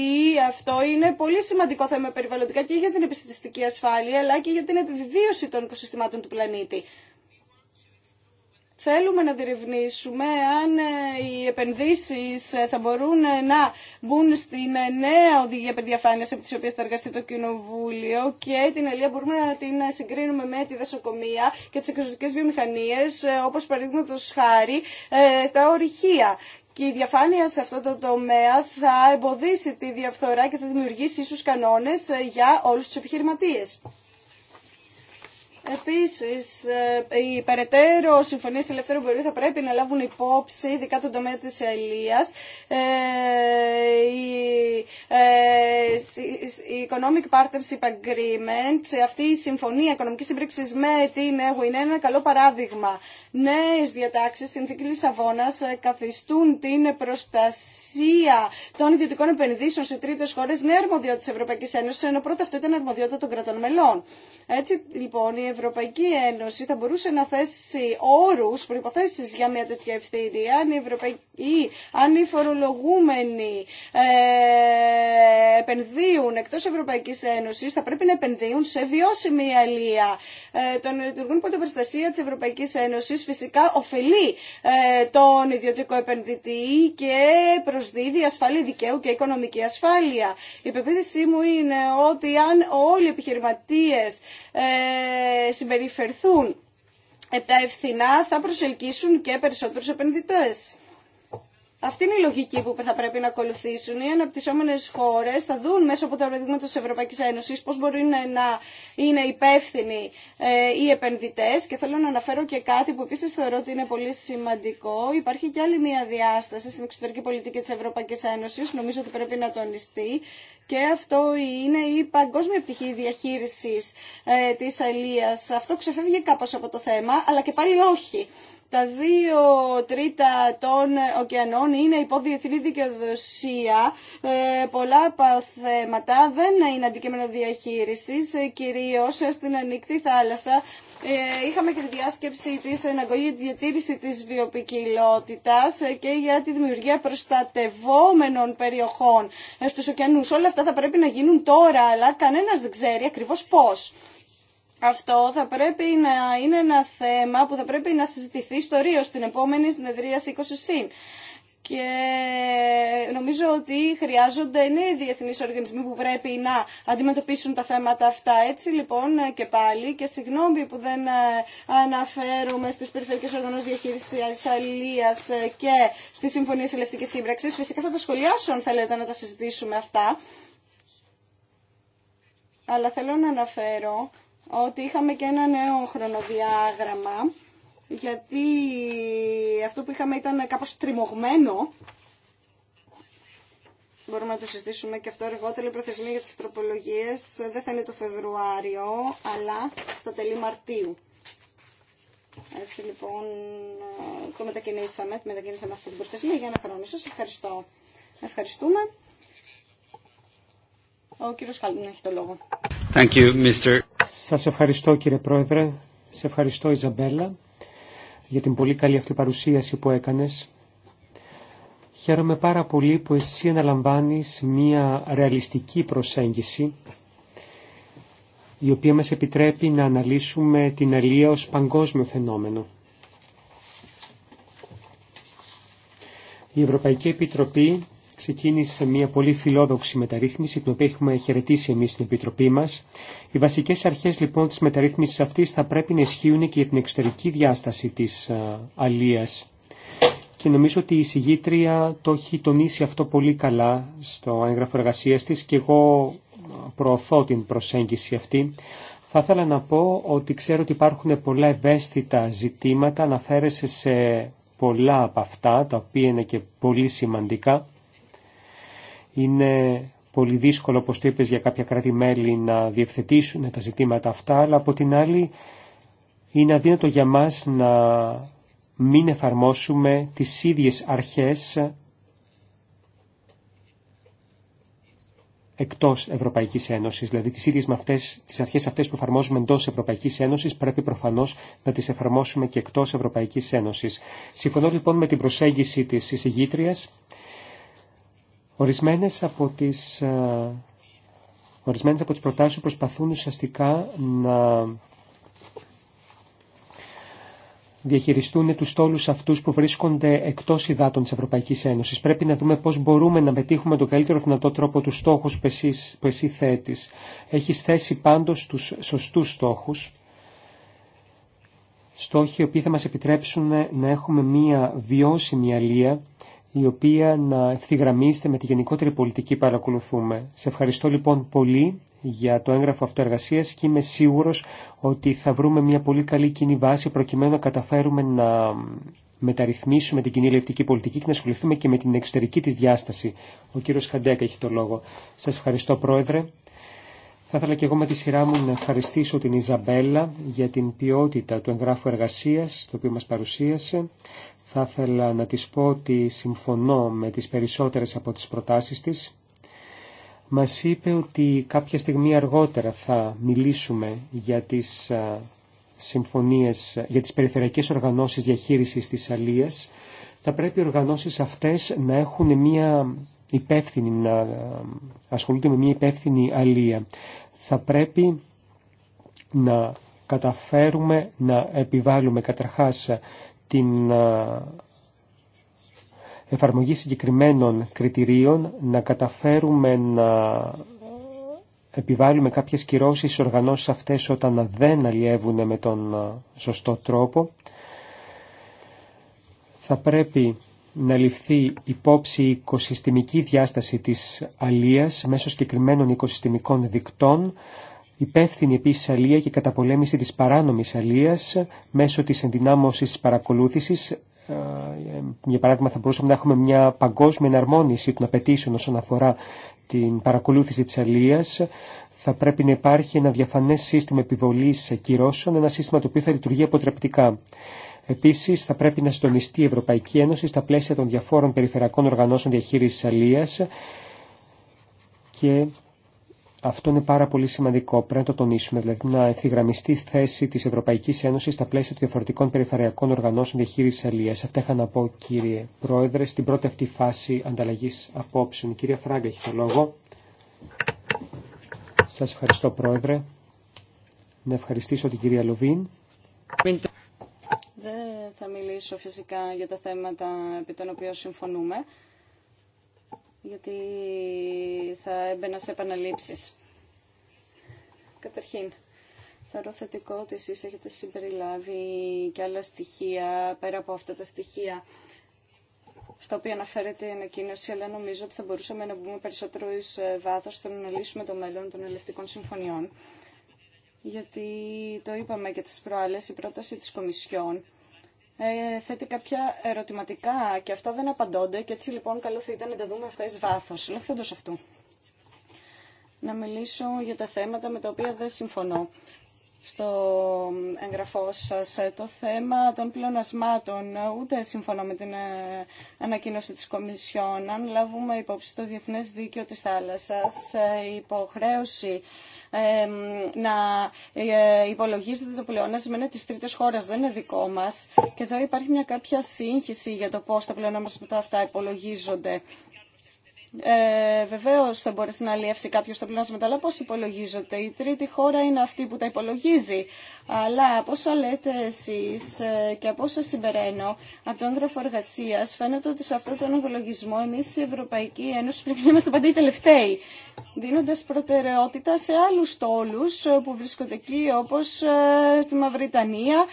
αυτό είναι πολύ σημαντικό θέμα περιβαλλοντικά και για την επιστημιστική ασφάλεια, αλλά και για την επιβίωση των οικοσυστημάτων του πλανήτη. Θέλουμε να διερευνήσουμε αν ε, οι επενδύσεις ε, θα μπορούν ε, να μπουν στην νέα οδηγία περδιαφάνειας από τις οποίες θα εργαστεί το Κοινοβούλιο και την αλληλεία μπορούμε να την συγκρίνουμε με τη δασοκομεία και τις εξωτικές βιομηχανίες όπως παραδείγματο χάρη τα ορυχεία. Και η διαφάνεια σε αυτό το τομέα θα εμποδίσει τη διαφθορά και θα δημιουργήσει ίσους κανόνες για όλους τους επιχειρηματίες. Επίσης, ε, οι περαιτέρω συμφωνίες ελεύθερου εμπορίου θα πρέπει να λάβουν υπόψη, ειδικά τον τομέα της Ελίας, ε, ε, η Economic Partnership Agreement, αυτή η συμφωνία οικονομικής σύμπρεξης με την ΕΓΟ είναι ένα καλό παράδειγμα Νέε διατάξεις συνθήκη Λισαβόνα ε, καθιστούν την προστασία των ιδιωτικών επενδύσεων σε τρίτε χώρε νέα αρμοδιότητα τη Ευρωπαϊκή Ένωση, ενώ πρώτα αυτό ήταν αρμοδιότητα των κρατών μελών. Έτσι λοιπόν η Ευρωπαϊκή Ένωση θα μπορούσε να θέσει όρου προποθέσει για μια τέτοια ευθύνη, αν η, αν οι φορολογούμενοι ε, επενδύουν εκτό Ευρωπαϊκή Ένωση θα πρέπει να επενδύουν σε βιώσιμη αλία. Ε, των λειτουργούν υπό την προστασία τη Ευρωπαϊκή Ένωση φυσικά ωφελεί ε, τον ιδιωτικό επενδυτή και προσδίδει ασφαλή δικαίου και οικονομική ασφάλεια. Η πεποίθησή μου είναι ότι αν όλοι οι επιχειρηματίες ε, συμπεριφερθούν ε, ευθυνά θα προσελκύσουν και περισσότερους επενδυτές. Αυτή είναι η λογική που θα πρέπει να ακολουθήσουν. Οι αναπτυσσόμενε χώρε θα δουν μέσω από τα παραδείγματα τη Ευρωπαϊκή Ένωση πώ μπορούν να είναι υπεύθυνοι ε, οι επενδυτέ. Και θέλω να αναφέρω και κάτι που επίση θεωρώ ότι είναι πολύ σημαντικό. Υπάρχει και άλλη μία διάσταση στην εξωτερική πολιτική τη Ευρωπαϊκή Ένωση. Νομίζω ότι πρέπει να τονιστεί. Και αυτό είναι η παγκόσμια πτυχή διαχείριση ε, τη αλία. Αυτό ξεφεύγει κάπω από το θέμα, αλλά και πάλι όχι τα δύο τρίτα των ωκεανών είναι υπό διεθνή δικαιοδοσία. Ε, πολλά από θέματα δεν είναι αντικείμενο διαχείρισης, ε, κυρίως στην ανοιχτή θάλασσα. Ε, είχαμε και τη διάσκεψη της εναγωγή για τη διατήρηση της βιοπικιλότητας και για τη δημιουργία προστατευόμενων περιοχών στους ωκεανούς. Όλα αυτά θα πρέπει να γίνουν τώρα, αλλά κανένας δεν ξέρει ακριβώς πώς. Αυτό θα πρέπει να είναι ένα θέμα που θα πρέπει να συζητηθεί στο Ρίο στην επόμενη συνεδρία 20 Και νομίζω ότι χρειάζονται νέοι διεθνεί οργανισμοί που πρέπει να αντιμετωπίσουν τα θέματα αυτά. Έτσι λοιπόν και πάλι, και συγγνώμη που δεν ε, αναφέρουμε στι περιφερειακέ οργανώσει διαχείριση αλληλεία ε, και στι συμφωνίε ελευθερική σύμπραξη. Φυσικά θα τα σχολιάσω αν θέλετε να τα συζητήσουμε αυτά. Αλλά θέλω να αναφέρω ότι είχαμε και ένα νέο χρονοδιάγραμμα γιατί αυτό που είχαμε ήταν κάπως τριμωγμένο. Μπορούμε να το συζητήσουμε και αυτό αργότερα. Η προθεσμία για τις τροπολογίες δεν θα είναι το Φεβρουάριο, αλλά στα τελή Μαρτίου. Έτσι λοιπόν το μετακινήσαμε, το μετακινήσαμε αυτή την προθεσμία για ένα χρόνο. Σας ευχαριστώ. Ευχαριστούμε. Ο κύριος Χαλμούν έχει το λόγο. Thank you, σας ευχαριστώ κύριε Πρόεδρε, σε ευχαριστώ Ιζαμπέλα για την πολύ καλή αυτή παρουσίαση που έκανες. Χαίρομαι πάρα πολύ που εσύ αναλαμβάνεις μία ρεαλιστική προσέγγιση η οποία μας επιτρέπει να αναλύσουμε την αλία ως παγκόσμιο φαινόμενο. Η Ευρωπαϊκή Επιτροπή ξεκίνησε μια πολύ φιλόδοξη μεταρρύθμιση, την οποία έχουμε χαιρετήσει εμεί στην Επιτροπή μα. Οι βασικέ αρχέ λοιπόν τη μεταρρύθμιση αυτή θα πρέπει να ισχύουν και για την εξωτερική διάσταση τη αλίας. Και νομίζω ότι η συγγήτρια το έχει τονίσει αυτό πολύ καλά στο έγγραφο εργασία τη και εγώ προωθώ την προσέγγιση αυτή. Θα ήθελα να πω ότι ξέρω ότι υπάρχουν πολλά ευαίσθητα ζητήματα, αναφέρεσαι σε πολλά από αυτά, τα οποία είναι και πολύ σημαντικά. Είναι πολύ δύσκολο, όπως το είπες, για κάποια κράτη-μέλη να διευθετήσουν τα ζητήματα αυτά, αλλά από την άλλη είναι αδύνατο για μας να μην εφαρμόσουμε τις ίδιες αρχές εκτός Ευρωπαϊκής Ένωσης, δηλαδή τις ίδιες με αυτές, τις αρχές αυτές που εφαρμόζουμε εντός Ευρωπαϊκής Ένωσης, πρέπει προφανώς να τις εφαρμόσουμε και εκτός Ευρωπαϊκής Ένωσης. Συμφωνώ λοιπόν με την προσέγγιση της εισηγήτριας Ορισμένες από τις, ε, ορισμένες από τις προτάσεις προσπαθούν ουσιαστικά να διαχειριστούν τους στόλους αυτούς που βρίσκονται εκτός υδάτων της Ευρωπαϊκής Ένωσης. Πρέπει να δούμε πώς μπορούμε να πετύχουμε τον καλύτερο δυνατό τρόπο τους στόχους που, που εσύ θέτεις. Έχεις θέσει πάντως τους σωστούς στόχους, στόχοι οι οποίοι θα μας επιτρέψουν να έχουμε μία βιώσιμη αλία η οποία να ευθυγραμμίζεται με τη γενικότερη πολιτική που παρακολουθούμε. Σε ευχαριστώ λοιπόν πολύ για το έγγραφο αυτοεργασία και είμαι σίγουρο ότι θα βρούμε μια πολύ καλή κοινή βάση προκειμένου να καταφέρουμε να μεταρρυθμίσουμε την κοινή ελευτική πολιτική και να ασχοληθούμε και με την εξωτερική τη διάσταση. Ο κύριο Χαντέκα έχει το λόγο. Σα ευχαριστώ πρόεδρε. Θα ήθελα και εγώ με τη σειρά μου να ευχαριστήσω την Ιζαμπέλα για την ποιότητα του εγγράφου εργασίας, το οποίο μας παρουσίασε. Θα ήθελα να της πω ότι συμφωνώ με τις περισσότερες από τις προτάσεις της. Μας είπε ότι κάποια στιγμή αργότερα θα μιλήσουμε για τις συμφωνίες, για τις περιφερειακές οργανώσεις διαχείρισης της αλίας. Θα πρέπει οι οργανώσεις αυτές να έχουν μια υπεύθυνη, να ασχολούνται με μια υπεύθυνη αλία. Θα πρέπει να καταφέρουμε να επιβάλλουμε καταρχάς την εφαρμογή συγκεκριμένων κριτηρίων να καταφέρουμε να επιβάλλουμε κάποιες κυρώσεις στις οργανώσεις αυτές όταν δεν αλλιεύουν με τον σωστό τρόπο. Θα πρέπει να ληφθεί υπόψη η οικοσυστημική διάσταση της αλίας μέσω συγκεκριμένων οικοσυστημικών δικτών. Υπεύθυνη επίση αλεία και καταπολέμηση τη παράνομη αλείας μέσω τη ενδυνάμωσης τη παρακολούθηση. Ε, για παράδειγμα θα μπορούσαμε να έχουμε μια παγκόσμια εναρμόνιση των απαιτήσεων όσον αφορά την παρακολούθηση τη αλείας. Θα πρέπει να υπάρχει ένα διαφανέ σύστημα επιβολή κυρώσεων, ένα σύστημα το οποίο θα λειτουργεί αποτρεπτικά. Επίση, θα πρέπει να συντονιστεί η Ευρωπαϊκή Ένωση στα πλαίσια των διαφόρων περιφερειακών οργανώσεων διαχείριση αλεία και αυτό είναι πάρα πολύ σημαντικό. Πρέπει να το τονίσουμε, δηλαδή να ευθυγραμμιστεί η θέση τη Ευρωπαϊκή Ένωση στα πλαίσια των διαφορετικών περιφερειακών οργανώσεων διαχείριση αλληλεία. Αυτά είχα να πω, κύριε Πρόεδρε, στην πρώτη αυτή φάση ανταλλαγή απόψεων. Κυρία Φράγκα, έχει το λόγο. Σα ευχαριστώ, Πρόεδρε. Να ευχαριστήσω την κυρία Λοβίν. Δεν θα μιλήσω φυσικά για τα θέματα επί των οποίων συμφωνούμε γιατί θα έμπαινα σε επαναλήψεις. Καταρχήν, θεωρώ θετικό ότι εσείς έχετε συμπεριλάβει και άλλα στοιχεία, πέρα από αυτά τα στοιχεία στα οποία αναφέρεται η ανακοίνωση, αλλά νομίζω ότι θα μπορούσαμε να μπούμε περισσότερο εις ε, βάθος στο να λύσουμε το μέλλον των ελευτικών συμφωνιών. Γιατί το είπαμε και τις προάλλες, η πρόταση της Κομισιόν ε, θέτει κάποια ερωτηματικά και αυτά δεν απαντώνται και έτσι λοιπόν καλό θα ήταν να τα δούμε αυτά εις βάθος. αυτού. Να μιλήσω για τα θέματα με τα οποία δεν συμφωνώ στο εγγραφό σας ε, το θέμα των πλεονασμάτων. Ε, ούτε συμφωνώ με την ε, ανακοίνωση της Κομισιόν. Αν λάβουμε υπόψη το Διεθνές Δίκαιο της Θάλασσας, η υποχρέωση να ε, υπολογίζεται το πλεονάσμα είναι τη τρίτη χώρα, δεν είναι δικό μα. Και εδώ υπάρχει μια κάποια σύγχυση για το πώ τα πλεονάσματα αυτά υπολογίζονται. Ε, Βεβαίω θα μπορέσει να αλλιεύσει κάποιο τα πλεονάσματα, αλλά πώ υπολογίζονται. Η τρίτη χώρα είναι αυτή που τα υπολογίζει. Αλλά από όσα λέτε εσεί ε, και από όσα συμπεραίνω από τον έγγραφο εργασία, φαίνεται ότι σε αυτόν τον ογκολογισμό εμεί η Ευρωπαϊκή Ένωση πρέπει να είμαστε πάντα οι τελευταίοι. Δίνοντα προτεραιότητα σε άλλου τόλου ε, που βρίσκονται εκεί, όπω ε, στη Μαυριτανία.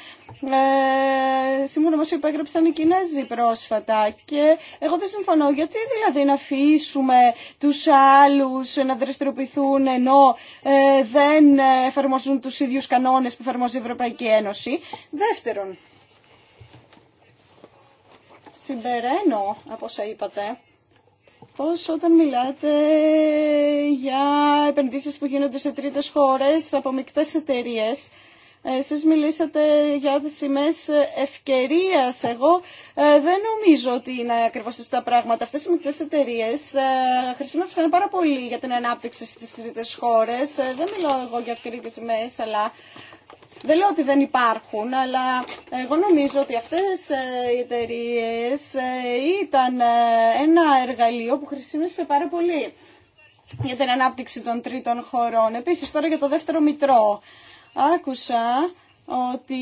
Ε, Σήμερα μα υπέγραψαν οι Κινέζοι πρόσφατα. Και εγώ δεν συμφωνώ. Γιατί δηλαδή να εμποδίσουμε τους άλλους να δραστηριοποιηθούν ενώ ε, δεν εφαρμόζουν τους ίδιους κανόνες που εφαρμόζει η Ευρωπαϊκή Ένωση. Δεύτερον, συμπεραίνω από όσα είπατε πως όταν μιλάτε για επενδύσεις που γίνονται σε τρίτες χώρες από μικτές εταιρείε, ε, εσείς μιλήσατε για τις σημαίες ε, ευκαιρίας. Εγώ ε, δεν νομίζω ότι είναι ακριβώς τα πράγματα. Αυτές οι μικρές εταιρείε χρησιμεύσαν πάρα πολύ για την ανάπτυξη στις τρίτες χώρες. Δεν μιλάω εγώ για ευκαιρίες σημαίες, αλλά δεν λέω ότι δεν υπάρχουν, αλλά εγώ νομίζω ότι αυτές οι εταιρείε ήταν ένα εργαλείο που χρησιμεύσε πάρα πολύ για την ανάπτυξη των τρίτων χωρών. Επίσης τώρα για το δεύτερο μητρό. Άκουσα ότι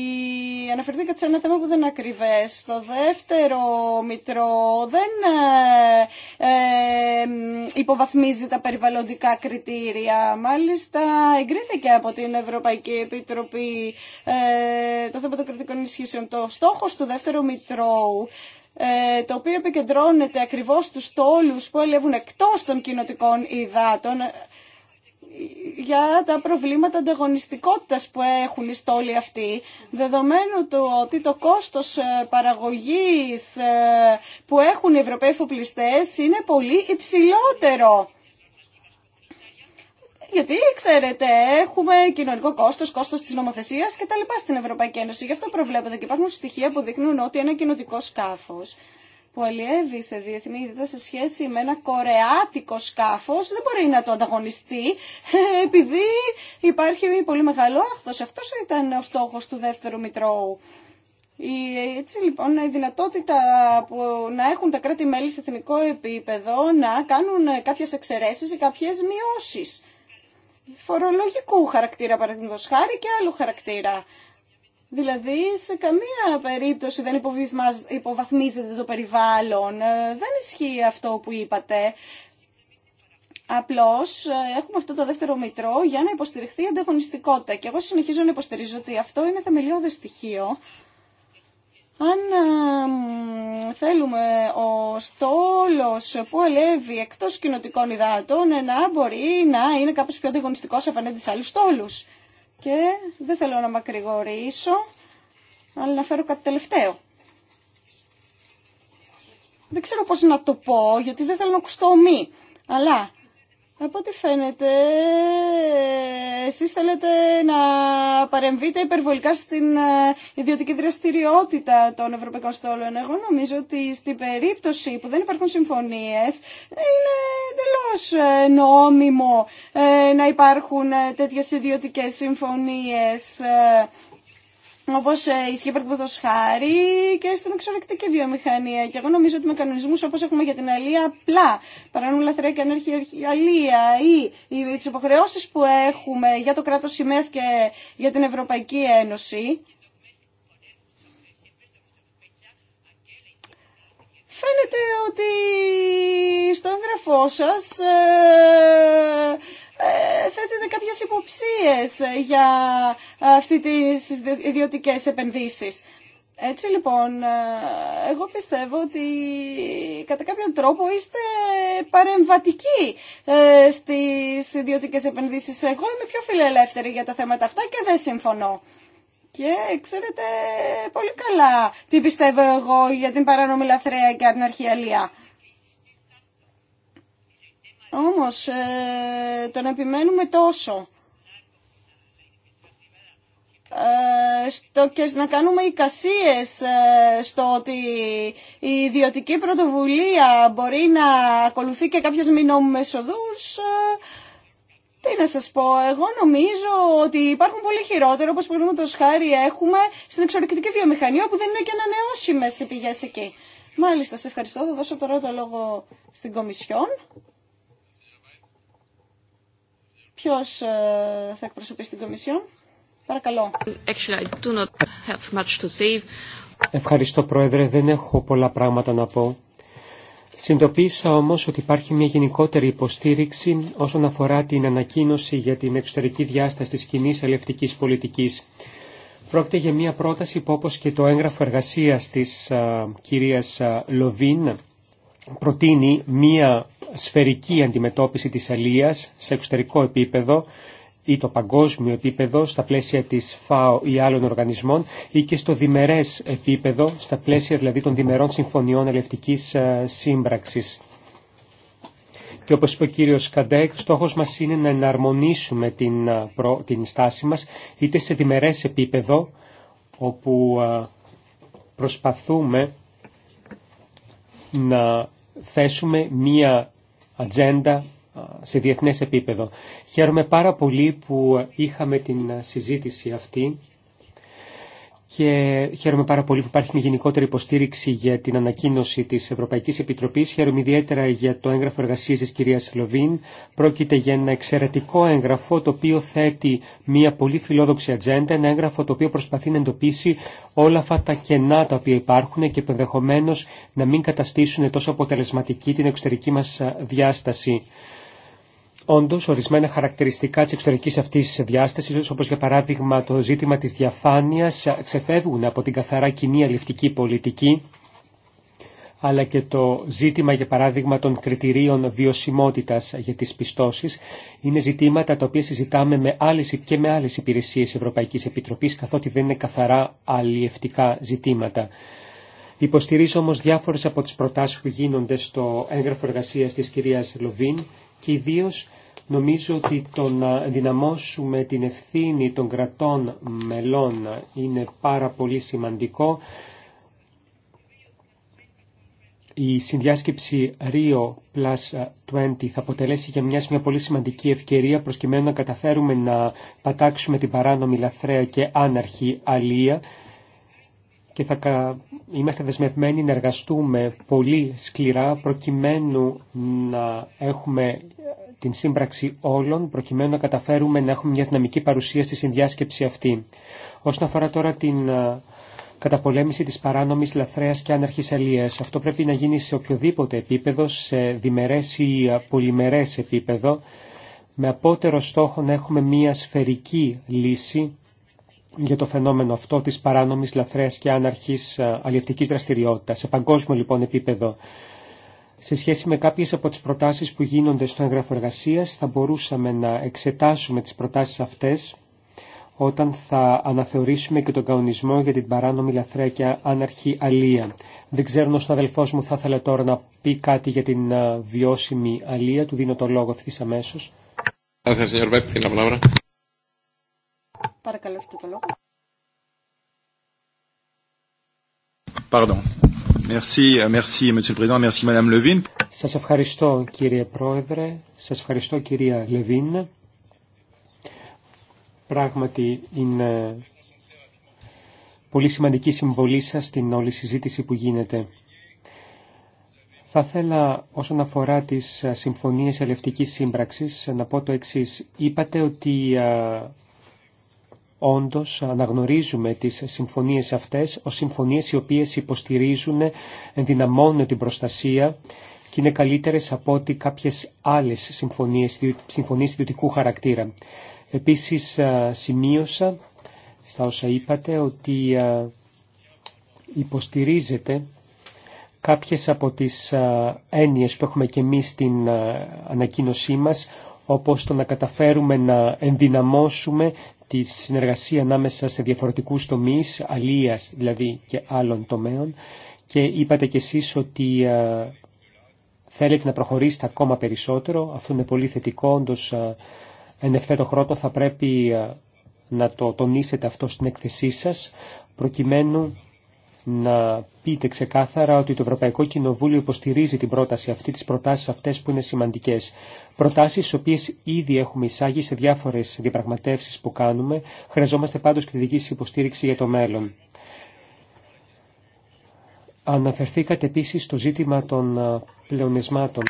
αναφερθήκατε σε ένα θέμα που δεν είναι ακριβές. Το δεύτερο μητρό δεν ε, ε, υποβαθμίζει τα περιβαλλοντικά κριτήρια. Μάλιστα εγκρίθηκε από την Ευρωπαϊκή Επιτροπή ε, το θέμα των κριτικών ισχύσεων. Το στόχος του δεύτερου μητρώου το οποίο επικεντρώνεται ακριβώς στους τόλους που ελεύουν εκτός των κοινοτικών υδάτων για τα προβλήματα ανταγωνιστικότητας που έχουν οι στόλοι αυτοί, δεδομένου το ότι το κόστος ε, παραγωγής ε, που έχουν οι Ευρωπαίοι φοπλιστές είναι πολύ υψηλότερο. Γιατί, ξέρετε, έχουμε κοινωνικό κόστος, κόστος της νομοθεσίας και τα λοιπά στην Ευρωπαϊκή Ένωση. Γι' αυτό προβλέπεται και υπάρχουν στοιχεία που δείχνουν ότι ένα κοινοτικό σκάφος που αλλιεύει σε διεθνή ιδέα σε σχέση με ένα κορεάτικο σκάφος δεν μπορεί να το ανταγωνιστεί [laughs] επειδή υπάρχει πολύ μεγάλο άχθος. Αυτός ήταν ο στόχος του δεύτερου Μητρώου. έτσι λοιπόν η δυνατότητα που να έχουν τα κράτη-μέλη σε εθνικό επίπεδο να κάνουν κάποιες εξαιρέσεις ή κάποιες μειώσεις φορολογικού χαρακτήρα παραδείγματος χάρη και άλλου χαρακτήρα. Δηλαδή σε καμία περίπτωση δεν υποβαθμίζεται το περιβάλλον. Ε, δεν ισχύει αυτό που είπατε. Απλώς ε, έχουμε αυτό το δεύτερο μητρό για να υποστηριχθεί η ανταγωνιστικότητα. Και εγώ συνεχίζω να υποστηρίζω ότι αυτό είναι θεμελιώδες στοιχείο. Αν θέλουμε ο στόλος που ελεύει εκτός κοινοτικών υδάτων να μπορεί να είναι κάπως πιο ανταγωνιστικός απέναντι σε άλλους στόλους. Και δεν θέλω να μακρηγορήσω, αλλά να φέρω κάτι τελευταίο. Δεν ξέρω πώς να το πω, γιατί δεν θέλω να ακουστώ μη. Αλλά από ό,τι φαίνεται, εσείς θέλετε να παρεμβείτε υπερβολικά στην ε, ιδιωτική δραστηριότητα των Ευρωπαϊκών Στόλων. Εγώ νομίζω ότι στην περίπτωση που δεν υπάρχουν συμφωνίες, είναι εντελώ ε, νόμιμο ε, να υπάρχουν τέτοιες ιδιωτικές συμφωνίες Όπω ε, ισχύει το χάρη και στην εξορρεκτική βιομηχανία. Και εγώ νομίζω ότι με κανονισμού όπω έχουμε για την αλία, απλά παράνομη λαθρέα και ανέρχη αλία ή τι υποχρεώσει που έχουμε για το κράτο σημαία και για την Ευρωπαϊκή Ένωση. Φαίνεται ότι στο έγγραφό σας ε, ε, θέτεται κάποιες υποψίες για αυτή τις ιδιωτικές επενδύσεις. Έτσι λοιπόν, ε, εγώ πιστεύω ότι κατά κάποιον τρόπο είστε παρεμβατικοί ε, στις ιδιωτικές επενδύσεις. Εγώ είμαι πιο φιλελεύθερη για τα θέματα αυτά και δεν συμφωνώ. Και ξέρετε πολύ καλά τι πιστεύω εγώ για την παράνομη λαθρέα και λιά όμως ε, τον επιμένουμε τόσο ε, στο, και να κάνουμε εικασίες ε, στο ότι η ιδιωτική πρωτοβουλία μπορεί να ακολουθεί και κάποιες μηνόμεσοδούς. Τι να σας πω, εγώ νομίζω ότι υπάρχουν πολύ χειρότερο, όπως το χάρη έχουμε στην εξορρυκτική βιομηχανία που δεν είναι και ανανεώσιμες οι πηγές εκεί. Μάλιστα, σε ευχαριστώ. Θα δώσω τώρα το λόγο στην Κομισιόν. Ποιος ε, θα εκπροσωπήσει την Κομισιόν. Παρακαλώ. Ευχαριστώ Πρόεδρε, δεν έχω πολλά πράγματα να πω. Συντοπίσα όμως ότι υπάρχει μια γενικότερη υποστήριξη όσον αφορά την ανακοίνωση για την εξωτερική διάσταση της κοινή ελευτικής πολιτικής. Πρόκειται για μια πρόταση που όπως και το έγγραφο εργασίας της α, κυρίας Λοβίν προτείνει μια σφαιρική αντιμετώπιση της αλίας σε εξωτερικό επίπεδο ή το παγκόσμιο επίπεδο στα πλαίσια της ΦΑΟ ή άλλων οργανισμών ή και στο διμερές επίπεδο, στα πλαίσια δηλαδή των διμερών συμφωνιών αλληλευτικής ε, σύμπραξης. Και όπως είπε ο κύριος Καντέκ, στόχος μας είναι να εναρμονίσουμε την, ε, την στάση μας είτε σε διμερές επίπεδο, όπου ε, προσπαθούμε να θέσουμε μία ατζέντα σε διεθνές επίπεδο. Χαίρομαι πάρα πολύ που είχαμε την συζήτηση αυτή και χαίρομαι πάρα πολύ που υπάρχει μια γενικότερη υποστήριξη για την ανακοίνωση τη Ευρωπαϊκή Επιτροπή. Χαίρομαι ιδιαίτερα για το έγγραφο εργασία τη κυρία Λοβίν. Πρόκειται για ένα εξαιρετικό έγγραφο το οποίο θέτει μια πολύ φιλόδοξη ατζέντα, ένα έγγραφο το οποίο προσπαθεί να εντοπίσει όλα αυτά τα κενά τα οποία υπάρχουν και ενδεχομένω να μην καταστήσουν τόσο αποτελεσματική την εξωτερική μα διάσταση. Όντω, ορισμένα χαρακτηριστικά τη εξωτερική αυτή διάσταση, όπω για παράδειγμα το ζήτημα τη διαφάνεια, ξεφεύγουν από την καθαρά κοινή αλληλευτική πολιτική, αλλά και το ζήτημα, για παράδειγμα, των κριτηρίων βιωσιμότητα για τι πιστώσει, είναι ζητήματα τα οποία συζητάμε με άλλες, και με άλλε υπηρεσίε Ευρωπαϊκή Επιτροπή, καθότι δεν είναι καθαρά αλληλευτικά ζητήματα. Υποστηρίζω όμω διάφορε από τι προτάσει που γίνονται στο έγγραφο εργασία τη κυρία Λοβίν και ιδίω νομίζω ότι το να δυναμώσουμε την ευθύνη των κρατών μελών είναι πάρα πολύ σημαντικό. Η συνδιάσκεψη Rio Plus 20 θα αποτελέσει για μια, μια πολύ σημαντική ευκαιρία προσκυμένου να καταφέρουμε να πατάξουμε την παράνομη λαθρέα και άναρχη αλία και θα είμαστε δεσμευμένοι να εργαστούμε πολύ σκληρά προκειμένου να έχουμε την σύμπραξη όλων, προκειμένου να καταφέρουμε να έχουμε μια δυναμική παρουσία στη συνδιάσκεψη αυτή. Όσον αφορά τώρα την καταπολέμηση της παράνομης λαθρέας και άναρχης αλίας. Αυτό πρέπει να γίνει σε οποιοδήποτε επίπεδο, σε διμερές ή πολυμερές επίπεδο, με απότερο στόχο να έχουμε μια σφαιρική λύση για το φαινόμενο αυτό της παράνομης, λαθρέας και άναρχης ε, αλλιευτικής δραστηριότητας. Σε παγκόσμιο λοιπόν επίπεδο, σε σχέση με κάποιες από τις προτάσεις που γίνονται στο έγγραφο εργασία, θα μπορούσαμε να εξετάσουμε τις προτάσεις αυτές όταν θα αναθεωρήσουμε και τον καονισμό για την παράνομη λαθρέα και άναρχη αλία. Δεν ξέρω αν ο αδελφο μου θα ήθελε τώρα να πει κάτι για την ε, βιώσιμη αλία. Του δίνω το λόγο αυτής αμέσως. Παρακαλώ, έχετε το λόγο. Pardon. Σας ευχαριστώ, κύριε Πρόεδρε. Σας ευχαριστώ, κυρία Λεβίν. Πράγματι, είναι πολύ σημαντική συμβολή σας στην όλη συζήτηση που γίνεται. Θα ήθελα όσον αφορά τις συμφωνίες ελευτικής σύμπραξης να πω το εξής. Είπατε ότι όντως αναγνωρίζουμε τις συμφωνίες αυτές ως συμφωνίες οι οποίες υποστηρίζουν, ενδυναμώνουν την προστασία και είναι καλύτερες από ότι κάποιες άλλες συμφωνίες, συμφωνίες χαρακτήρα. Επίσης σημείωσα στα όσα είπατε ότι υποστηρίζεται κάποιες από τις έννοιες που έχουμε και εμείς στην ανακοίνωσή μας, όπως το να καταφέρουμε να ενδυναμώσουμε τη συνεργασία ανάμεσα σε διαφορετικούς τομείς, αλίας δηλαδή και άλλων τομέων και είπατε κι εσείς ότι ε, θέλετε να προχωρήσετε ακόμα περισσότερο, αυτό είναι πολύ θετικό, όντως ε, εν ευθέτω χρόνο θα πρέπει ε, να το τονίσετε αυτό στην έκθεσή σας, προκειμένου να πείτε ξεκάθαρα ότι το Ευρωπαϊκό Κοινοβούλιο υποστηρίζει την πρόταση αυτή, τις προτάσεις αυτές που είναι σημαντικές. Προτάσεις τις οποίες ήδη έχουμε εισάγει σε διάφορες διαπραγματεύσεις που κάνουμε, χρειαζόμαστε πάντως και τη δική υποστήριξη για το μέλλον. Αναφερθήκατε επίσης στο ζήτημα των πλεονεσμάτων.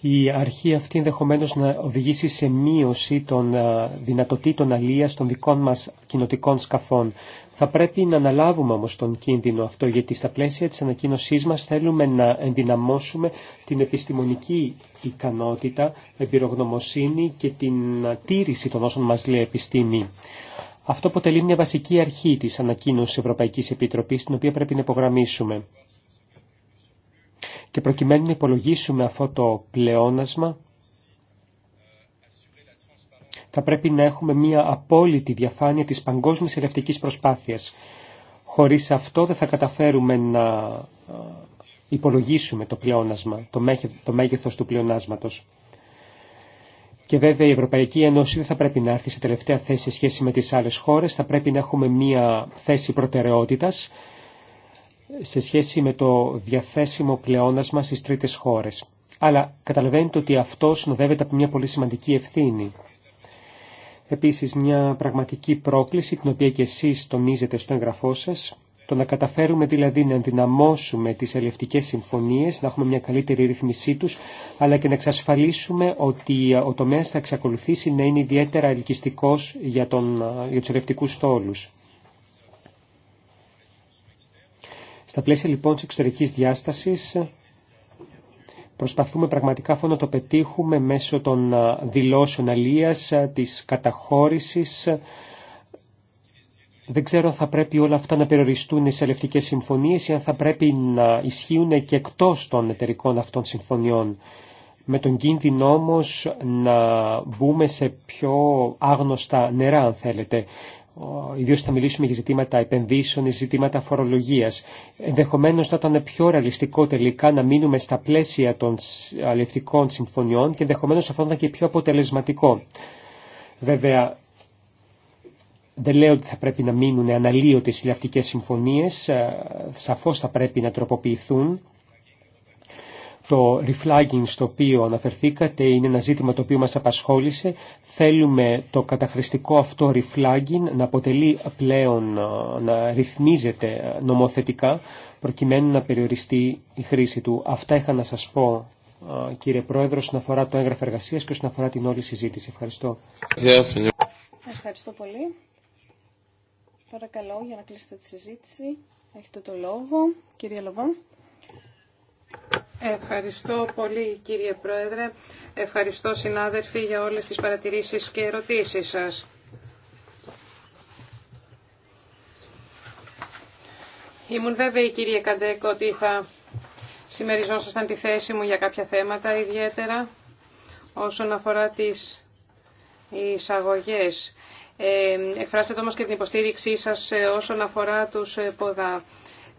Η αρχή αυτή ενδεχομένω να οδηγήσει σε μείωση των ε, δυνατοτήτων αλίας των δικών μας κοινοτικών σκαφών. Θα πρέπει να αναλάβουμε όμω τον κίνδυνο αυτό, γιατί στα πλαίσια της ανακοίνωσή μας θέλουμε να ενδυναμώσουμε την επιστημονική ικανότητα, εμπειρογνωμοσύνη και την τήρηση των όσων μας λέει επιστήμη. Αυτό αποτελεί μια βασική αρχή της ανακοίνωσης Ευρωπαϊκής Επιτροπής, την οποία πρέπει να υπογραμμίσουμε και προκειμένου να υπολογίσουμε αυτό το πλεόνασμα θα πρέπει να έχουμε μία απόλυτη διαφάνεια της παγκόσμιας ελευτικής προσπάθειας. Χωρίς αυτό δεν θα καταφέρουμε να υπολογίσουμε το πλεόνασμα, το μέγεθος του πλεονάσματος. Και βέβαια η Ευρωπαϊκή Ένωση δεν θα πρέπει να έρθει σε τελευταία θέση σε σχέση με τις άλλες χώρες, θα πρέπει να έχουμε μία θέση προτεραιότητας σε σχέση με το διαθέσιμο πλεόνασμα στις τρίτες χώρες. Αλλά καταλαβαίνετε ότι αυτό συνοδεύεται από μια πολύ σημαντική ευθύνη. Επίσης μια πραγματική πρόκληση την οποία και εσείς τονίζετε στο εγγραφό σας, το να καταφέρουμε δηλαδή να ενδυναμώσουμε τις αλληλευτικές συμφωνίες, να έχουμε μια καλύτερη ρυθμισή τους, αλλά και να εξασφαλίσουμε ότι ο τομέας θα εξακολουθήσει να είναι ιδιαίτερα ελκυστικός για, τον, για τους αλληλευτικούς στόλους. Στα πλαίσια λοιπόν της εξωτερικής διάστασης προσπαθούμε πραγματικά αυτό να το πετύχουμε μέσω των δηλώσεων αλίας, της καταχώρησης. Δεν ξέρω αν θα πρέπει όλα αυτά να περιοριστούν σε ελευτικές συμφωνίες ή αν θα πρέπει να ισχύουν και εκτός των εταιρικών αυτών συμφωνιών. Με τον κίνδυνο όμω να μπούμε σε πιο άγνωστα νερά, αν θέλετε ιδίω θα μιλήσουμε για ζητήματα επενδύσεων ή ζητήματα φορολογία. Ενδεχομένω θα ήταν πιο ρεαλιστικό τελικά να μείνουμε στα πλαίσια των αλληλευτικών συμφωνιών και ενδεχομένω αυτό θα ήταν και πιο αποτελεσματικό. Βέβαια, δεν λέω ότι θα πρέπει να μείνουν αναλύωτε οι συμφωνίε. Ε, Σαφώ θα πρέπει να τροποποιηθούν το reflagging στο οποίο αναφερθήκατε είναι ένα ζήτημα το οποίο μας απασχόλησε. Θέλουμε το καταχρηστικό αυτό reflagging να αποτελεί πλέον, να ρυθμίζεται νομοθετικά προκειμένου να περιοριστεί η χρήση του. Αυτά είχα να σας πω κύριε Πρόεδρο, όσον αφορά το έγγραφο εργασία και όσον αφορά την όλη συζήτηση. Ευχαριστώ. Ευχαριστώ πολύ. Παρακαλώ για να κλείσετε τη συζήτηση. Έχετε το λόγο, κυρία Λοβάν. Ευχαριστώ πολύ κύριε Πρόεδρε. Ευχαριστώ συνάδελφοι για όλες τις παρατηρήσεις και ερωτήσεις σας. Ήμουν βέβαιη κύριε Καντέκο ότι θα συμμεριζόσασταν τη θέση μου για κάποια θέματα ιδιαίτερα όσον αφορά τις εισαγωγές. Ε, εκφράστε όμως και την υποστήριξή σας ε, όσον αφορά τους ε, ποδά.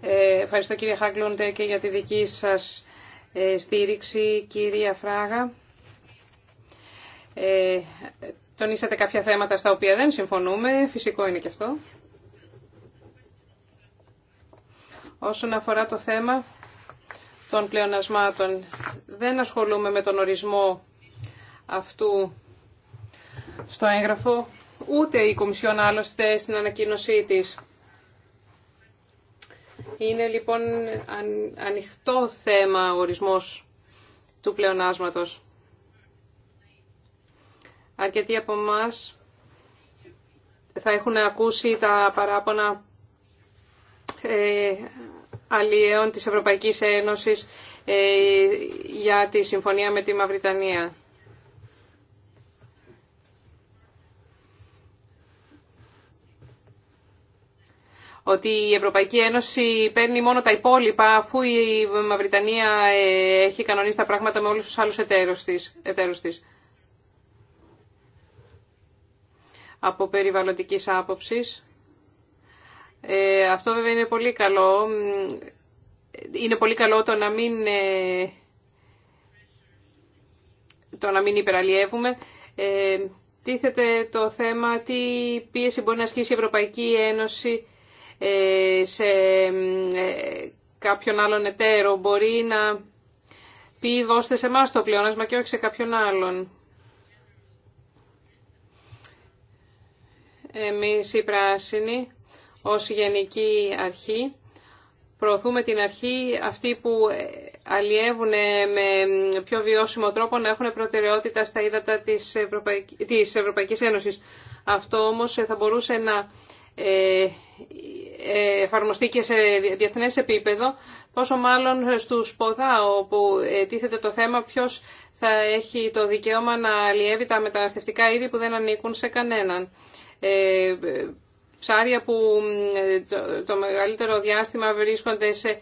Ε, ευχαριστώ κύριε Χάγκλοντε, και για τη δική σας ε, στήριξη κύρια Φράγα. Ε, τονίσατε κάποια θέματα στα οποία δεν συμφωνούμε, φυσικό είναι και αυτό. Όσον αφορά το θέμα των πλεονασμάτων, δεν ασχολούμε με τον ορισμό αυτού στο έγγραφο, ούτε η Κομισιόν άλλωστε στην ανακοίνωσή της. Είναι λοιπόν ανοιχτό θέμα ο ορισμός του πλεονάσματος. Αρκετοί από εμά θα έχουν ακούσει τα παράπονα ε, αλλιέων της Ευρωπαϊκής Ένωσης ε, για τη συμφωνία με τη Μαυριτανία. ότι η Ευρωπαϊκή Ένωση παίρνει μόνο τα υπόλοιπα αφού η Μαυριτανία ε, έχει κανονίσει τα πράγματα με όλους τους άλλους εταίρους της. Εταίρους Από περιβαλλοντικής άποψης. Ε, αυτό βέβαια είναι πολύ καλό. Είναι πολύ καλό το να μην, ε, το να υπεραλλιεύουμε. Ε, τίθεται το θέμα τι πίεση μπορεί να ασκήσει η Ευρωπαϊκή Ένωση ε, σε ε, κάποιον άλλον εταίρο. Μπορεί να πει δώστε σε εμά το πλεόνασμα και όχι σε κάποιον άλλον. Εμείς οι πράσινοι ως γενική αρχή προωθούμε την αρχή αυτοί που ε, αλλιεύουν με πιο βιώσιμο τρόπο να έχουν προτεραιότητα στα ύδατα της, της Ευρωπαϊκής Ένωσης. Αυτό όμως θα μπορούσε να ε, ε, εφαρμοστεί και σε διεθνές επίπεδο, πόσο μάλλον στους ΠΟΔΑ, όπου τίθεται το θέμα ποιος θα έχει το δικαίωμα να αλλιεύει τα μεταναστευτικά είδη που δεν ανήκουν σε κανέναν. Ε, ψάρια που το μεγαλύτερο διάστημα βρίσκονται σε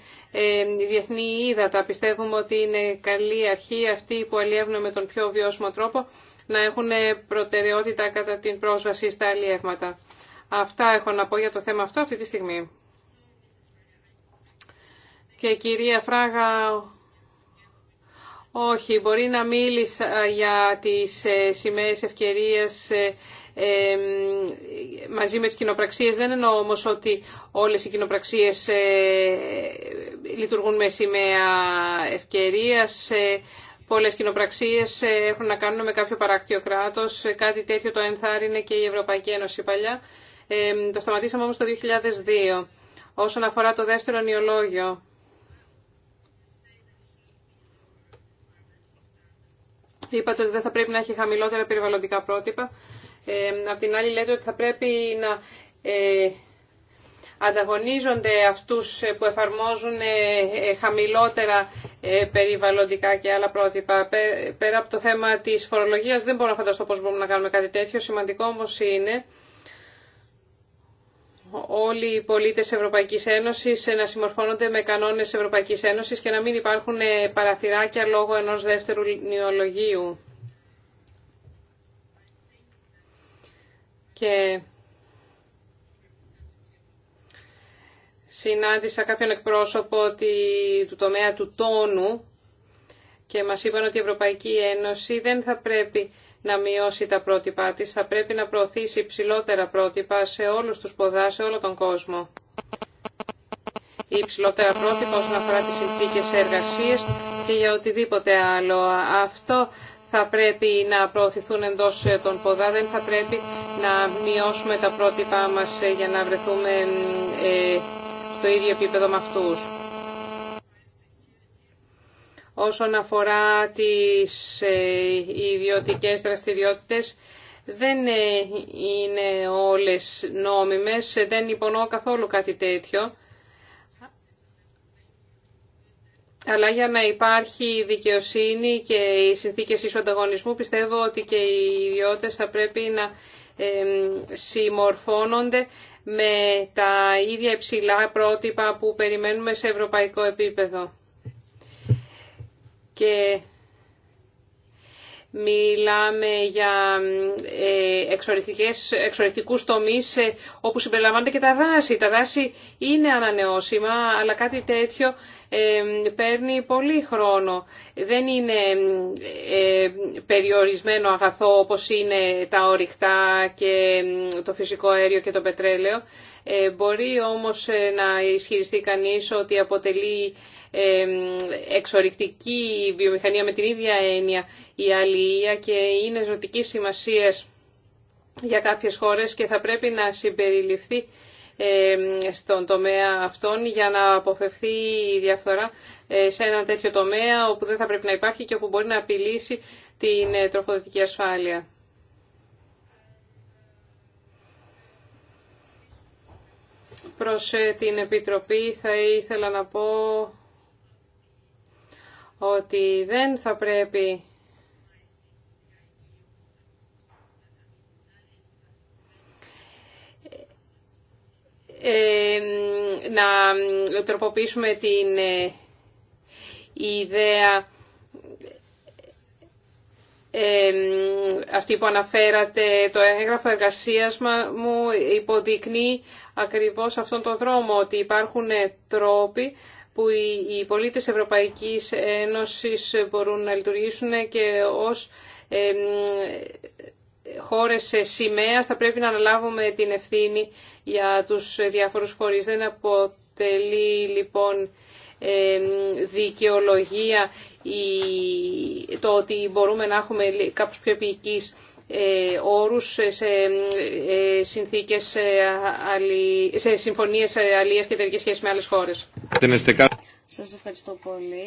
διεθνή ύδατα. Πιστεύουμε ότι είναι καλή αρχή αυτή που αλλιεύουν με τον πιο βιώσιμο τρόπο να έχουν προτεραιότητα κατά την πρόσβαση στα αλλιεύματα. Αυτά έχω να πω για το θέμα αυτό αυτή τη στιγμή. Και κυρία Φράγα, όχι, μπορεί να μίλησα για τις ε, σημαίες ευκαιρίες ε, μαζί με τις κοινοπραξίες. Δεν εννοώ όμως ότι όλες οι κοινοπραξίες ε, λειτουργούν με σημαία ευκαιρίας. Πολλές κοινοπραξίες έχουν να κάνουν με κάποιο παράκτιο κράτος. Κάτι τέτοιο το ενθάρρυνε και η Ευρωπαϊκή Ένωση παλιά το σταματήσαμε όμως το 2002. Όσον αφορά το δεύτερο νιολόγιο, είπατε ότι δεν θα πρέπει να έχει χαμηλότερα περιβαλλοντικά πρότυπα. Ε, απ' την άλλη λέτε ότι θα πρέπει να ε, ανταγωνίζονται αυτούς που εφαρμόζουν ε, ε, χαμηλότερα ε, περιβαλλοντικά και άλλα πρότυπα. Πέρα από το θέμα της φορολογίας δεν μπορώ να φανταστώ πώς μπορούμε να κάνουμε κάτι τέτοιο. Σημαντικό όμως είναι όλοι οι πολίτες Ευρωπαϊκής Ένωσης να συμμορφώνονται με κανόνες Ευρωπαϊκής Ένωσης και να μην υπάρχουν ε, παραθυράκια λόγω ενός δεύτερου νεολογίου. Και συνάντησα κάποιον εκπρόσωπο του τομέα του τόνου και μας είπαν ότι η Ευρωπαϊκή Ένωση δεν θα πρέπει να μειώσει τα πρότυπά τη. θα πρέπει να προωθήσει υψηλότερα πρότυπα σε όλους τους ποδά, σε όλο τον κόσμο. υψηλότερα πρότυπα όσον αφορά τι συνθήκε εργασίες και για οτιδήποτε άλλο. Αυτό θα πρέπει να προωθηθούν εντό των ποδά, δεν θα πρέπει να μειώσουμε τα πρότυπά μας για να βρεθούμε ε, στο ίδιο επίπεδο με αυτού όσον αφορά τις ε, ιδιωτικές δραστηριότητες δεν ε, είναι όλες νόμιμες, ε, δεν υπονοώ καθόλου κάτι τέτοιο. Αλλά για να υπάρχει δικαιοσύνη και οι συνθήκες ίσου ανταγωνισμού πιστεύω ότι και οι ιδιώτες θα πρέπει να συμμορφώνονται με τα ίδια υψηλά πρότυπα που περιμένουμε σε ευρωπαϊκό επίπεδο και μιλάμε για ε, εξορυκτικούς τομείς ε, όπου συμπεριλαμβάνονται και τα δάση. Τα δάση είναι ανανεώσιμα, αλλά κάτι τέτοιο ε, παίρνει πολύ χρόνο. Δεν είναι περιορισμένο αγαθό όπως είναι τα ορυκτά και το φυσικό αέριο και το πετρέλαιο. Μπορεί όμως να ισχυριστεί κανείς ότι αποτελεί εξορρυκτική βιομηχανία με την ίδια έννοια η αλληλεία και είναι ζωτική σημασία για κάποιες χώρες και θα πρέπει να συμπεριληφθεί στον τομέα αυτών για να αποφευθεί η διαφθορά ε, σε ένα τέτοιο τομέα όπου δεν θα πρέπει να υπάρχει και όπου μπορεί να απειλήσει την ε, τροφοδοτική ασφάλεια. Προς ε, την Επιτροπή θα ήθελα να πω ότι δεν θα πρέπει να τροποποιήσουμε την ε, ιδέα αυτή που αναφέρατε, το έγγραφο εργασίας μου υποδεικνύει ακριβώς αυτόν τον δρόμο, ότι υπάρχουν τρόποι που οι πολίτες Ευρωπαϊκής Ένωσης μπορούν να λειτουργήσουν και ως χώρες σημαία θα πρέπει να αναλάβουμε την ευθύνη για τους διάφορους φορείς. Δεν αποτελεί λοιπόν δικαιολογία το ότι μπορούμε να έχουμε κάποιους πιο επικείς ε, όρους σε ε, συνθήκες, ε, σε συμφωνίες αλληλείας και εταιρικές σχέσεις με άλλες χώρες. Σας ευχαριστώ πολύ.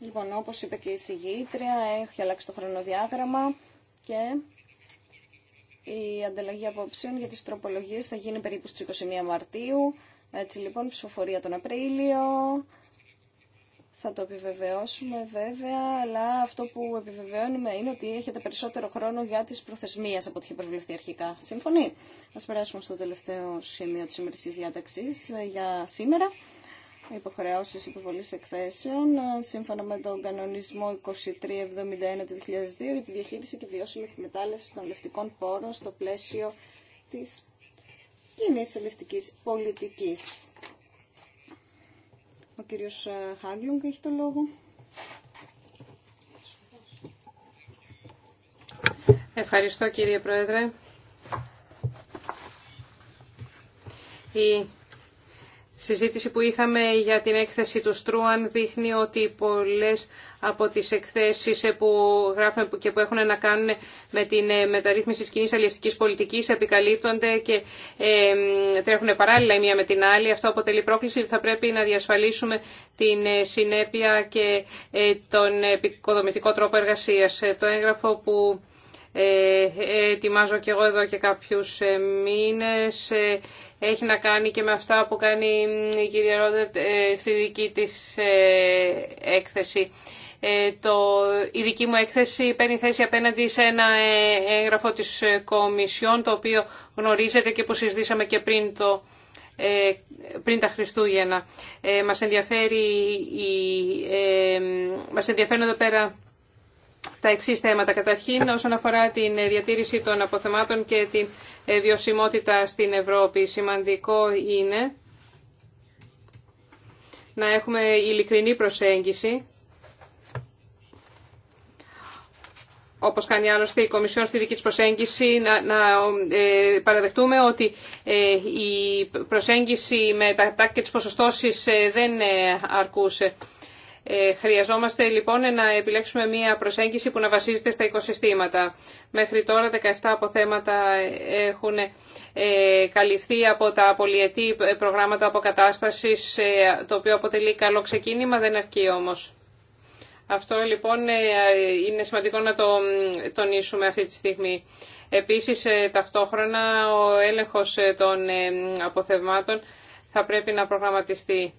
Λοιπόν, όπως είπε και η συγγήτρια, έχει αλλάξει το χρονοδιάγραμμα και η ανταλλαγή απόψεων για τις τροπολογίες θα γίνει περίπου στις 21 Μαρτίου. Έτσι λοιπόν, ψηφοφορία τον Απρίλιο, θα το επιβεβαιώσουμε βέβαια, αλλά αυτό που επιβεβαιώνουμε είναι ότι έχετε περισσότερο χρόνο για τις προθεσμίες από ό,τι είχε προβληθεί αρχικά. Συμφωνεί. Ας περάσουμε στο τελευταίο σημείο της ημερησής διάταξης ε, για σήμερα. Υποχρεώσεις υποβολής εκθέσεων ε, σύμφωνα με τον κανονισμό 2371 του 2002 για τη διαχείριση και βιώσιμη εκμετάλλευση των λευτικών πόρων στο πλαίσιο της κοινή ελευτικής πολιτικής. Ο κύριος ε, Χάγκλουγκ έχει το λόγο. Ευχαριστώ κύριε Πρόεδρε. Η συζήτηση που είχαμε για την έκθεση του Στρούαν δείχνει ότι πολλές από τις εκθέσεις που γράφουμε και που έχουν να κάνουν με την ε, μεταρρύθμιση της κοινής αλληλευτικής πολιτικής επικαλύπτονται και ε, τρέχουν παράλληλα η μία με την άλλη. Αυτό αποτελεί πρόκληση ότι θα πρέπει να διασφαλίσουμε την ε, συνέπεια και τον επικοδομητικό τρόπο εργασίας. Το έγγραφο που ε, ετοιμάζω και εγώ εδώ και κάποιους ε, μήνες. Ε, έχει να κάνει και με αυτά που κάνει η κυρία στη δική της έκθεση. Το, η δική μου έκθεση παίρνει θέση απέναντι σε ένα έγγραφο της Κομισιόν, το οποίο γνωρίζετε και που συζητήσαμε και πριν το πριν τα Χριστούγεννα. μας, ενδιαφέρει η, ε, μας ενδιαφέρουν εδώ πέρα τα εξή θέματα. Καταρχήν, όσον αφορά την ε, διατήρηση των αποθεμάτων και την ε, βιωσιμότητα στην Ευρώπη, σημαντικό είναι να έχουμε ειλικρινή προσέγγιση, όπως κάνει άλλωστε η Κομισιόν στη δική της προσέγγιση, να, ε, παραδεχτούμε ότι η προσέγγιση με τα τάκια της ποσοστώσης δεν αρκούσε. Ε, χρειαζόμαστε λοιπόν να επιλέξουμε μία προσέγγιση που να βασίζεται στα οικοσυστήματα. Μέχρι τώρα 17 αποθέματα έχουν ε, καλυφθεί από τα πολυετή προγράμματα αποκατάστασης, ε, το οποίο αποτελεί καλό ξεκίνημα, δεν αρκεί όμως. Αυτό λοιπόν είναι σημαντικό να το τονίσουμε αυτή τη στιγμή. Επίσης ταυτόχρονα ο έλεγχος των αποθευμάτων θα πρέπει να προγραμματιστεί.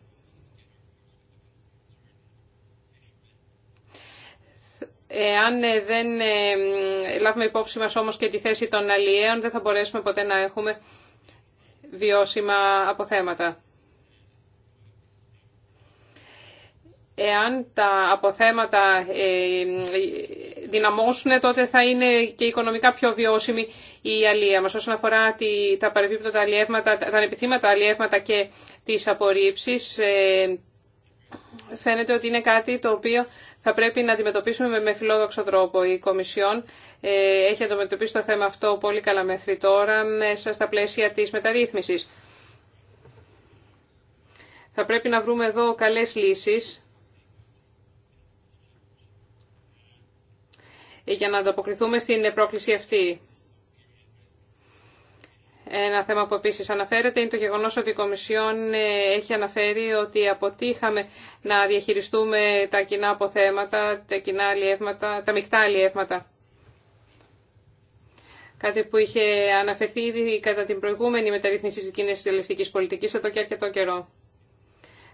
Εάν ε, δεν ε, λάβουμε υπόψη μας όμως και τη θέση των αλλιέων, δεν θα μπορέσουμε ποτέ να έχουμε βιώσιμα αποθέματα. Εάν τα αποθέματα ε, δυναμώσουν, τότε θα είναι και οικονομικά πιο βιώσιμη η αλία μας. Όσον αφορά τα παρεμπίπτωτα αλλιεύματα, τα ανεπιθύματα αλλιεύματα και τις απορρίψεις, φαίνεται ότι είναι κάτι το οποίο θα πρέπει να αντιμετωπίσουμε με φιλόδοξο τρόπο. Η Κομισιόν ε, έχει αντιμετωπίσει το θέμα αυτό πολύ καλά μέχρι τώρα μέσα στα πλαίσια της μεταρρύθμισης. Θα πρέπει να βρούμε εδώ καλές λύσεις για να ανταποκριθούμε στην πρόκληση αυτή. Ένα θέμα που επίση αναφέρεται είναι το γεγονό ότι η Κομισιόν ε, έχει αναφέρει ότι αποτύχαμε να διαχειριστούμε τα κοινά αποθέματα, τα, κοινά αλλιεύματα, τα μεικτά αλλιεύματα. Κάτι που είχε αναφερθεί ήδη κατά την προηγούμενη μεταρρύθμιση τη κοινή ελευθερικής πολιτική εδώ και αρκετό καιρό.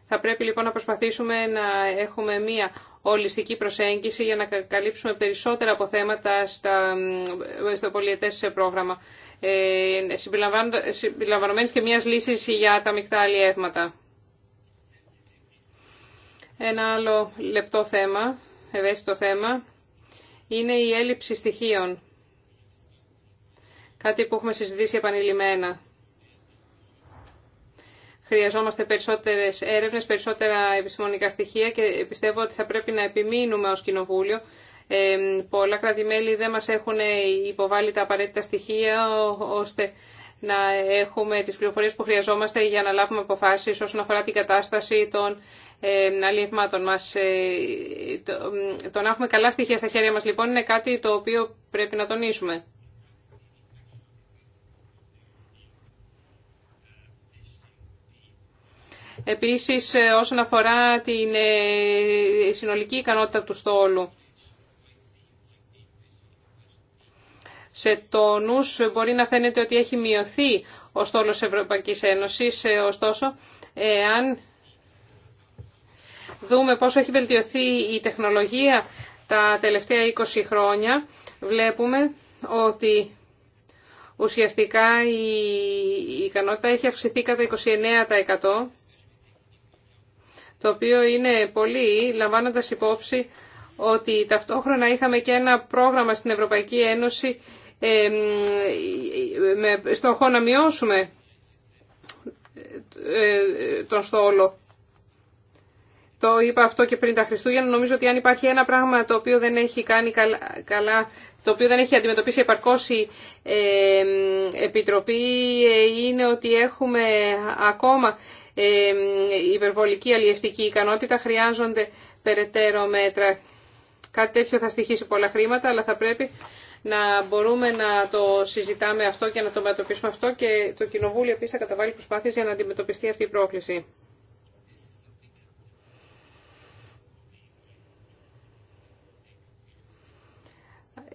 Θα πρέπει λοιπόν να προσπαθήσουμε να έχουμε μία ολιστική προσέγγιση για να καλύψουμε περισσότερα αποθέματα στα, στο πολιετές ε, πρόγραμμα. Ε, συμπεριλαμβανομένης και μιας λύσης για τα μεικτά αλλιεύματα. Ένα άλλο λεπτό θέμα, ευαίσθητο θέμα, είναι η έλλειψη στοιχείων. Κάτι που έχουμε συζητήσει επανειλημμένα. Χρειαζόμαστε περισσότερες έρευνες, περισσότερα επιστημονικά στοιχεία και πιστεύω ότι θα πρέπει να επιμείνουμε ως Κοινοβούλιο Πολλά κράτη-μέλη δεν μας έχουν υποβάλει τα απαραίτητα στοιχεία ώστε να έχουμε τις πληροφορίες που χρειαζόμαστε για να λάβουμε αποφάσεις όσον αφορά την κατάσταση των αλλιευμάτων μας. Ε, το να έχουμε καλά στοιχεία στα χέρια μας λοιπόν είναι κάτι το οποίο πρέπει να τονίσουμε. Επίσης, ε, όσον αφορά την ε, συνολική ικανότητα του στόλου, σε τόνους μπορεί να φαίνεται ότι έχει μειωθεί ο στόλος Ευρωπαϊκής Ένωσης, ε, ωστόσο εάν δούμε πόσο έχει βελτιωθεί η τεχνολογία τα τελευταία 20 χρόνια, βλέπουμε ότι ουσιαστικά η ικανότητα έχει αυξηθεί κατά 29%, το οποίο είναι πολύ, λαμβάνοντας υπόψη ότι ταυτόχρονα είχαμε και ένα πρόγραμμα στην Ευρωπαϊκή Ένωση με στόχο να μειώσουμε ε, τον στόλο. Το είπα αυτό και πριν τα Χριστούγεννα. Νομίζω ότι αν υπάρχει ένα πράγμα το οποίο δεν έχει κάνει καλά, το οποίο δεν έχει αντιμετωπίσει επαρκώς η Επιτροπή, ε, είναι ότι έχουμε ακόμα υπερβολική αλλιευτική ικανότητα. Χρειάζονται περαιτέρω μέτρα. Κάτι τέτοιο θα στοιχήσει πολλά χρήματα, αλλά θα πρέπει να μπορούμε να το συζητάμε αυτό και να το μετατοπίσουμε αυτό και το Κοινοβούλιο επίσης θα καταβάλει προσπάθειες για να αντιμετωπιστεί αυτή η πρόκληση.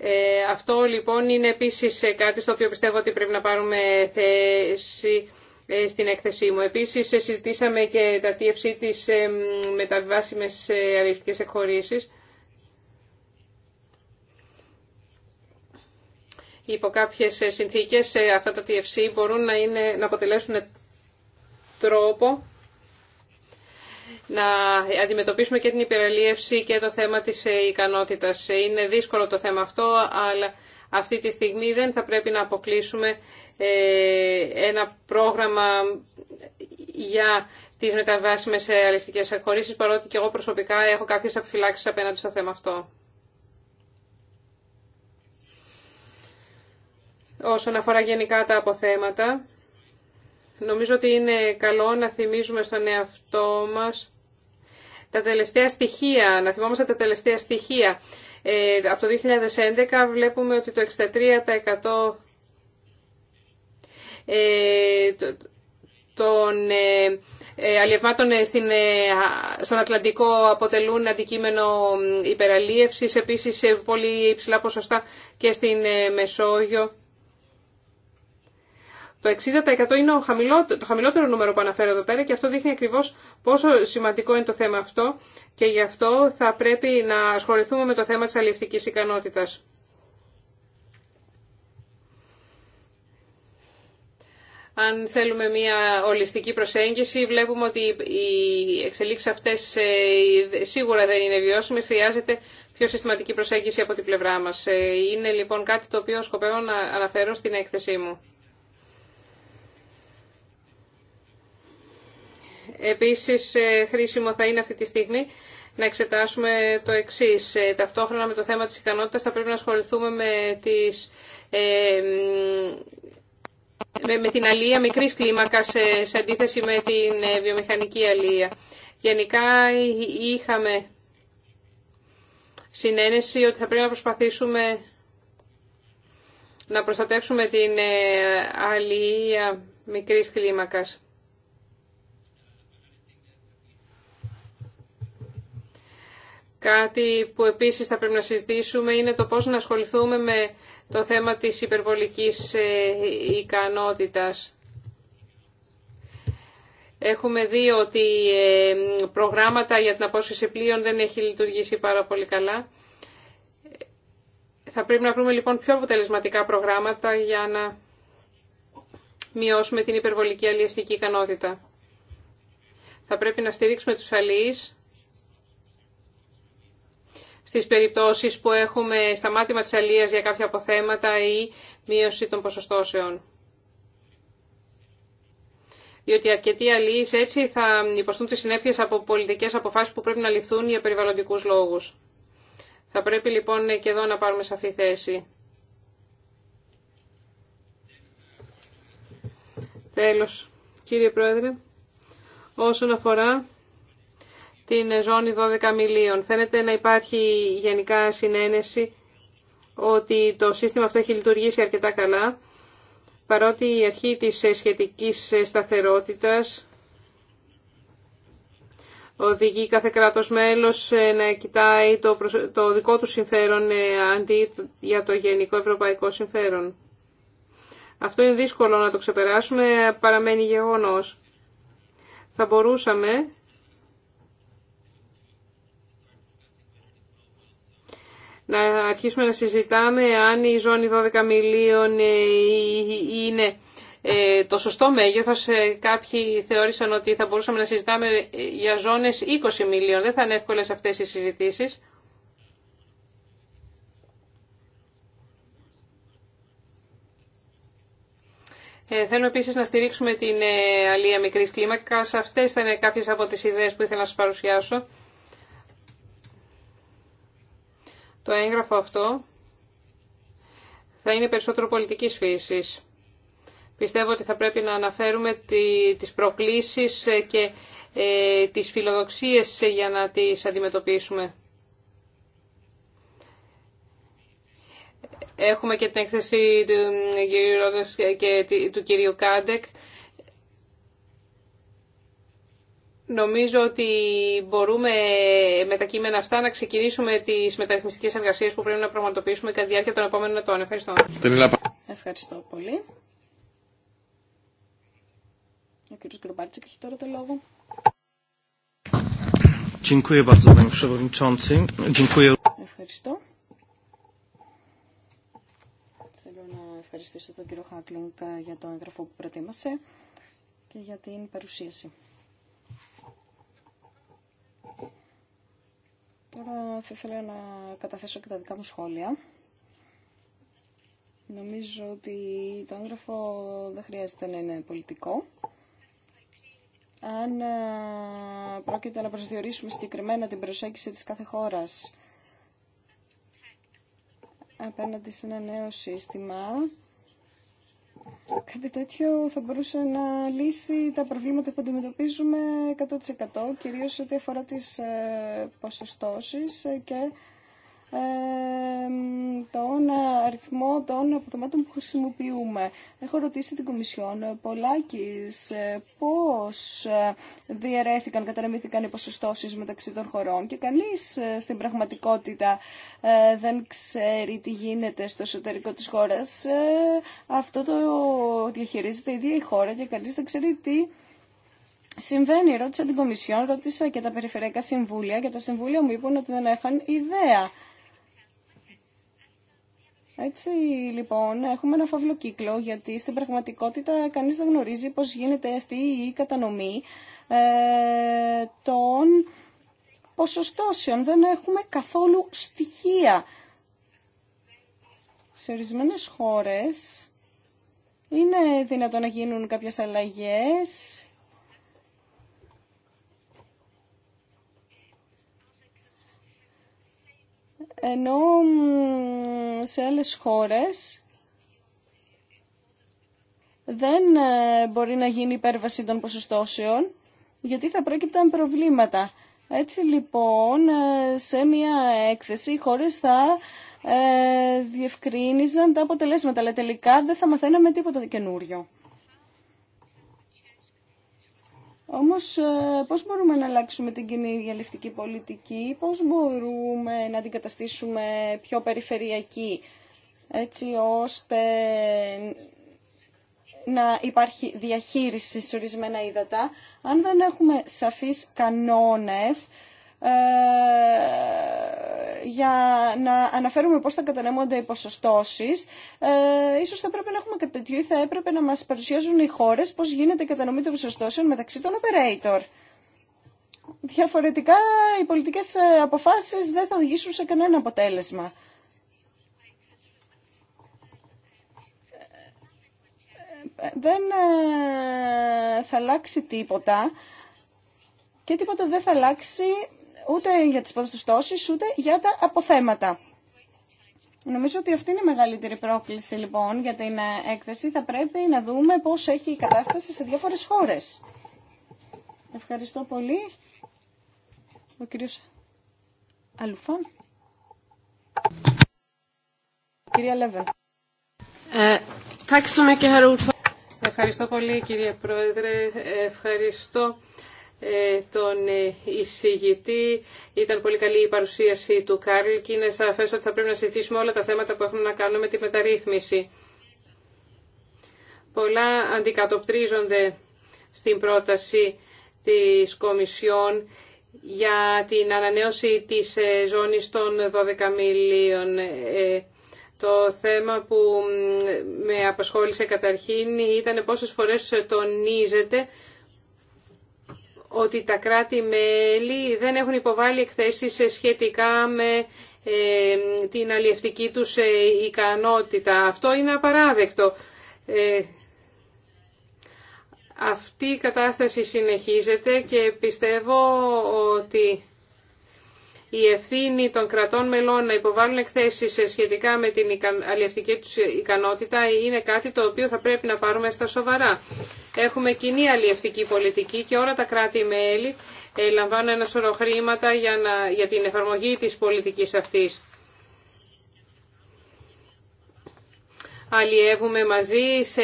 Ε, αυτό λοιπόν είναι επίσης κάτι στο οποίο πιστεύω ότι πρέπει να πάρουμε θέση ε, στην έκθεσή μου. Επίσης συζητήσαμε και τα TFC, της ε, μεταβιβάσιμες ε, αριθμητικές εκχωρήσεις. υπό κάποιες συνθήκες ε, αυτά τα TFC μπορούν να, είναι, να αποτελέσουν τρόπο να αντιμετωπίσουμε και την υπεραλίευση και το θέμα της ε, ικανότητας. Ε, είναι δύσκολο το θέμα αυτό, αλλά αυτή τη στιγμή δεν θα πρέπει να αποκλείσουμε ένα πρόγραμμα για τις μεταβάσιμες αληθικές ακορήσεις, παρότι και εγώ προσωπικά έχω κάποιες αποφυλάξεις απέναντι στο θέμα αυτό. όσον αφορά γενικά τα αποθέματα. Νομίζω ότι είναι καλό να θυμίζουμε στον εαυτό μας τα τελευταία στοιχεία, να θυμόμαστε τα τελευταία στοιχεία. Ε, από το 2011 βλέπουμε ότι το 63% ε, των ε, ε αλλιευμάτων ε, στην, ε, στον Ατλαντικό αποτελούν αντικείμενο υπεραλίευσης, επίσης σε πολύ υψηλά ποσοστά και στην Μεσόγειο. Το 60% είναι ο το χαμηλότερο νούμερο που αναφέρω εδώ πέρα και αυτό δείχνει ακριβώς πόσο σημαντικό είναι το θέμα αυτό και γι' αυτό θα πρέπει να ασχοληθούμε με το θέμα της αλληλευτικής ικανότητας. αν θέλουμε μια ολιστική προσέγγιση, βλέπουμε ότι οι εξελίξεις αυτές ε, σίγουρα δεν είναι βιώσιμες, χρειάζεται πιο συστηματική προσέγγιση από την πλευρά μας. Ε, είναι λοιπόν κάτι το οποίο σκοπεύω να αναφέρω στην έκθεσή μου. Επίσης ε, χρήσιμο θα είναι αυτή τη στιγμή να εξετάσουμε το εξής. Ε, ταυτόχρονα με το θέμα της ικανότητας θα πρέπει να ασχοληθούμε με ε, με, την αλία μικρής κλίμακας σε, αντίθεση με την βιομηχανική αλία. Γενικά είχαμε συνένεση ότι θα πρέπει να προσπαθήσουμε να προστατεύσουμε την αλία μικρής κλίμακας. Κάτι που επίσης θα πρέπει να συζητήσουμε είναι το πώς να ασχοληθούμε με το θέμα της υπερβολικής ε, ικανότητας. Έχουμε δει ότι ε, προγράμματα για την απόσχεση πλοίων δεν έχει λειτουργήσει πάρα πολύ καλά. Θα πρέπει να βρούμε λοιπόν πιο αποτελεσματικά προγράμματα για να μειώσουμε την υπερβολική αλλιευτική ικανότητα. Θα πρέπει να στηρίξουμε τους αλληλείς στις περιπτώσεις που έχουμε σταμάτημα της αλίας για κάποια αποθέματα ή μείωση των ποσοστώσεων. Διότι αρκετοί αλλοί, έτσι θα υποστούν τις συνέπειες από πολιτικές αποφάσεις που πρέπει να ληφθούν για περιβαλλοντικούς λόγους. Θα πρέπει λοιπόν και εδώ να πάρουμε σαφή θέση. Τέλος, κύριε Πρόεδρε, όσον αφορά την ζώνη 12 μιλίων. Φαίνεται να υπάρχει γενικά συνένεση ότι το σύστημα αυτό έχει λειτουργήσει αρκετά καλά, παρότι η αρχή της σχετικής σταθερότητας οδηγεί κάθε κράτος μέλος να κοιτάει το, το δικό του συμφέρον ε, αντί για το γενικό ευρωπαϊκό συμφέρον. Αυτό είναι δύσκολο να το ξεπεράσουμε, παραμένει γεγονός. Θα μπορούσαμε να αρχίσουμε να συζητάμε αν η ζώνη 12 μιλίων ε, είναι ε, το σωστό μέγεθος. Ε, κάποιοι θεώρησαν ότι θα μπορούσαμε να συζητάμε για ζώνες 20 μιλίων. Δεν θα είναι εύκολες αυτές οι συζητήσεις. Ε, θέλω επίσης να στηρίξουμε την ε, αλία μικρής κλίμακας. Αυτές ήταν κάποιες από τις ιδέες που ήθελα να σας παρουσιάσω. Το έγγραφο αυτό θα είναι περισσότερο πολιτικής φύσης. Πιστεύω ότι θα πρέπει να αναφέρουμε τις προκλήσεις και ε, τις φιλοδοξίες για να τις αντιμετωπίσουμε. Έχουμε και την έκθεση του ε, κ. και του κυρίου Κάντεκ Νομίζω ότι μπορούμε με τα κείμενα αυτά να ξεκινήσουμε τι μεταρρυθμιστικέ εργασίε που πρέπει να πραγματοποιήσουμε κατά τη διάρκεια των επόμενων ετών. Ευχαριστώ. Ευχαριστώ πολύ. Ο κ. Γκρουμπάρτσικ έχει τώρα το λόγο. Ευχαριστώ. Θέλω να ευχαριστήσω τον κύριο Χάκλινγκ ε, για το έγγραφο που προτίμασε και για την παρουσίαση. Τώρα θα ήθελα να καταθέσω και τα δικά μου σχόλια. Νομίζω ότι το έγγραφο δεν χρειάζεται να είναι πολιτικό. Αν ε, πρόκειται να προσδιορίσουμε συγκεκριμένα την προσέγγιση της κάθε χώρας απέναντι σε ένα νέο σύστημα, Κάτι τέτοιο θα μπορούσε να λύσει τα προβλήματα που αντιμετωπίζουμε 100% κυρίως ό,τι αφορά τις ε, ποσοστώσεις ε, και τον αριθμό των αποδομάτων που χρησιμοποιούμε. Έχω ρωτήσει την Κομισιόν Πολάκης πώς διαιρέθηκαν, καταρρεμήθηκαν οι ποσοστώσεις μεταξύ των χωρών και κανείς ε, στην πραγματικότητα ε, δεν ξέρει τι γίνεται στο εσωτερικό της χώρας. Ε, αυτό το διαχειρίζεται η ίδια η χώρα και κανείς δεν ξέρει τι Συμβαίνει, ρώτησα την Κομισιόν, ρώτησα και τα Περιφερειακά Συμβούλια και τα Συμβούλια μου είπαν ότι δεν έχουν ιδέα έτσι λοιπόν έχουμε ένα φαύλο κύκλο γιατί στην πραγματικότητα κανείς δεν γνωρίζει πώς γίνεται αυτή η κατανομή ε, των ποσοστώσεων. Δεν έχουμε καθόλου στοιχεία. Σε ορισμένε χώρες είναι δυνατόν να γίνουν κάποιες αλλαγές ενώ σε άλλες χώρες δεν ε, μπορεί να γίνει υπέρβαση των ποσοστώσεων, γιατί θα πρόκειπταν προβλήματα. Έτσι λοιπόν, ε, σε μια έκθεση οι χώρες θα ε, διευκρίνηζαν τα αποτελέσματα, αλλά τελικά δεν θα μαθαίναμε τίποτα καινούριο. Όμω, ε, πώς μπορούμε να αλλάξουμε την κοινή διαλευτική πολιτική, πώς μπορούμε να την καταστήσουμε πιο περιφερειακή, έτσι ώστε να υπάρχει διαχείριση σε ορισμένα ύδατα, αν δεν έχουμε σαφείς κανόνες ε, για να αναφέρουμε πώς θα κατανέμονται οι ποσοστώσεις, ε, ίσως θα πρέπει να έχουμε κάτι τέτοιο ή θα έπρεπε να μας παρουσιάζουν οι χώρες πώς γίνεται η κατανομή των ποσοστώσεων μεταξύ των operator. Διαφορετικά οι πολιτικές ε, αποφάσεις δεν θα οδηγήσουν σε κανένα αποτέλεσμα. Δεν ε, θα αλλάξει τίποτα και τίποτα δεν θα αλλάξει ούτε για τις ποσοστώσεις, ούτε για τα αποθέματα. Νομίζω ότι αυτή είναι η μεγαλύτερη πρόκληση λοιπόν για την ε, έκθεση. Θα πρέπει να δούμε πώς έχει η κατάσταση σε διάφορες χώρες. Ευχαριστώ πολύ. Κυρία ε, Ευχαριστώ πολύ κύριε Πρόεδρε. Ε, ευχαριστώ ε, τον ε, εισηγητή. Ήταν πολύ καλή η παρουσίαση του Κάρλ και είναι σαφέ ότι θα πρέπει να συζητήσουμε όλα τα θέματα που έχουν να κάνουν με τη μεταρρύθμιση. Πολλά αντικατοπτρίζονται στην πρόταση της Κομισιόν για την ανανέωση της ε, ζώνης των 12 μιλίων. Το θέμα που με απασχόλησε καταρχήν ήταν πόσες φορές τονίζεται ότι τα κράτη-μέλη δεν έχουν υποβάλει εκθέσεις σχετικά με ε, την αλλιευτική τους ε, ικανότητα. Αυτό είναι απαράδεκτο. Ε, αυτή η κατάσταση συνεχίζεται και πιστεύω ότι η ευθύνη των κρατών μελών να υποβάλουν εκθέσεις σχετικά με την αλληλευτική τους ικανότητα είναι κάτι το οποίο θα πρέπει να πάρουμε στα σοβαρά. Έχουμε κοινή αλληλευτική πολιτική και όλα τα κράτη-μέλη ε, λαμβάνουν ένα σωρό χρήματα για, να, για την εφαρμογή της πολιτικής αυτής. αλλιεύουμε μαζί σε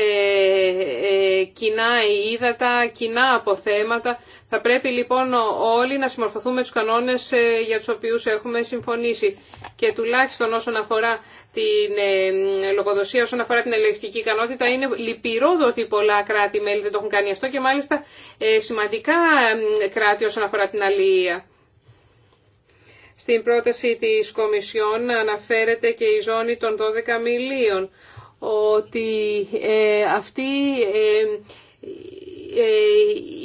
ε, κοινά ύδατα, κοινά αποθέματα. Θα πρέπει λοιπόν όλοι να συμμορφωθούμε τους κανόνες ε, για τους οποίους έχουμε συμφωνήσει. Και τουλάχιστον όσον αφορά την ε, λογοδοσία, όσον αφορά την ελευθερική ικανότητα, είναι λυπηρό ότι πολλά κράτη-μέλη δεν το έχουν κάνει αυτό και μάλιστα σημαντικά κράτη όσον αφορά την αλληλεία. Στην πρόταση της Κομισιόν αναφέρεται και η ζώνη των 12 μιλίων ότι ε, αυτή ε, ε,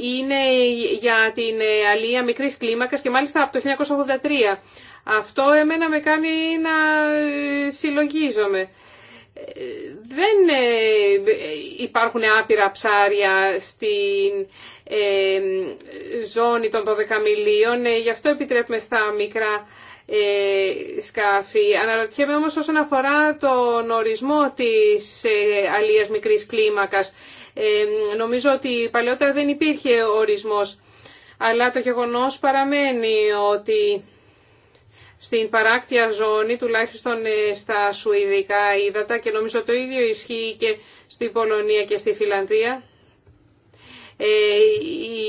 είναι για την αλία μικρής κλίμακας και μάλιστα από το 1983. Αυτό εμένα με κάνει να συλλογίζομαι. Δεν υπάρχουν άπειρα ψάρια στην ζώνη των 12 μιλίων, γι' αυτό επιτρέπουμε στα μικρά ε, σκάφη. Αναρωτιέμαι όμως όσον αφορά τον ορισμό της ε, αλίας μικρής κλίμακας. Ε, νομίζω ότι παλαιότερα δεν υπήρχε ορισμός, αλλά το γεγονός παραμένει ότι στην παράκτια ζώνη, τουλάχιστον στα Σουηδικά ύδατα και νομίζω το ίδιο ισχύει και στην Πολωνία και στη Φιλανδία. Ε,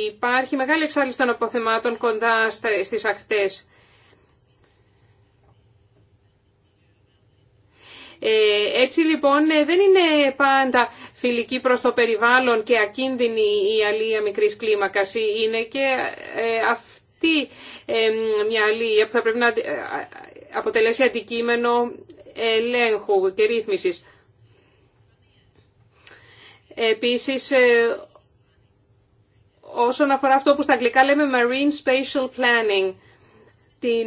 υπάρχει μεγάλη εξάλληση των αποθεμάτων κοντά στις ακτές. Ε, έτσι λοιπόν ε, δεν είναι πάντα φιλική προς το περιβάλλον και ακίνδυνη η αλία μικρής κλίμακας. Είναι και ε, αυτή μια αλία που θα πρέπει να αποτελέσει αντικείμενο ελέγχου και ρύθμισης. Επίσης, όσον αφορά αυτό που στα αγγλικά λέμε Marine Spatial Planning, την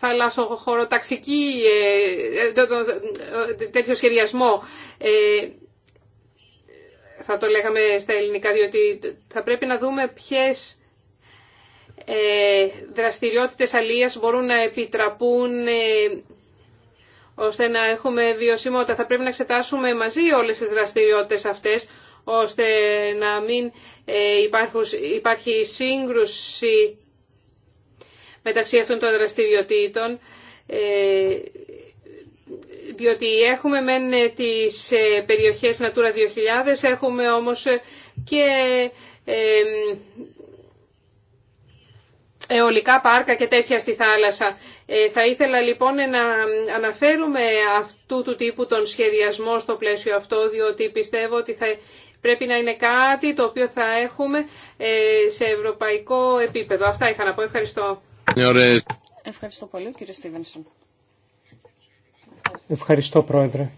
θαλασσοχωροταξική, ε, ε, ε, τέτοιο σχεδιασμό. Θα το λέγαμε στα ελληνικά, διότι θα πρέπει να δούμε ποιες δραστηριότητες αλίας μπορούν να επιτραπούν ώστε να έχουμε βιωσιμότητα. Θα πρέπει να εξετάσουμε μαζί όλες τις δραστηριότητες αυτές, ώστε να μην υπάρχει σύγκρουση μεταξύ αυτών των δραστηριοτήτων ε, διότι έχουμε μεν τις ε, περιοχές Natura 2000, έχουμε όμως και ε, αιωλικά πάρκα και τέτοια στη θάλασσα. Θα ήθελα λοιπόν να αναφέρουμε αυτού του τύπου τον σχεδιασμό στο πλαίσιο αυτό, διότι πιστεύω ότι θα πρέπει να είναι κάτι το οποίο θα έχουμε σε ευρωπαϊκό επίπεδο. Αυτά είχα να πω. Ευχαριστώ. Ναι, Ευχαριστώ πολύ, κύριε Στίβενσον. Ευχαριστώ, Πρόεδρε.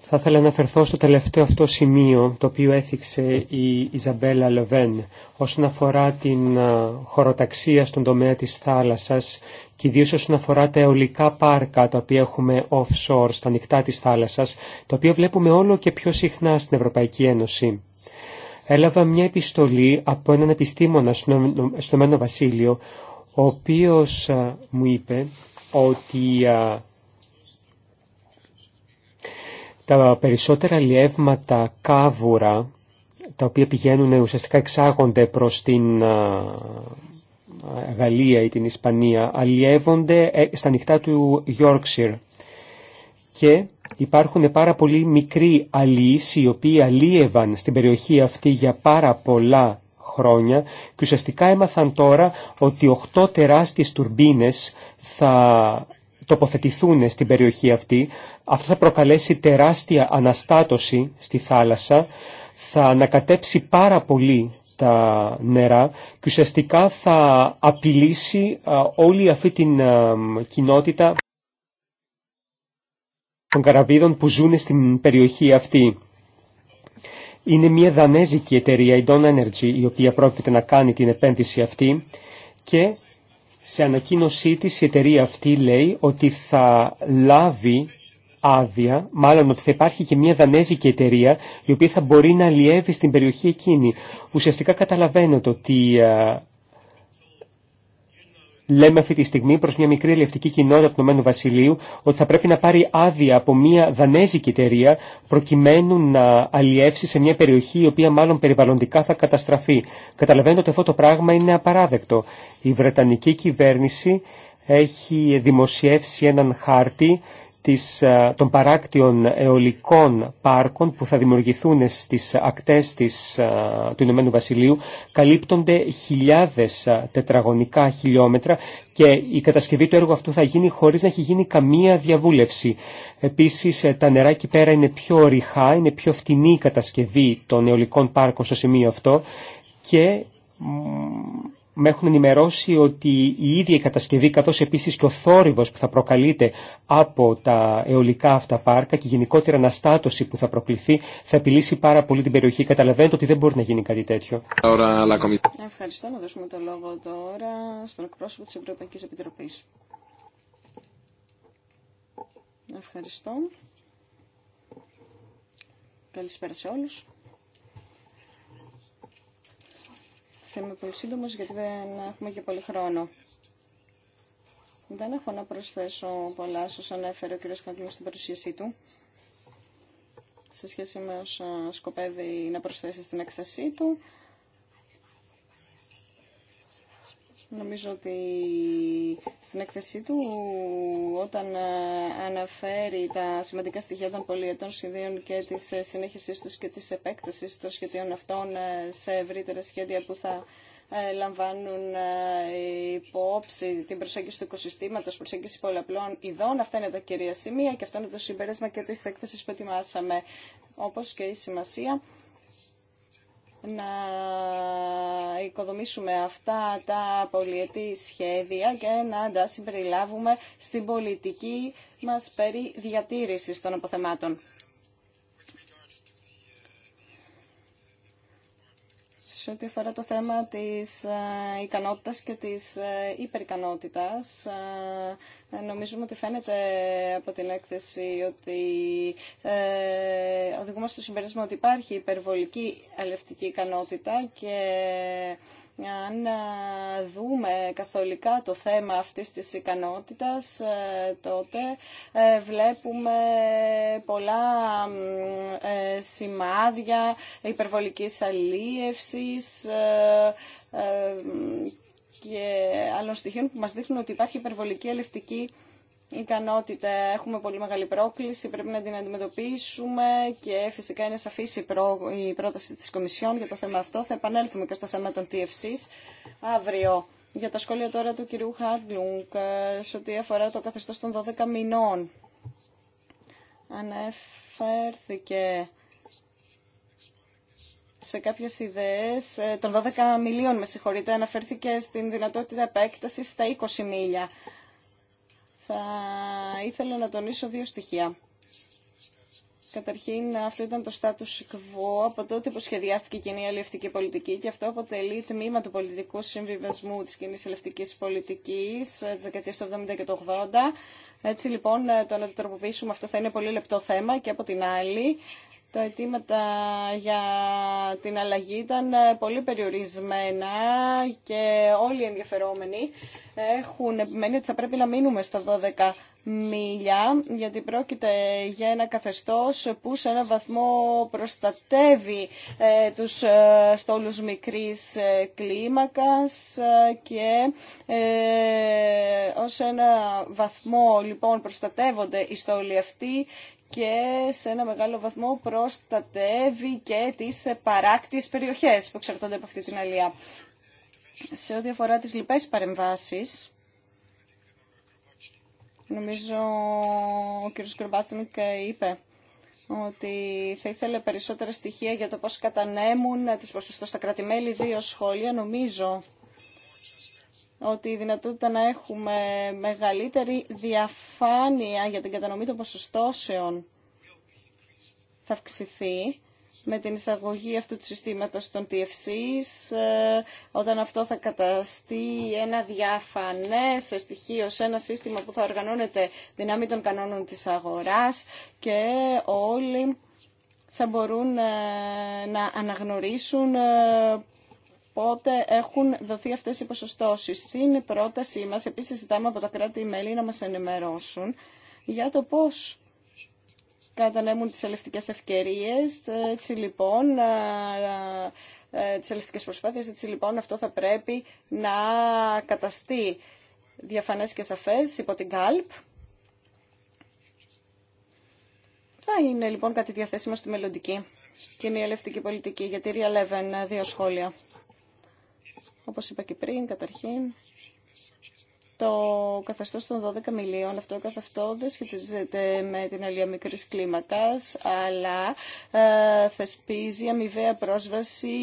Θα ήθελα να αφαιρθώ στο τελευταίο αυτό σημείο το οποίο έθιξε η Ιζαμπέλα Λεβέν όσον αφορά την χωροταξία στον τομέα της θάλασσας και ιδίω όσον αφορά τα αιωλικά πάρκα τα οποία έχουμε offshore στα νυχτά της θάλασσας τα οποία βλέπουμε όλο και πιο συχνά στην Ευρωπαϊκή Ένωση. Έλαβα μια επιστολή από έναν επιστήμονα στο Ηνωμένο Βασίλειο ο οποίος μου είπε ότι τα περισσότερα λιεύματα κάβουρα, τα οποία πηγαίνουν ουσιαστικά εξάγονται προς την Γαλλία ή την Ισπανία, αλλιεύονται ε, στα νυχτά του Yorkshire. Και υπάρχουν πάρα πολλοί μικροί αλίες οι οποίοι αλίευαν στην περιοχή αυτή για πάρα πολλά χρόνια και ουσιαστικά έμαθαν τώρα ότι 8 τεράστιες τουρμπίνες θα τοποθετηθούν στην περιοχή αυτή. Αυτό θα προκαλέσει τεράστια αναστάτωση στη θάλασσα, θα ανακατέψει πάρα πολύ τα νερά και ουσιαστικά θα απειλήσει όλη αυτή την κοινότητα των καραβίδων που ζουν στην περιοχή αυτή. Είναι μια δανέζικη εταιρεία, η Don Energy, η οποία πρόκειται να κάνει την επένδυση αυτή και σε ανακοίνωσή της η εταιρεία αυτή λέει ότι θα λάβει άδεια, μάλλον ότι θα υπάρχει και μια δανέζικη εταιρεία η οποία θα μπορεί να αλλιεύει στην περιοχή εκείνη. Ουσιαστικά καταλαβαίνετε ότι ε, λέμε αυτή τη στιγμή προς μια μικρή ελευτική κοινότητα του Ηνωμένου Βασιλείου ότι θα πρέπει να πάρει άδεια από μια δανέζικη εταιρεία προκειμένου να αλλιεύσει σε μια περιοχή η οποία μάλλον περιβαλλοντικά θα καταστραφεί. Καταλαβαίνετε ότι αυτό το πράγμα είναι απαράδεκτο. Η Βρετανική κυβέρνηση έχει δημοσιεύσει έναν χάρτη ε, των παράκτιων αιωλικών πάρκων που θα δημιουργηθούν στις ακτές της, ε, του Ηνωμένου Βασιλείου καλύπτονται χιλιάδες ε, τετραγωνικά χιλιόμετρα και η κατασκευή του έργου αυτού θα γίνει χωρίς να έχει γίνει καμία διαβούλευση. Επίσης τα νερά εκεί πέρα είναι πιο ρηχά, είναι πιο φτηνή η κατασκευή των αιωλικών πάρκων στο σημείο αυτό και με έχουν ενημερώσει ότι η ίδια η κατασκευή καθώς επίσης και ο θόρυβος που θα προκαλείται από τα αιωλικά αυτά πάρκα και η γενικότερη αναστάτωση που θα προκληθεί θα επιλύσει πάρα πολύ την περιοχή. Καταλαβαίνετε ότι δεν μπορεί να γίνει κάτι τέτοιο. Ευχαριστώ. Να δώσουμε το λόγο τώρα στον εκπρόσωπο της Ευρωπαϊκής Επιτροπής. Ευχαριστώ. Καλησπέρα σε όλους. Θα είμαι πολύ σύντομο γιατί δεν έχουμε και πολύ χρόνο. Δεν έχω να προσθέσω πολλά όσα ανέφερε ο κ. Καγκλού στην παρουσίασή του σε σχέση με όσα σκοπεύει να προσθέσει στην έκθεσή του. Νομίζω ότι στην έκθεσή του όταν ε, αναφέρει τα σημαντικά στοιχεία των πολιετών σχεδίων και της ε, συνέχισής τους και της επέκτασης των σχεδίων αυτών ε, σε ευρύτερα σχέδια που θα λαμβάνουν υπόψη την προσέγγιση του οικοσυστήματος, προσέγγιση πολλαπλών ειδών. Αυτά είναι τα κυρία σημεία και αυτό είναι το συμπέρασμα και της έκθεσης που ετοιμάσαμε, όπως και η σημασία να οικοδομήσουμε αυτά τα πολιετή σχέδια και να τα συμπεριλάβουμε στην πολιτική μας περί διατήρησης των αποθεμάτων. σε ό,τι αφορά το θέμα της ε, ικανότητας και της ε, υπερικανότητας. Ε, νομίζουμε ότι φαίνεται από την έκθεση ότι οδηγούμε στο συμπέρασμα ότι υπάρχει υπερβολική αλευτική ικανότητα και αν δούμε καθολικά το θέμα αυτής της ικανότητας, ε, τότε ε, βλέπουμε πολλά ε, σημάδια υπερβολικής αλίευσης και άλλων στοιχείων που μας δείχνουν ότι υπάρχει υπερβολική αλευτική ικανότητα έχουμε πολύ μεγάλη πρόκληση, πρέπει να την αντιμετωπίσουμε και φυσικά είναι σαφής η, πρόταση της Κομισιόν για το θέμα αυτό. Θα επανέλθουμε και στο θέμα των TFCs αύριο. Για τα σχόλια τώρα του κυρίου Χάντλουγκ, ε, σε ό,τι αφορά το καθεστώς των 12 μηνών. Αναφέρθηκε σε κάποιες ιδέες ε, των 12 μιλίων, με συγχωρείτε, αναφέρθηκε στην δυνατότητα επέκτασης στα 20 μίλια. Θα ήθελα να τονίσω δύο στοιχεία. Καταρχήν, αυτό ήταν το status quo από τότε που σχεδιάστηκε η κοινή αλληλευτική πολιτική και αυτό αποτελεί τμήμα του πολιτικού συμβιβασμού της κοινή αλληλευτικής πολιτικής ε, τη δεκαετία του 70 και του 80. Έτσι λοιπόν, ε, το να το τροποποιήσουμε αυτό θα είναι πολύ λεπτό θέμα και από την άλλη τα αιτήματα για την αλλαγή ήταν ε, πολύ περιορισμένα και όλοι οι ενδιαφερόμενοι έχουν επιμένει ότι θα πρέπει να μείνουμε στα 12 μίλια γιατί πρόκειται για ένα καθεστώς που σε ένα βαθμό προστατεύει ε, τους ε, στόλους μικρής κλίμακας και ως ένα βαθμό λοιπόν προστατεύονται οι στόλοι αυτοί και σε ένα μεγάλο βαθμό προστατεύει και τις παράκτιες περιοχές που εξαρτώνται από αυτή την αλία. Σε ό,τι αφορά τις λοιπές παρεμβάσεις, νομίζω ο κ. Κρυμπάτσνικ είπε ότι θα ήθελε περισσότερα στοιχεία για το πώς κατανέμουν τις ποσοστό στα κρατημέλη δύο σχόλια. Νομίζω ότι η δυνατότητα να έχουμε μεγαλύτερη διαφάνεια για την κατανομή των ποσοστώσεων θα αυξηθεί με την εισαγωγή αυτού του συστήματος των TFCs, ε, όταν αυτό θα καταστεί ένα διαφανές στοιχείο σε ένα σύστημα που θα οργανώνεται δυνάμει των κανόνων της αγοράς και όλοι θα μπορούν ε, να αναγνωρίσουν ε, Οπότε έχουν δοθεί αυτές οι ποσοστώσεις. Στην πρότασή μας επίσης ζητάμε από τα κράτη-μέλη να μας ενημερώσουν για το πώ κατανέμουν τις ελευτικέ ευκαιρίε Έτσι λοιπόν, ε, τις προσπάθειες, έτσι λοιπόν αυτό θα πρέπει να καταστεί διαφανές και σαφές υπό την ΚΑΛΠ. Θα είναι λοιπόν κάτι διαθέσιμο στη μελλοντική κοινή ελευτική πολιτική Γιατί τη ε, δύο σχόλια. Όπως είπα και πριν, καταρχήν, το καθεστώς των 12 μιλίων, αυτό καθ' αυτό δεν σχετίζεται με την αλληλεία μικρής κλίμακας, αλλά ε, θεσπίζει αμοιβαία πρόσβαση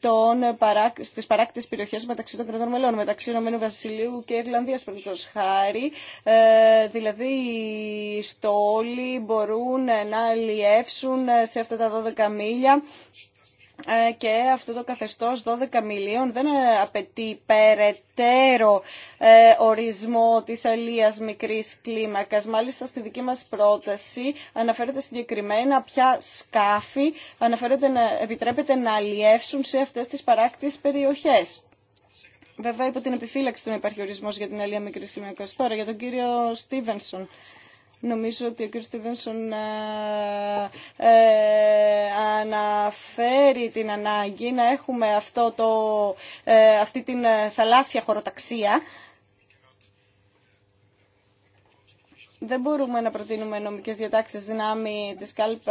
των παράκ... στις παράκτητες περιοχές μεταξύ των κρατών μελών, μεταξύ Ινωμένου Βασιλείου και Ιρλανδίας πρωτος χάρη. Ε, δηλαδή οι στόλοι μπορούν να αλλιεύσουν σε αυτά τα 12 μίλια ε, και αυτό το καθεστώς 12 μιλίων δεν ε, απαιτεί περαιτέρω ε, ορισμό της αλίας μικρής κλίμακας. Μάλιστα στη δική μας πρόταση αναφέρεται συγκεκριμένα ποια σκάφη αναφέρεται να, επιτρέπεται να αλλιεύσουν σε αυτές τις παράκτης περιοχές. Βέβαια υπό την επιφύλαξη του να υπάρχει ορισμός για την αλία μικρής κλίμακας. Τώρα για τον κύριο Στίβενσον Νομίζω ότι ο κ. Στίβενσον ε, ε, αναφέρει την ανάγκη να έχουμε αυτό το, ε, αυτή την θαλάσσια χωροταξία. Δεν μπορούμε να προτείνουμε νομικές διατάξεις δυνάμει της ΚΑΛΠ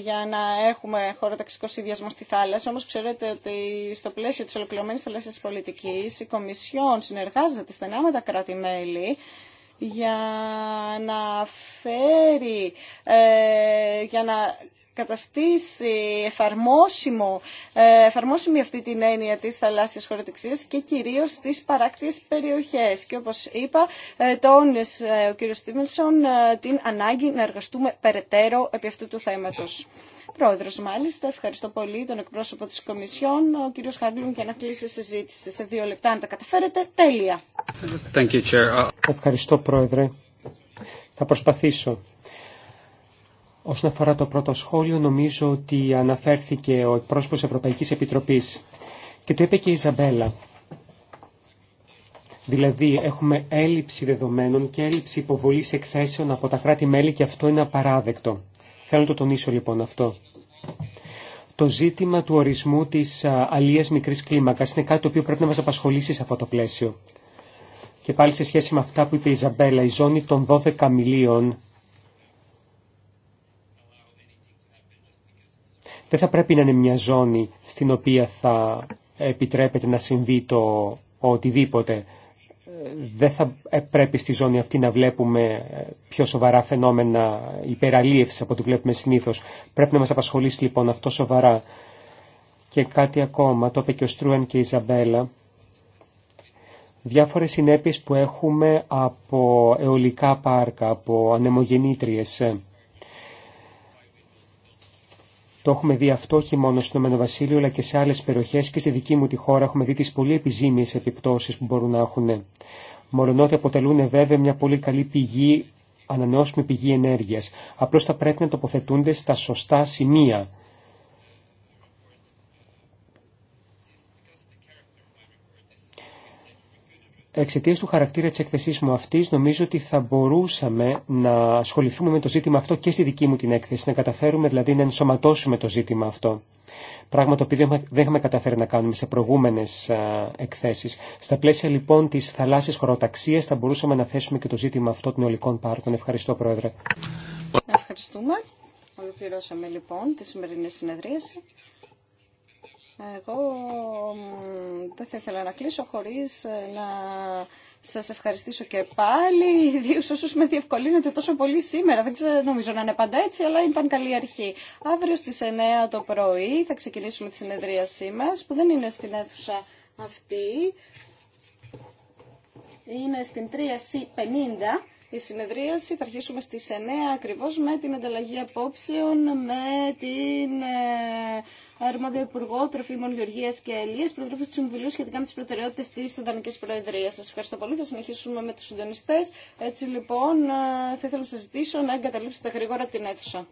για να έχουμε χωροταξικό συνδυασμό στη θάλασσα. Όμως ξέρετε ότι στο πλαίσιο της ολοκληρωμένης θαλάσσιας πολιτικής η Κομισιόν συνεργάζεται στενά με τα κράτη-μέλη για να φέρει, ε, για να καταστήσει εφαρμόσιμο, ε, εφαρμόσιμη αυτή την έννοια της θαλάσσιας χωροτεξίας και κυρίως στις παράκτιες περιοχές. Και όπως είπα, ε, τόνισε ο κύριος Στίμενσον την ανάγκη να εργαστούμε περαιτέρω επί αυτού του θέματος. Πρόεδρος μάλιστα, ευχαριστώ πολύ τον εκπρόσωπο της Κομισιόν, ο κύριος Χάγκλουν, για να κλείσει η συζήτηση σε δύο λεπτά. Αν τα καταφέρετε, τέλεια. Thank you, Chair. Uh, ευχαριστώ, Πρόεδρε. Θα προσπαθήσω. Όσον αφορά το πρώτο σχόλιο, νομίζω ότι αναφέρθηκε ο εκπρόσωπος Ευρωπαϊκής Επιτροπής και το είπε και η Ιζαμπέλα. Δηλαδή έχουμε έλλειψη δεδομένων και έλλειψη υποβολής εκθέσεων από τα κράτη-μέλη και αυτό είναι απαράδεκτο. Θέλω να το τονίσω λοιπόν αυτό. Το ζήτημα του ορισμού της αλίας μικρής κλίμακας είναι κάτι το οποίο πρέπει να μας απασχολήσει σε αυτό το πλαίσιο. Και πάλι σε σχέση με αυτά που είπε η Ζαμπέλα, η ζώνη των 12 μιλίων δεν θα πρέπει να είναι μια ζώνη στην οποία θα επιτρέπεται να συμβεί το οτιδήποτε δεν θα ε, πρέπει στη ζώνη αυτή να βλέπουμε ε, πιο σοβαρά φαινόμενα υπεραλίευσης από ό,τι βλέπουμε συνήθως. Πρέπει να μας απασχολήσει λοιπόν αυτό σοβαρά. Και κάτι ακόμα, το είπε και ο Στρούεν και η Ιζαμπέλα, διάφορες συνέπειες που έχουμε από αιωλικά πάρκα, από ανεμογεννήτριες. Ε, το έχουμε δει αυτό όχι μόνο στο Ηνωμένο Βασίλειο αλλά και σε άλλε περιοχέ και στη δική μου τη χώρα έχουμε δει τι πολύ επιζήμιε επιπτώσει που μπορούν να έχουν. Μολονότι αποτελούν βέβαια μια πολύ καλή πηγή, ανανεώσιμη πηγή ενέργεια. Απλώ θα πρέπει να τοποθετούνται στα σωστά σημεία. Εξαιτία του χαρακτήρα τη εκθεσή μου αυτή, νομίζω ότι θα μπορούσαμε να ασχοληθούμε με το ζήτημα αυτό και στη δική μου την έκθεση, να καταφέρουμε δηλαδή να ενσωματώσουμε το ζήτημα αυτό. Πράγμα το οποίο δεν είχαμε καταφέρει να κάνουμε σε προηγούμενε εκθέσει. Στα πλαίσια λοιπόν τη θαλάσσια χωροταξία, θα μπορούσαμε να θέσουμε και το ζήτημα αυτό των ολικών πάρκων. Ευχαριστώ, Πρόεδρε. Ευχαριστούμε. Ολοκληρώσαμε λοιπόν τη σημερινή συνεδρίαση. Εγώ δεν θα ήθελα να κλείσω χωρίς ε, να σας ευχαριστήσω και πάλι, [laughs] ιδίως όσους με διευκολύνετε τόσο πολύ σήμερα. Δεν ξέρω, νομίζω να είναι πάντα έτσι, αλλά ήταν καλή αρχή. Αύριο στις 9 το πρωί θα ξεκινήσουμε τη συνεδρίασή μας, που δεν είναι στην αίθουσα αυτή. Είναι στην 3C50. Η συνεδρίαση θα αρχίσουμε στις 9 ακριβώς με την ανταλλαγή απόψεων, με την ε, αρμόδιο υπουργό τροφίμων Γεωργία και Ελία, προεδρεύω του Συμβουλίου σχετικά με τι προτεραιότητε τη Ιδανική Προεδρία. Σα ευχαριστώ πολύ. Θα συνεχίσουμε με του συντονιστέ. Έτσι λοιπόν, ε, θα ήθελα να σα ζητήσω να εγκαταλείψετε γρήγορα την αίθουσα.